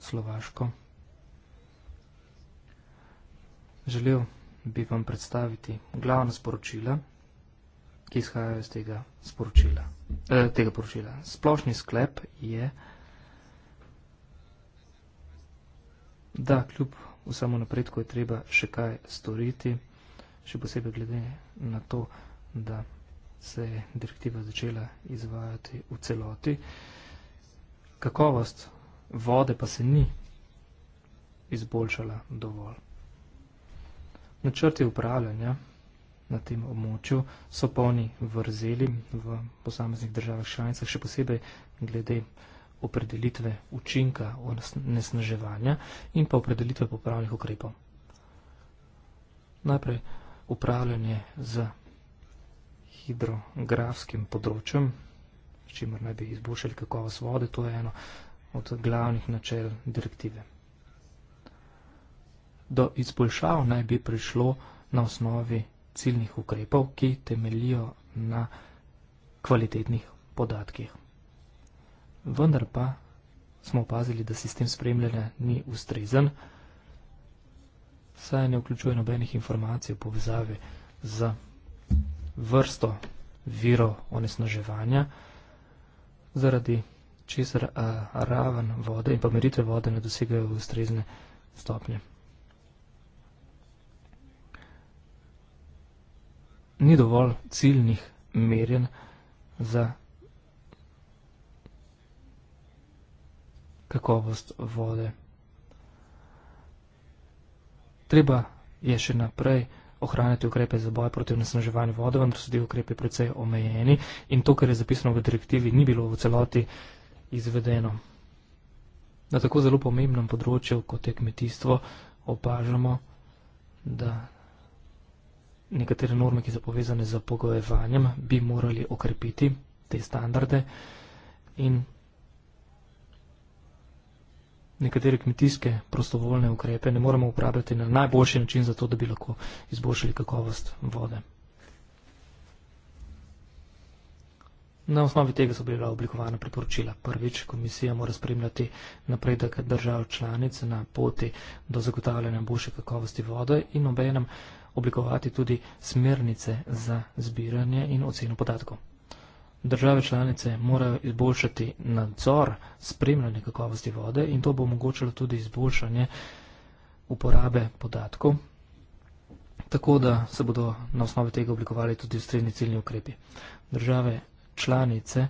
slovaško. Želel bi vam predstaviti glavna sporočila, ki izhajajo iz tega, sporočila, eh, tega poročila. Splošni sklep je, da kljub vsemu napredku je treba še kaj storiti, še posebej glede na to, da se je direktiva začela izvajati v celoti. Kakovost vode pa se ni izboljšala dovolj. Načrti upravljanja na tem območju so polni vrzeli v posameznih državah članicah, še posebej glede opredelitve učinka nesnaževanja in pa opredelitve popravnih ukrepov. Najprej upravljanje z hidrografskim področjem, s čimer naj bi izboljšali kakovost vode, to je eno od glavnih načel direktive. Do izboljšav naj bi prišlo na osnovi ciljnih ukrepov, ki temelijo na kvalitetnih podatkih. Vendar pa smo opazili, da sistem spremljanja ni ustrezen, saj ne vključuje nobenih informacij v povezavi z vrsto virov onesnaževanja, zaradi česar eh, raven vode in pa meritve vode ne dosegajo ustrezne stopnje. ni dovolj ciljnih merjen za kakovost vode. Treba je še naprej ohranjati ukrepe za boj proti nasnaževanju vode, vendar so ti ukrepe precej omejeni in to, kar je zapisano v direktivi, ni bilo v celoti izvedeno. Na tako zelo pomembnem področju, kot je kmetijstvo, opažamo, da nekatere norme, ki so povezane z pogojevanjem, bi morali okrepiti te standarde in nekatere kmetijske prostovoljne ukrepe ne moremo uporabljati na najboljši način za to, da bi lahko izboljšali kakovost vode. Na osnovi tega so bila oblikovana priporočila. Prvič, komisija mora spremljati napredek držav članic na poti do zagotavljanja boljše kakovosti vode in obenem enem oblikovati tudi smernice za zbiranje in oceno podatkov. Države članice morajo izboljšati nadzor spremljanja kakovosti vode in to bo omogočilo tudi izboljšanje uporabe podatkov, tako da se bodo na osnovi tega oblikovali tudi ustrezni ciljni ukrepi. Države članice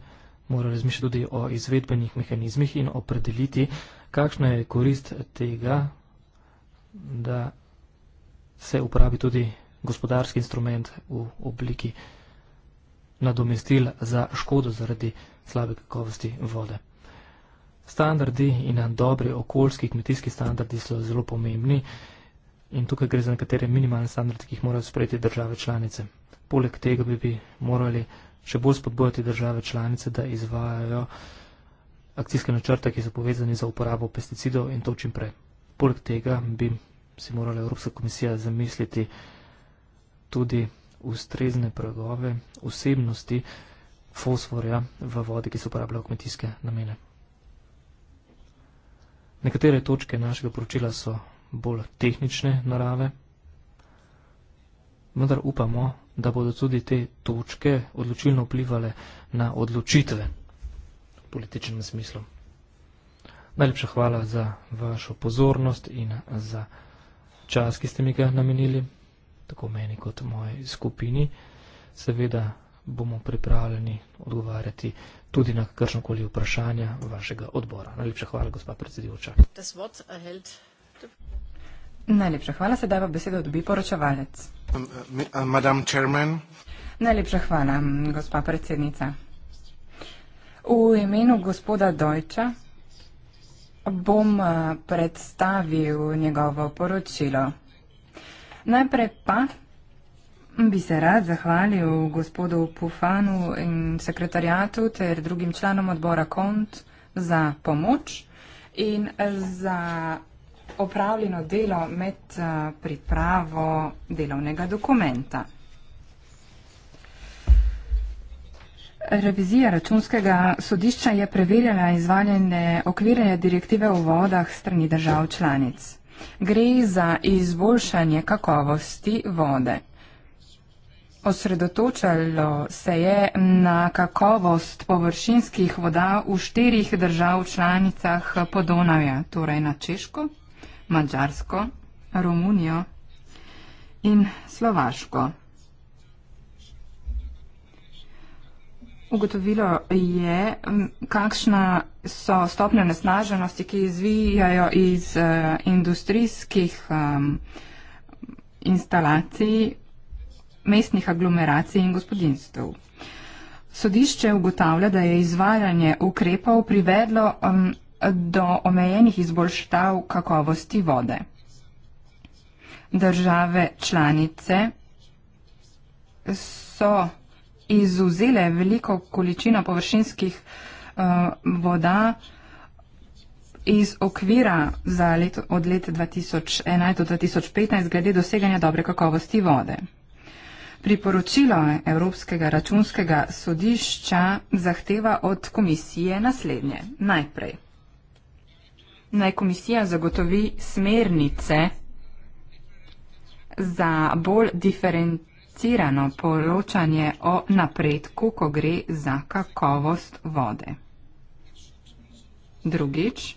morajo razmišljati tudi o izvedbenih mehanizmih in opredeliti, kakšna je korist tega, da se uporabi tudi gospodarski instrument v obliki nadomestil za škodo zaradi slabe kakovosti vode. Standardi in dobri okoljski kmetijski standardi so zelo pomembni in tukaj gre za nekatere minimalne standarde, ki jih morajo sprejeti države članice. Poleg tega bi, bi morali še bolj spodbojati države članice, da izvajajo akcijske načrte, ki so povezani za uporabo pesticidov in to čim prej. Poleg tega bi si morala Evropska komisija zamisliti tudi ustrezne pragove vsebnosti fosforja v vodi, ki se uporablja v kmetijske namene. Nekatere točke našega poročila so bolj tehnične narave, vendar upamo, da bodo tudi te točke odločilno vplivale na odločitve v političnem smislu. Najlepša hvala za vašo pozornost in za pozornost čas, ki ste mi ga namenili, tako meni kot moji skupini. Seveda bomo pripravljeni odgovarjati tudi na kakršnokoli vprašanja vašega odbora. Najlepša hvala, gospa predsedujoča. Najlepša hvala, sedaj pa besedo dobi poročevalec. Um, uh, uh, madam Chairman. Najlepša hvala, gospa predsednica. V imenu gospoda Dojča bom eh, predstavil njegovo poročilo. Najprej pa bi se rad zahvalil gospodu Pufanu in sekretarjatu ter drugim članom odbora KONT za pomoč in za opravljeno delo med eh, pripravo delovnega dokumenta. Revizija računskega sodišča je preverjala izvaljene okvirne direktive o vodah strani držav članic. Gre za izboljšanje kakovosti vode. Osredotočalo se je na kakovost površinskih voda v štirih držav članicah Podonavja, torej na Češko, Mačarsko, Romunijo in Slovaško. ugotovilo je, kakšna so stopnje nesnaženosti, ki izvijajo iz uh, industrijskih um, instalacij, mestnih aglomeracij in gospodinstv. Sodišče ugotavlja, da je izvajanje ukrepov privedlo um, do omejenih izboljšav kakovosti vode. Države članice so izuzele veliko količino površinskih uh, voda iz okvira za let, od leta 2011 do 2015 glede doseganja dobre kakovosti vode. Priporočilo Evropskega računskega sodišča zahteva od komisije naslednje. Najprej. Naj komisija zagotovi smernice za bolj diferenciranje verificirano poročanje o napredku, ko gre za kakovost vode. Drugič,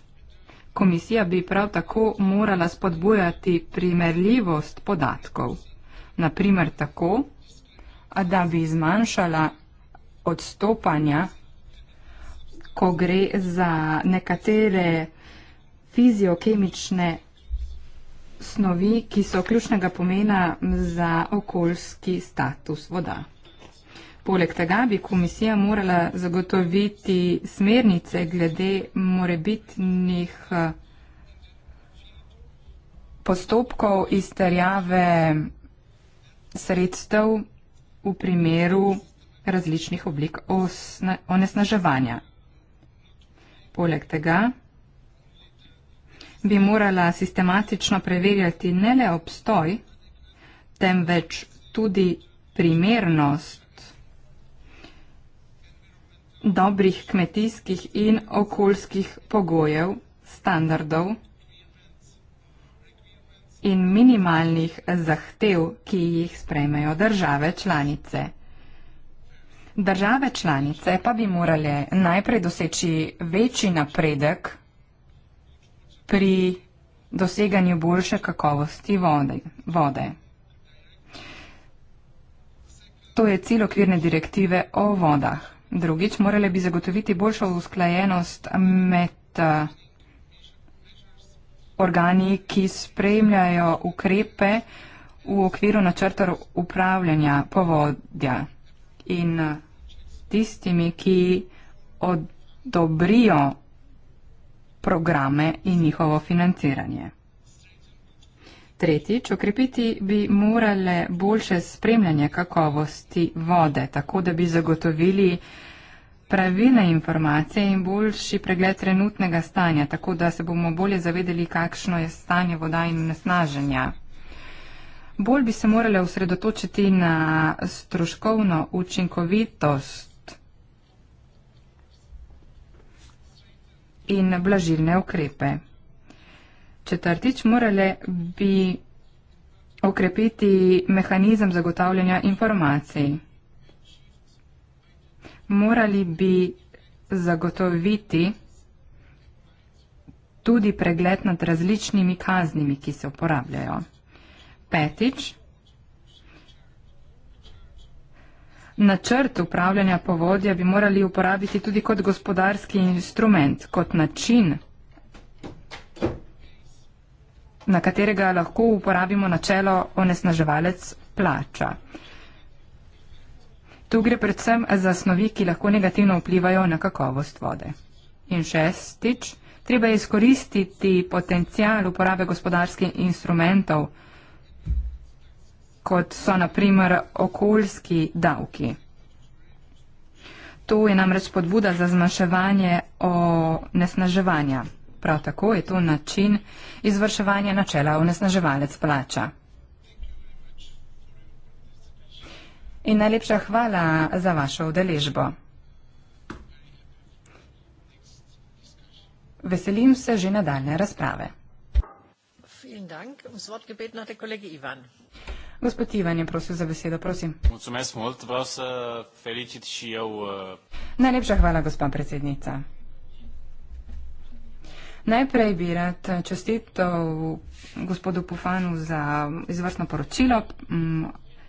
komisija bi prav tako morala spodbujati primerljivost podatkov, naprimer tako, da bi zmanjšala odstopanja, ko gre za nekatere fiziokemične snovi, ki so ključnega pomena za okoljski status voda. Poleg tega bi komisija morala zagotoviti smernice glede morebitnih eh, postopkov izterjave sredstev v primeru različnih oblik onesnaževanja. Poleg tega bi morala sistematično preverjati ne le obstoj, temveč tudi primernost dobrih kmetijskih in okoljskih pogojev, standardov in minimalnih zahtev, ki jih sprejmejo države članice. Države članice pa bi morale najprej doseči večji napredek pri doseganju boljše kakovosti vode. vode. To je cilj okvirne direktive o vodah. Drugič, morale bi zagotoviti boljšo usklajenost med eh, organi, ki spremljajo ukrepe v okviru načrta upravljanja povodja in eh, tistimi, ki odobrijo programe in njihovo financiranje. Tretjič, okrepiti bi morale boljše spremljanje kakovosti vode, tako da bi zagotovili pravilne informacije in boljši pregled trenutnega stanja, tako da se bomo bolje zavedeli, kakšno je stanje voda in nasnaženja. Bolj bi se morale osredotočiti na stroškovno učinkovitost in blažilne ukrepe. Četrtič, morale bi okrepiti mehanizem zagotavljanja informacij. Morali bi zagotoviti tudi pregled nad različnimi kaznimi, ki se uporabljajo. Petič, Načrt upravljanja povodja bi morali uporabiti tudi kot gospodarski instrument, kot način, na katerega lahko uporabimo načelo onesnaževalec plača. Tu gre predvsem za snovi, ki lahko negativno vplivajo na kakovost vode. In šestič, treba je izkoristiti potencial uporabe gospodarskih instrumentov, kot so naprimer okoljski davki. To je namreč podbuda za zmanjševanje onesnaževanja. Prav tako je to način izvrševanja načela onesnaževalec plača. In najlepša hvala za vašo udeležbo. Veselim se že nadaljne razprave. Dank. Um das Wort gebeten hat der Kollege Ivan. Gospod Ivan je prosil za besedo, prosim. Uh, Najlepša hvala, gospa predsednica. Najprej bi rad čestitev gospodu Pufanu za izvrstno poročilo mm,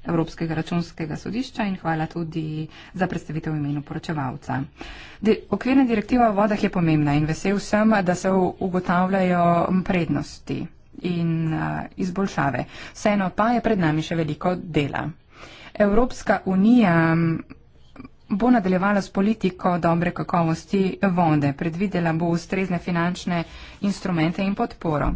Evropskega računskega sodišča in hvala tudi za predstavitev imenu poročevalca. De, okvirna direktiva o vodah je pomembna in vesel sem, da se ugotavljajo prednosti in uh, izboljšave. Vseeno pa je pred nami še veliko dela. Evropska unija bo nadaljevala s politiko dobre kakovosti vode, predvidela bo ustrezne finančne instrumente in podporo.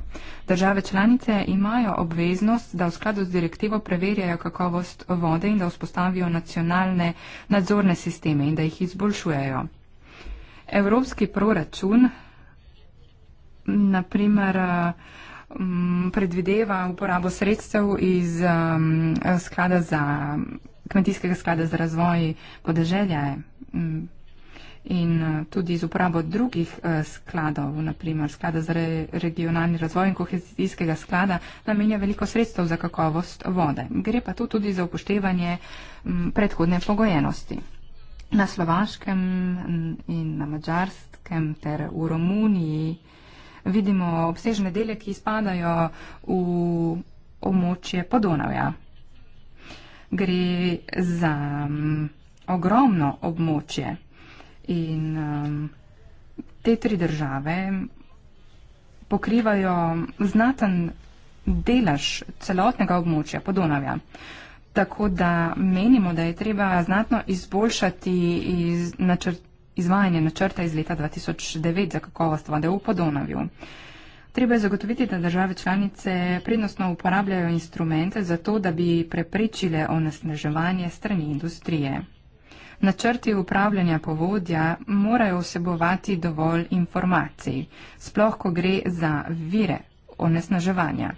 Države članice imajo obveznost, da v skladu z direktivo preverjajo kakovost vode in da vzpostavijo nacionalne nadzorne sisteme in da jih izboljšujejo. Evropski proračun, naprimer, eh, predvideva uporabo sredstev iz um, sklada za, kmetijskega sklada za razvoj podeželja um, in e, tudi iz uporabo drugih uh, skladov, naprimer sklada za re, regionalni razvoj in kohezijskega sklada, namenja veliko sredstev za kakovost vode. Gre pa tu tudi za upoštevanje um, predhodne pogojenosti. Na slovaškem in na mačarskem ter v Romuniji vidimo obsežne dele, ki spadajo v območje Podonavja. Gre za mm, ogromno območje in mm, te tri države pokrivajo znaten delež celotnega območja Podonavja. Tako da menimo, da je treba znatno izboljšati iz načrt izvajanje načrta iz leta 2009 za kakovost vode v Podonavju. Treba je zagotoviti, da države članice prednostno uporabljajo instrumente za to, da bi preprečile onesnaževanje strani industrije. Načrti upravljanja povodja morajo vsebovati dovolj informacij, sploh ko gre za vire onesnaževanja.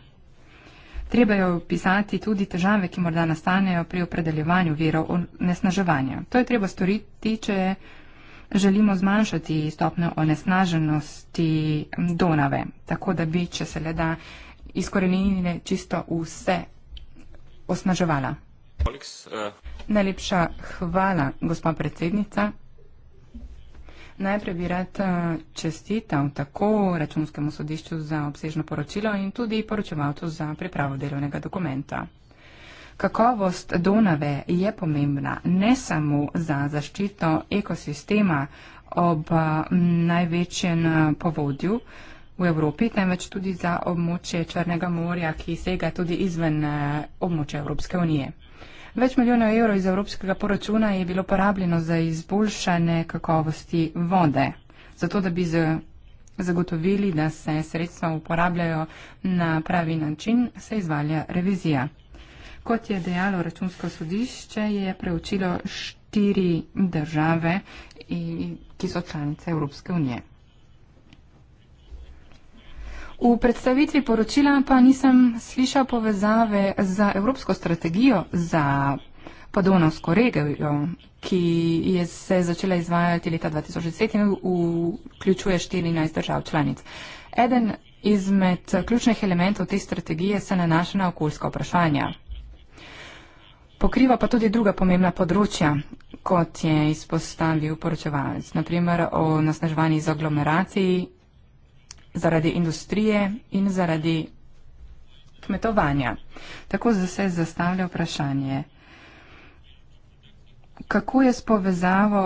Treba je opisati tudi težave, ki morda nastanejo pri opredeljevanju virov onesnaževanja. To je treba storiti, če želimo zmanjšati stopnjo onesnaženosti Donave, tako da bi, če se le da, izkoreninile čisto vse osnaževala. Koliks, uh... Eh. Najlepša hvala, gospa predsednica. Najprej bi rad eh, čestital tako računskemu sodišču za obsežno poročilo in tudi poročevalcu za pripravo delovnega dokumenta. Kakovost Donave je pomembna ne samo za zaščito ekosistema ob največjem eh, povodju v Evropi, temveč tudi za območje Črnega morja, ki sega tudi izven eh, območja Evropske unije. Več milijonov evrov iz evropskega poračuna je bilo porabljeno za izboljšanje kakovosti vode, zato da bi z zagotovili, da se sredstva uporabljajo na pravi način, se izvalja revizija. Kot je dejalo računsko sodišče, je preučilo štiri države, ki so članice Evropske unije. V predstavitvi poročila pa nisem slišal povezave za evropsko strategijo za podonavsko regijo, ki je se začela izvajati leta 2010 in vključuje 14 držav članic. Eden izmed ključnih elementov te strategije se nanaša na okoljska vprašanja. Pokriva pa tudi druga pomembna področja, kot je izpostavil poročevalec, naprimer o nasnaževanju iz aglomeraciji zaradi industrije in zaradi kmetovanja. Tako se zastavlja vprašanje, kako je s povezavo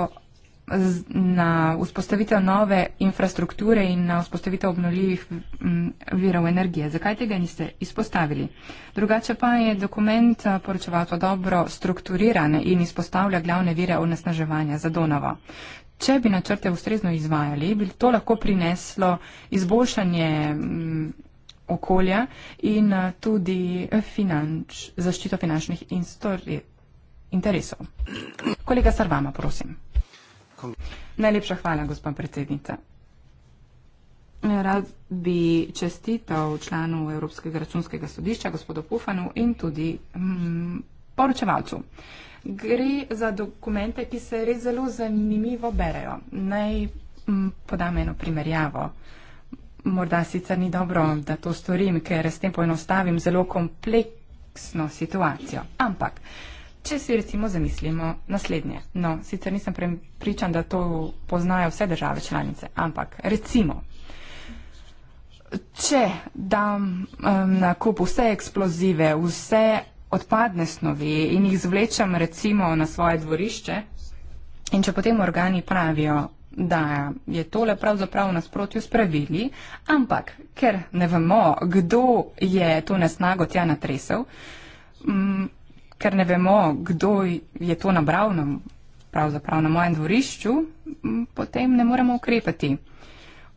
na vzpostavitev nove infrastrukture in na vzpostavitev obnoljivih virov energije. Zakaj tega niste izpostavili? Drugače pa je dokument poročeval to dobro strukturirane in izpostavlja glavne vire onesnaževanja za Donava. Če bi načrte ustrezno izvajali, bi to lahko prineslo izboljšanje okolja in tudi finanč, zaščito finančnih instori, interesov. Kolega Sarvama, prosim. Najlepša hvala, gospod predsednica. Rad bi čestital članu Evropskega računskega sodišča, gospodu Pufanu in tudi mm, poročevalcu. Gre za dokumente, ki se res zelo zanimivo berejo. Naj mm, podam eno primerjavo. Morda sicer ni dobro, da to storim, ker s tem poenostavim zelo kompleksno situacijo. Ampak. Če si recimo zamislimo naslednje, no, sicer nisem prepričan, da to poznajo vse države članice, ampak recimo, če dam um, na kup vse eksplozive, vse odpadne snovi in jih zvlečem recimo na svoje dvorišče in če potem organi pravijo, da je tole pravzaprav v nasprotju s pravili, ampak ker ne vemo, kdo je to nesnago tja natresel, mm, ker ne vemo, kdo je to nabral nam, pravzaprav na mojem dvorišču, potem ne moremo ukrepati.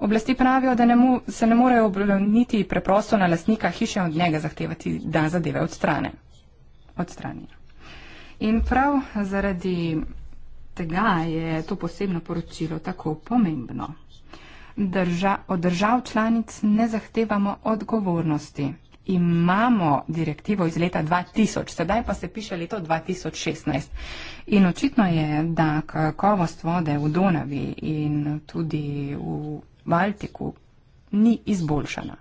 Oblasti pravijo, da ne mu, se ne morejo obrniti preprosto na lasnika hiše od njega zahtevati, da zadeve odstrane. odstrani. In prav zaradi tega je to posebno poročilo tako pomembno. Drža, od držav članic ne zahtevamo odgovornosti imamo direktivo iz leta 2000, sedaj pa se piše leto 2016. In očitno je, da kakovost vode v Donavi in tudi v Baltiku ni izboljšana.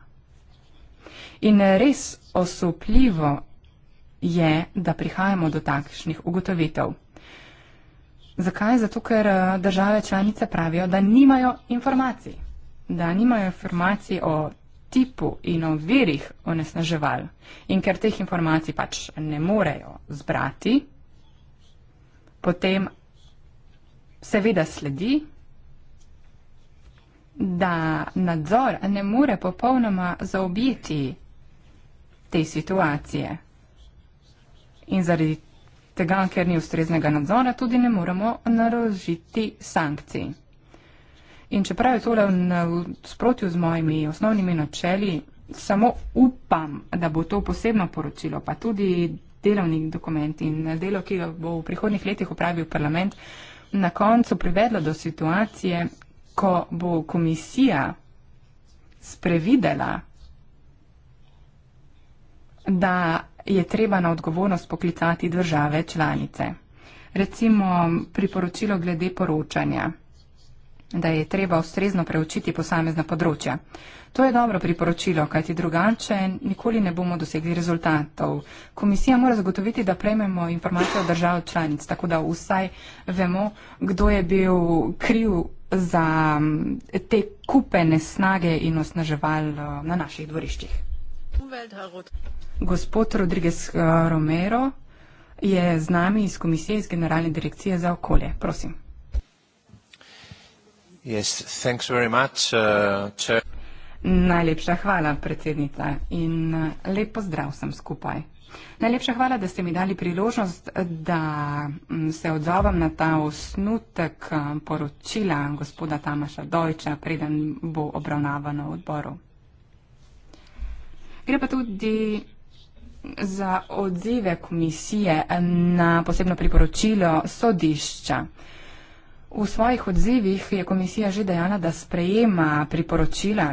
In res osupljivo je, da prihajamo do takšnih ugotovitev. Zakaj? Zato, ker eh, države članice pravijo, da nimajo informacij. Da nimajo informacij o tipu in o virih onesnaževal in ker teh informacij pač ne morejo zbrati, potem seveda sledi, da nadzor ne more popolnoma zaobjeti te situacije. In zaradi tega, ker ni ustreznega nadzora, tudi ne moremo narožiti sankcij. In čeprav je to v sprotju z mojimi osnovnimi načeli, samo upam, da bo to posebno poročilo, pa tudi delovni dokument in delo, ki ga bo v prihodnih letih upravil parlament, na koncu privedlo do situacije, ko bo komisija sprevidela, da je treba na odgovornost poklicati države članice. Recimo priporočilo glede poročanja da je treba ustrezno preučiti posamezna področja. To je dobro priporočilo, kajti drugače nikoli ne bomo dosegli rezultatov. Komisija mora zagotoviti, da prejmemo informacije od držav članic, tako da vsaj vemo, kdo je bil kriv za te kupene snage in osnaževal eh, na naših dvoriščih. Gospod Rodriguez eh, Romero je z nami iz Komisije iz Generalne direkcije za okolje. Prosim. Yes, thanks very much, uh, Najlepša hvala, predsednica, in uh, lep pozdrav sem skupaj. Najlepša hvala, da ste mi dali priložnost, da mm, se odzovem na ta osnutek uh, poročila gospoda Tamaša Dojča, preden bo obravnavano v odboru. Gre pa tudi za odzive komisije na posebno priporočilo sodišča. Uh, V svojih odzivih je komisija že dejala, da sprejema priporočila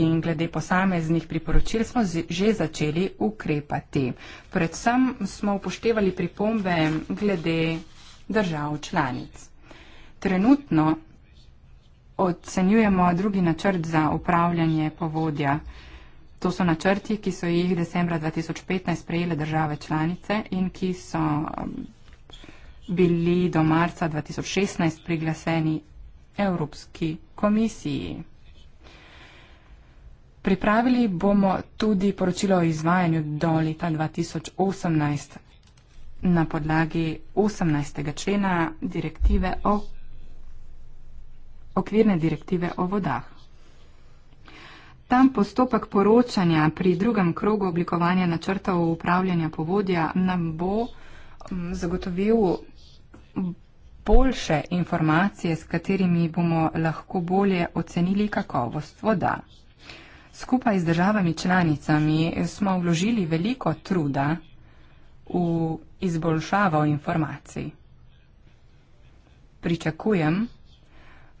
in glede posameznih priporočil smo že začeli ukrepati. Predvsem smo upoštevali pripombe glede držav članic. Trenutno ocenjujemo drugi načrt za upravljanje povodja. To so načrti, ki so jih decembra 2015 prejele države članice in ki so bili do marca 2016 priglaseni Evropski komisiji. Pripravili bomo tudi poročilo o izvajanju do leta 2018 na podlagi 18. člena direktive o, okvirne direktive o vodah. Tam postopek poročanja pri drugem krogu oblikovanja načrtov upravljanja povodja nam bo mm, zagotovil boljše informacije, s katerimi bomo lahko bolje ocenili kakovost voda. Skupaj z državami članicami smo vložili veliko truda v izboljšavo informacij. Pričakujem,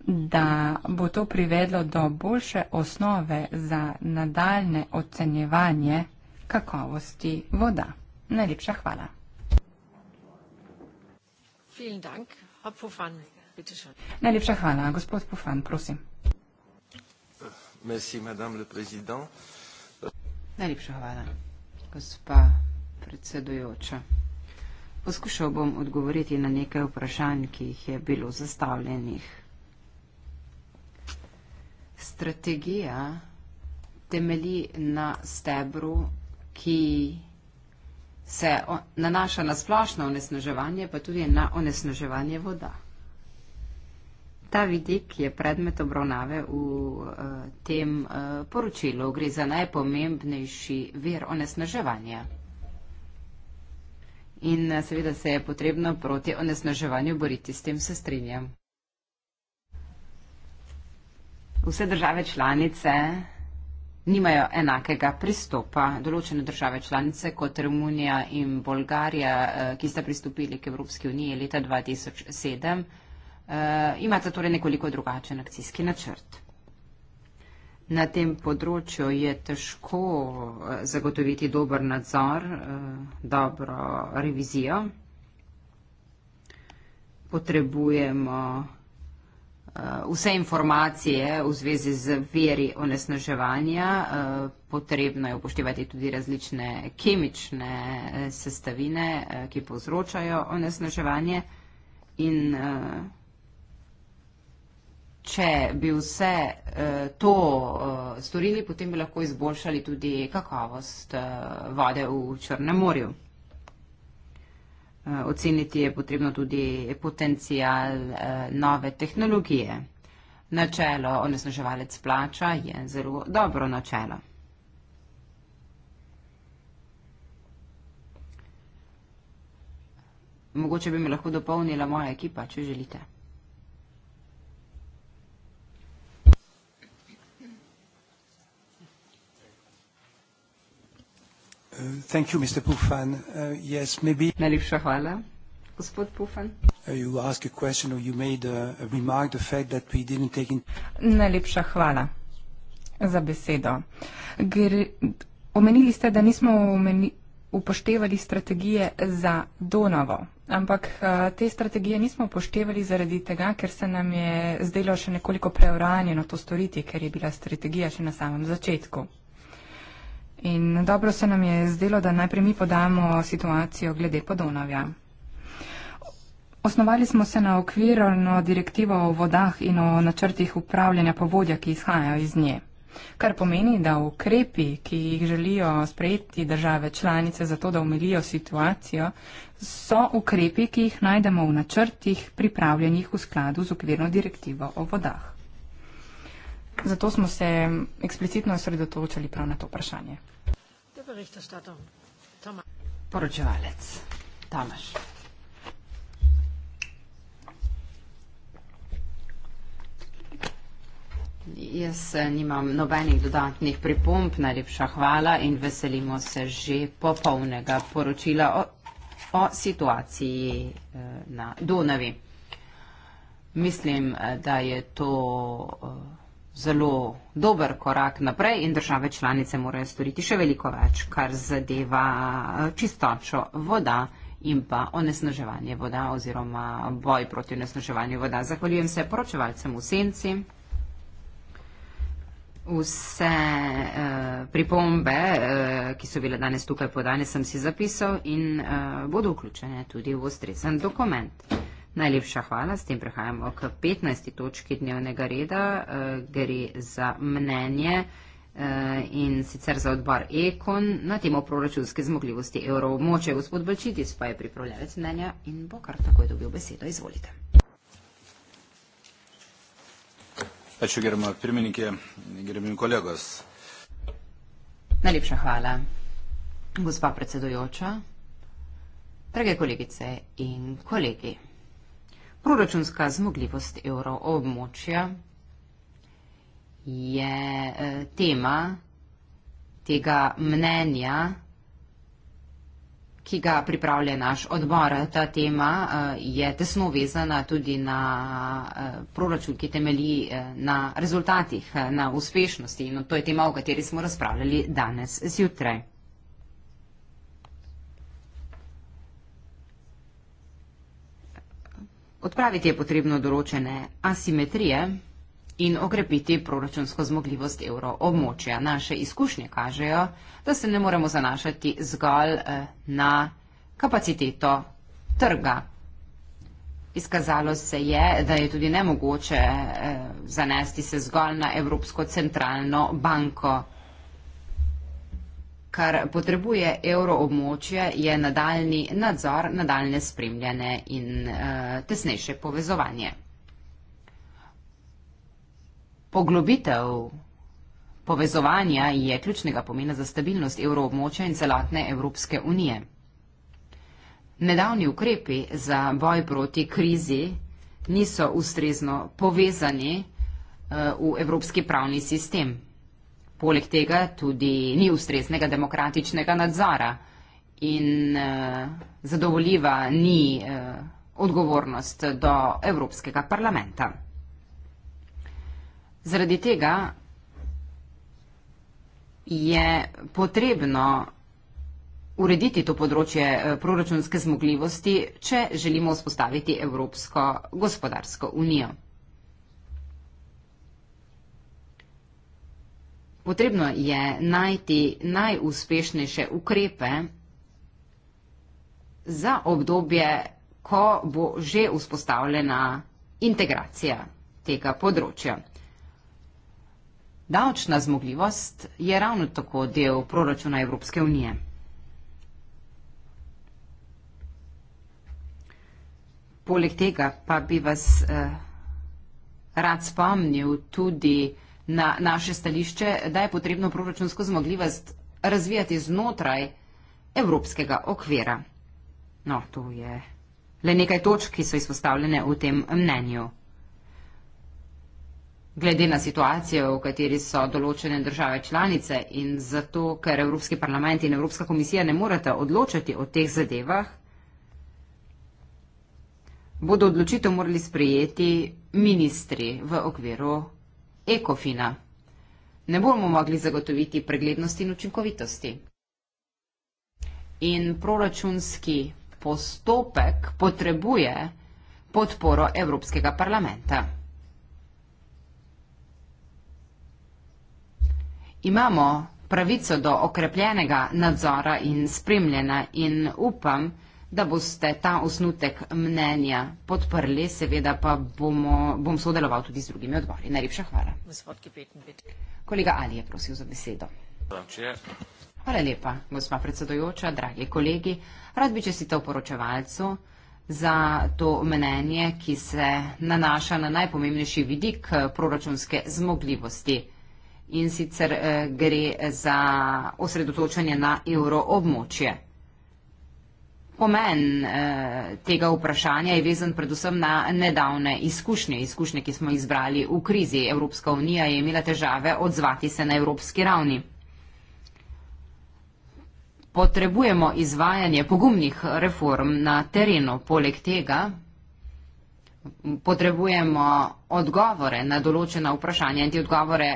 da bo to privedlo do boljše osnove za nadaljne ocenjevanje kakovosti voda. Najlepša hvala. Najlepša hvala. Gospod Pufan, prosim. Najlepša hvala, gospa predsedujoča. Poskušal bom odgovoriti na nekaj vprašanj, ki jih je bilo zastavljenih. Strategija temelji na stebru, ki se nanaša na splošno onesnaževanje, pa tudi na onesnaževanje voda. Ta vidik je predmet obravnave v eh, tem eh, poročilu. Gre za najpomembnejši vir onesnaževanja. In eh, seveda se je potrebno proti onesnaževanju boriti, s tem se strinjam. Vse države članice nimajo enakega pristopa. Določene države članice kot Romunija in Bolgarija, eh, ki sta pristopili k Evropski uniji leta 2007, eh, imata torej nekoliko drugačen akcijski načrt. Na tem področju je težko eh, zagotoviti dober nadzor, dobro revizijo. Potrebujemo Eh, vse informacije v zvezi z veri onesnaževanja, eh, potrebno je upoštevati tudi različne kemične eh, sestavine, ki povzročajo onesnaževanje. In če bi vse to storili, potem bi lahko izboljšali tudi kakovost vode v Črnem morju. Eh, oceniti je potrebno tudi potencijal eh, nove tehnologije. Načelo onesnaževalec plača je zelo dobro načelo. Mogoče bi me lahko dopolnila moja ekipa, če želite. Thank you, Mr. Pufan. Uh, yes, maybe- Najlepša hvala, gospod Pufan. Uh, you ask a question or you made a remark, the fact that we didn't take in- Najlepša hvala za besedo. Omenili ste, da nismo upoštevali strategije za Donavo, ampak uh, te strategije nismo upoštevali zaradi tega, ker se nam je zdelo še nekoliko preuranjeno to storiti, ker je bila strategija še na samem začetku. In dobro se nam je zdelo, da najprej mi podamo situacijo glede Podonavja. Osnovali smo se na okvirno direktivo o vodah in o načrtih upravljanja povodja, ki izhajajo iz nje. Kar pomeni, da ukrepi, ki jih želijo sprejeti države članice za to, da umilijo situacijo, so ukrepi, ki jih najdemo v načrtih pripravljenih v skladu z okvirno direktivo o vodah. Zato smo se eksplicitno osredotočali prav na to vprašanje. Berichterstattung. Thomas. Poročevalec. Tamaš. Jaz eh, nimam nobenih dodatnih pripomp, najlepša hvala in veselimo se že popolnega poročila o, o situaciji eh, na Donavi. Mislim, eh, da je to. Uh, zelo dober korak naprej in države članice morajo storiti še veliko več, kar zadeva eh, čistočo voda in pa onesnaževanje voda oziroma boj proti onesnaževanju voda. Zahvaljujem se poročevalcem v senci. Vse e, pripombe, e, ki so bile danes tukaj podane, sem si zapisal in e, bodo vključene tudi v ustrezen dokument. Najlepša hvala. S tem prehajamo k 15. točki dnevnega reda. Eh, gre za mnenje eh, in sicer za odbor Ekon na temo proračunske zmogljivosti evromoče. Gospod Balčitis pa je pripravljalec mnenja in bo kar takoj dobil besedo. Izvolite. Ačiū gerbama pirmininkė, gerbami kolegos. Najlepša hvala. Gospa predsedujoča, drage kolegice in kolegi. Proračunska zmogljivost evroobmočja je eh, tema tega mnenja, ki ga pripravlja naš odbor. Ta tema eh, je tesno vezana tudi na eh, proračun, ki temelji na rezultatih, na uspešnosti. In to je tema, o kateri smo razpravljali danes zjutraj. Odpraviti je potrebno določene asimetrije in okrepiti proračunsko zmogljivost evro območja. Naše izkušnje kažejo, da se ne moremo zanašati zgolj eh, na kapaciteto trga. Izkazalo se je, da je tudi nemogoče eh, zanesti se zgolj na Evropsko centralno banko. Kar potrebuje evroobmočje je nadaljni nadzor, nadaljne spremljanje in e, tesnejše povezovanje. Poglobitev povezovanja je ključnega pomena za stabilnost evroobmočja in celotne Evropske unije. Nedavni ukrepi za boj proti krizi niso ustrezno povezani e, v evropski pravni sistem. Poleg tega tudi ni ustreznega demokratičnega nadzora in uh, zadovoljiva ni uh, odgovornost do Evropskega parlamenta. Zaradi tega je potrebno urediti to področje eh, proračunske zmogljivosti, če želimo vzpostaviti Evropsko gospodarsko unijo. Potrebno je najti najuspešnejše ukrepe za obdobje, ko bo že vzpostavljena integracija tega področja. Davčna zmogljivost je ravno tako del proračuna Evropske unije. Poleg tega pa bi vas eh, rad spomnil tudi, na naše stališče, da je potrebno proračunsko zmogljivost razvijati znotraj evropskega okvira. No, to je le nekaj točk, ki so izpostavljene v tem mnenju. Glede na situacijo, v kateri so določene države članice in zato, ker Evropski parlament in Evropska komisija ne morete odločati o teh zadevah, bodo odločitev morali sprejeti ministri v okviru ekofina. Ne bomo mogli zagotoviti preglednosti in učinkovitosti. In proračunski postopek potrebuje podporo Evropskega parlamenta. Imamo pravico do okrepljenega nadzora in spremljena in upam, da da boste ta osnutek mnenja podprli, seveda pa bomo, bom sodeloval tudi z drugimi odbori. Najlepša hvala. Kolega Ali je prosil za besedo. Hvala lepa, gospa predsedojoča, dragi kolegi. Rad bi čestital poročevalcu za to mnenje, ki se nanaša na najpomembnejši vidik eh, proračunske zmogljivosti in sicer eh, gre za osredotočanje na evroobmočje. Pomen eh, tega vprašanja je vezan predvsem na nedavne izkušnje, izkušnje, ki smo izbrali v krizi. Evropska unija je imela težave odzvati se na evropski ravni. Potrebujemo izvajanje pogumnih reform na terenu. Poleg tega potrebujemo odgovore na določena vprašanja in te odgovore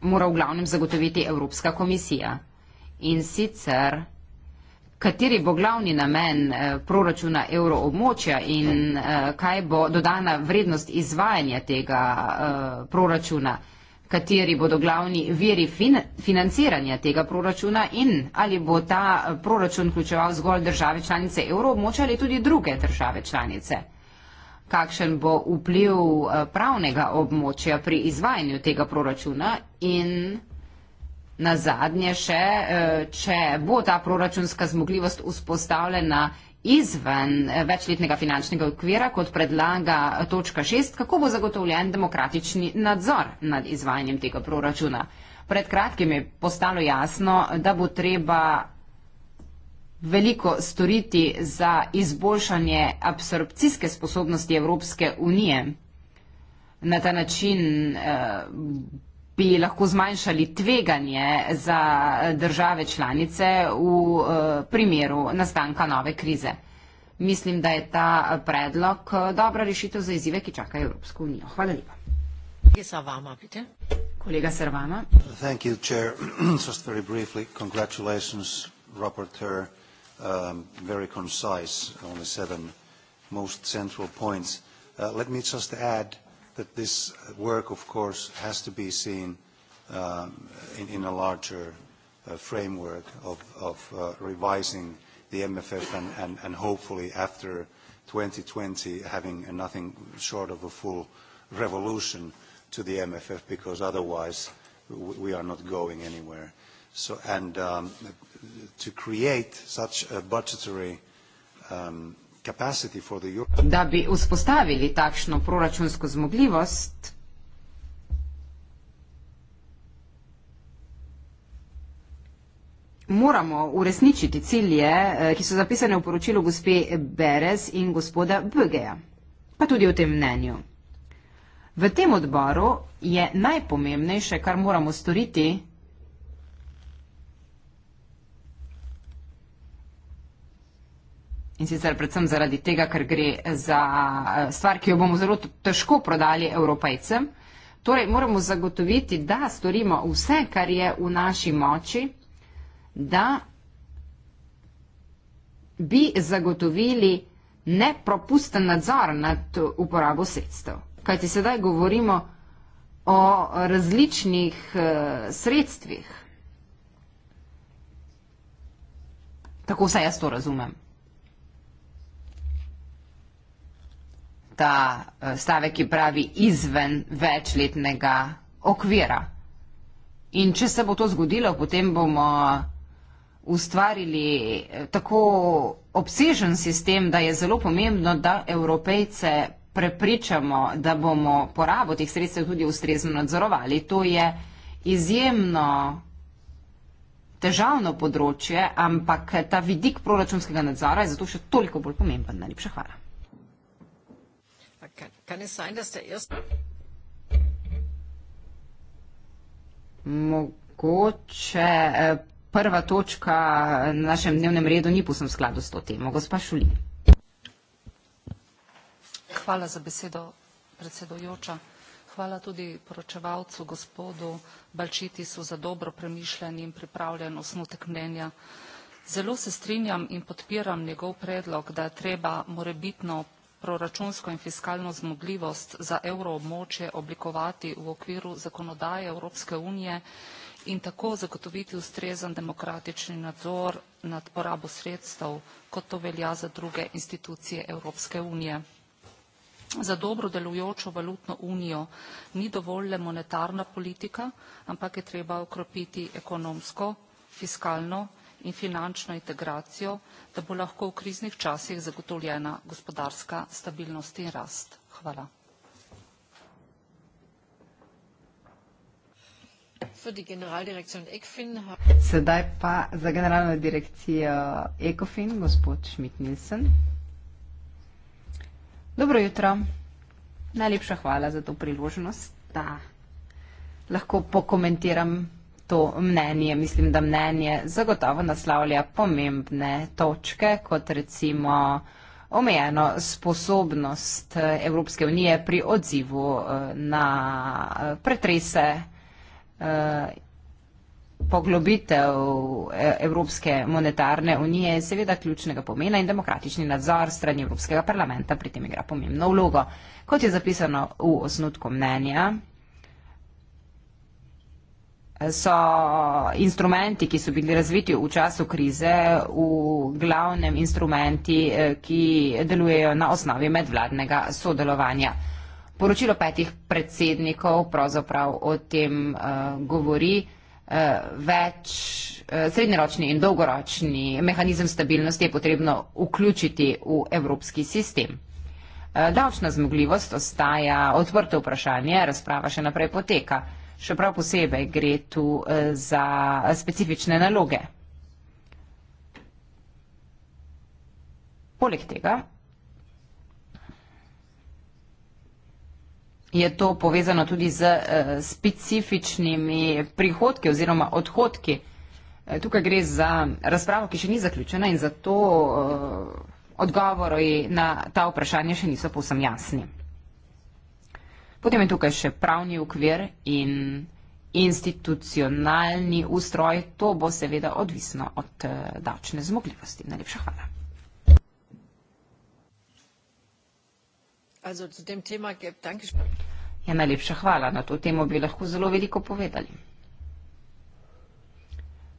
mora v glavnem zagotoviti Evropska komisija. In sicer kateri bo glavni namen eh, proračuna evroobmočja in eh, kaj bo dodana vrednost izvajanja tega eh, proračuna, kateri bodo glavni veri financiranja tega proračuna in ali bo ta proračun vključeval zgolj države članice evroobmočja ali tudi druge države članice. Kakšen bo vpliv pravnega območja pri izvajanju tega proračuna in Na zadnje še, e, če bo ta proračunska zmogljivost vzpostavljena izven e, večletnega finančnega okvira, kot predlaga točka šest, kako bo zagotovljen demokratični nadzor nad izvajanjem tega proračuna. Pred kratkim je postalo jasno, da bo treba veliko storiti za izboljšanje absorpcijske sposobnosti Evropske unije. Na ta način eh, bi lahko zmanjšali tveganje za države članice v eh, primeru nastanka nove krize. Mislim, da je ta predlog eh, dobra rešitev za izzive, ki čakajo Evropsko unijo. Hvala lepa. Kolega Servana. Um, most central points. Uh, let me just add that this work, of course, has to be seen um, in, in a larger uh, framework of, of uh, revising the MFF and, and, and hopefully after 2020 having a nothing short of a full revolution to the MFF because otherwise we are not going anywhere. So, and um, to create such a budgetary um, Da bi vzpostavili takšno proračunsko zmogljivost, moramo uresničiti cilje, eh, ki so zapisane v poročilu gospe Beres in gospoda Bögeja, pa tudi v tem mnenju. V tem odboru je najpomembnejše, kar moramo storiti, In sicer predvsem zaradi tega, ker gre za eh, stvar, ki jo bomo zelo težko prodali evropejcem. Torej moramo zagotoviti, da storimo vse, kar je v naši moči, da bi zagotovili nepropusten nadzor nad uporabo sredstev. Kajti sedaj govorimo o različnih eh, sredstvih. Tako se jaz to razumem. ta eh, stavek, ki pravi izven večletnega okvira. In če se bo to zgodilo, potem bomo ustvarili eh, tako obsežen sistem, da je zelo pomembno, da evropejce prepričamo, da bomo porabo teh sredstev tudi ustrezno nadzorovali. To je izjemno težavno področje, ampak ta vidik proračunskega nadzora je zato še toliko bolj pomemben. Najlepša hvala. Kann, kann es sein, dass der erste. Mogoče eh, prva točka na našem dnevnem redu ni povsem v skladu s to temo. Gospa Šulin. Hvala za besedo, predsedojoča. Hvala tudi poročevalcu, gospodu Balčitisu, za dobro premišljen in pripravljen osnutek mnenja. Zelo se strinjam in podpiram njegov predlog, da je treba morebitno proračunsko in fiskalno zmogljivost za evroobmočje oblikovati v okviru zakonodaje Evropske unije in tako zagotoviti ustrezen demokratični nadzor nad porabo sredstev, kot to velja za druge institucije Evropske unije. Za dobro delujočo valutno unijo ni dovolj le monetarna politika, ampak je treba okropiti ekonomsko, fiskalno in finančno integracijo, da bo lahko v kriznih časih zagotovljena gospodarska stabilnost in rast. Hvala. Sedaj pa za generalno direkcijo ECOFIN, gospod Schmidt-Nielsen. Dobro jutro. Najlepša hvala za to priložnost, da lahko pokomentiram to mnenje. Mislim, da mnenje zagotovo naslavlja pomembne točke, kot recimo omejeno sposobnost eh, Evropske unije pri odzivu eh, na eh, pretrese poglobitev Evropske monetarne unije je seveda ključnega pomena in demokratični nadzor strani Evropskega parlamenta pri tem igra pomembno vlogo. Kot je zapisano v osnutku mnenja, so instrumenti, ki so bili razviti v času krize, v glavnem instrumenti, eh, ki delujejo na osnovi medvladnega sodelovanja. Poročilo petih predsednikov pravzaprav o tem uh, govori. Uh, več uh, srednjeročni in dolgoročni mehanizem stabilnosti je potrebno vključiti v evropski sistem. Uh, davčna zmogljivost ostaja odprto vprašanje, razprava še naprej poteka. Uh, še prav posebej gre tu eh, za eh, specifične naloge. Poleg tega je to povezano tudi z eh, specifičnimi prihodki oziroma odhodki. Tukaj gre za razpravo, ki še ni zaključena in zato odgovori na ta vprašanje še niso povsem jasni. Potem je tukaj še pravni ukvir in institucionalni ustroj. To bo seveda odvisno od eh, davčne zmogljivosti. Najlepša hvala. Ja, najlepša hvala. Na to temo bi lahko zelo veliko povedali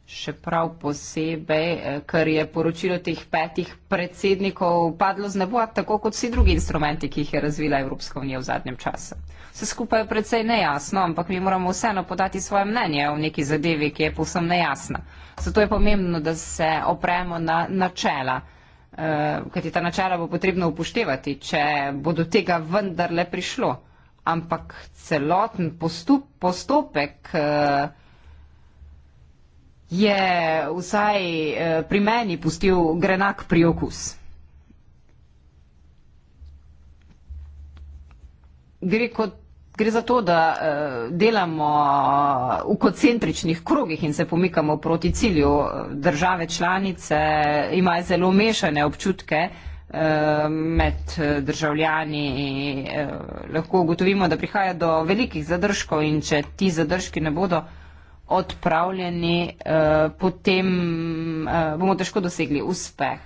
še prav posebej, eh, ker je poročilo teh petih predsednikov padlo z neba, tako kot vsi drugi instrumenti, ki jih je razvila Evropska unija v zadnjem času. Vse skupaj je precej nejasno, ampak mi moramo vseeno podati svoje mnenje o neki zadevi, ki je povsem nejasna. Zato je pomembno, da se opremo na načela, eh, kajti ta načela bo potrebno upoštevati, če bo do tega vendarle prišlo. Ampak celoten postup, postopek, eh, je vsaj eh, pri meni pustil grenak priokus. Gre, kot, gre za to, da eh, delamo eh, v koncentričnih krogih in se pomikamo proti cilju. Države članice imajo zelo mešane občutke med državljani. Lahko ugotovimo, da prihaja do velikih zadržkov in če ti zadržki ne bodo odpravljeni, eh, potem eh, bomo težko dosegli uspeh.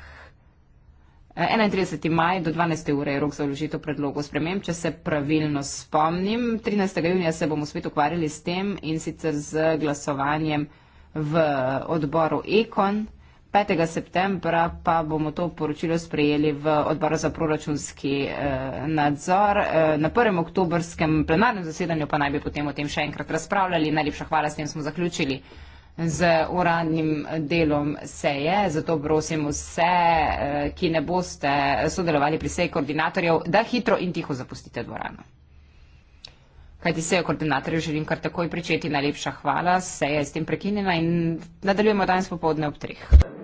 31. Eh, maj do 12. ure je rok za vložitev predlogov sprememb, če se pravilno spomnim. 13. junija se bomo spet ukvarjali s tem in sicer z glasovanjem v odboru Ekon. 5. septembra pa bomo to poročilo sprejeli v odboru za proračunski eh, nadzor. Eh, na prvem oktobrskem plenarnem zasedanju pa naj bi potem o tem še enkrat razpravljali. Najlepša hvala, s tem smo zaključili z uradnim delom seje. Zato prosim vse, eh, ki ne boste sodelovali pri seji koordinatorjev, da hitro in tiho zapustite dvorano. Kajti sejo koordinatorjev želim kar takoj pričeti. Najlepša hvala. Seja je s tem prekinjena in nadaljujemo danes popovdne ob treh. thank you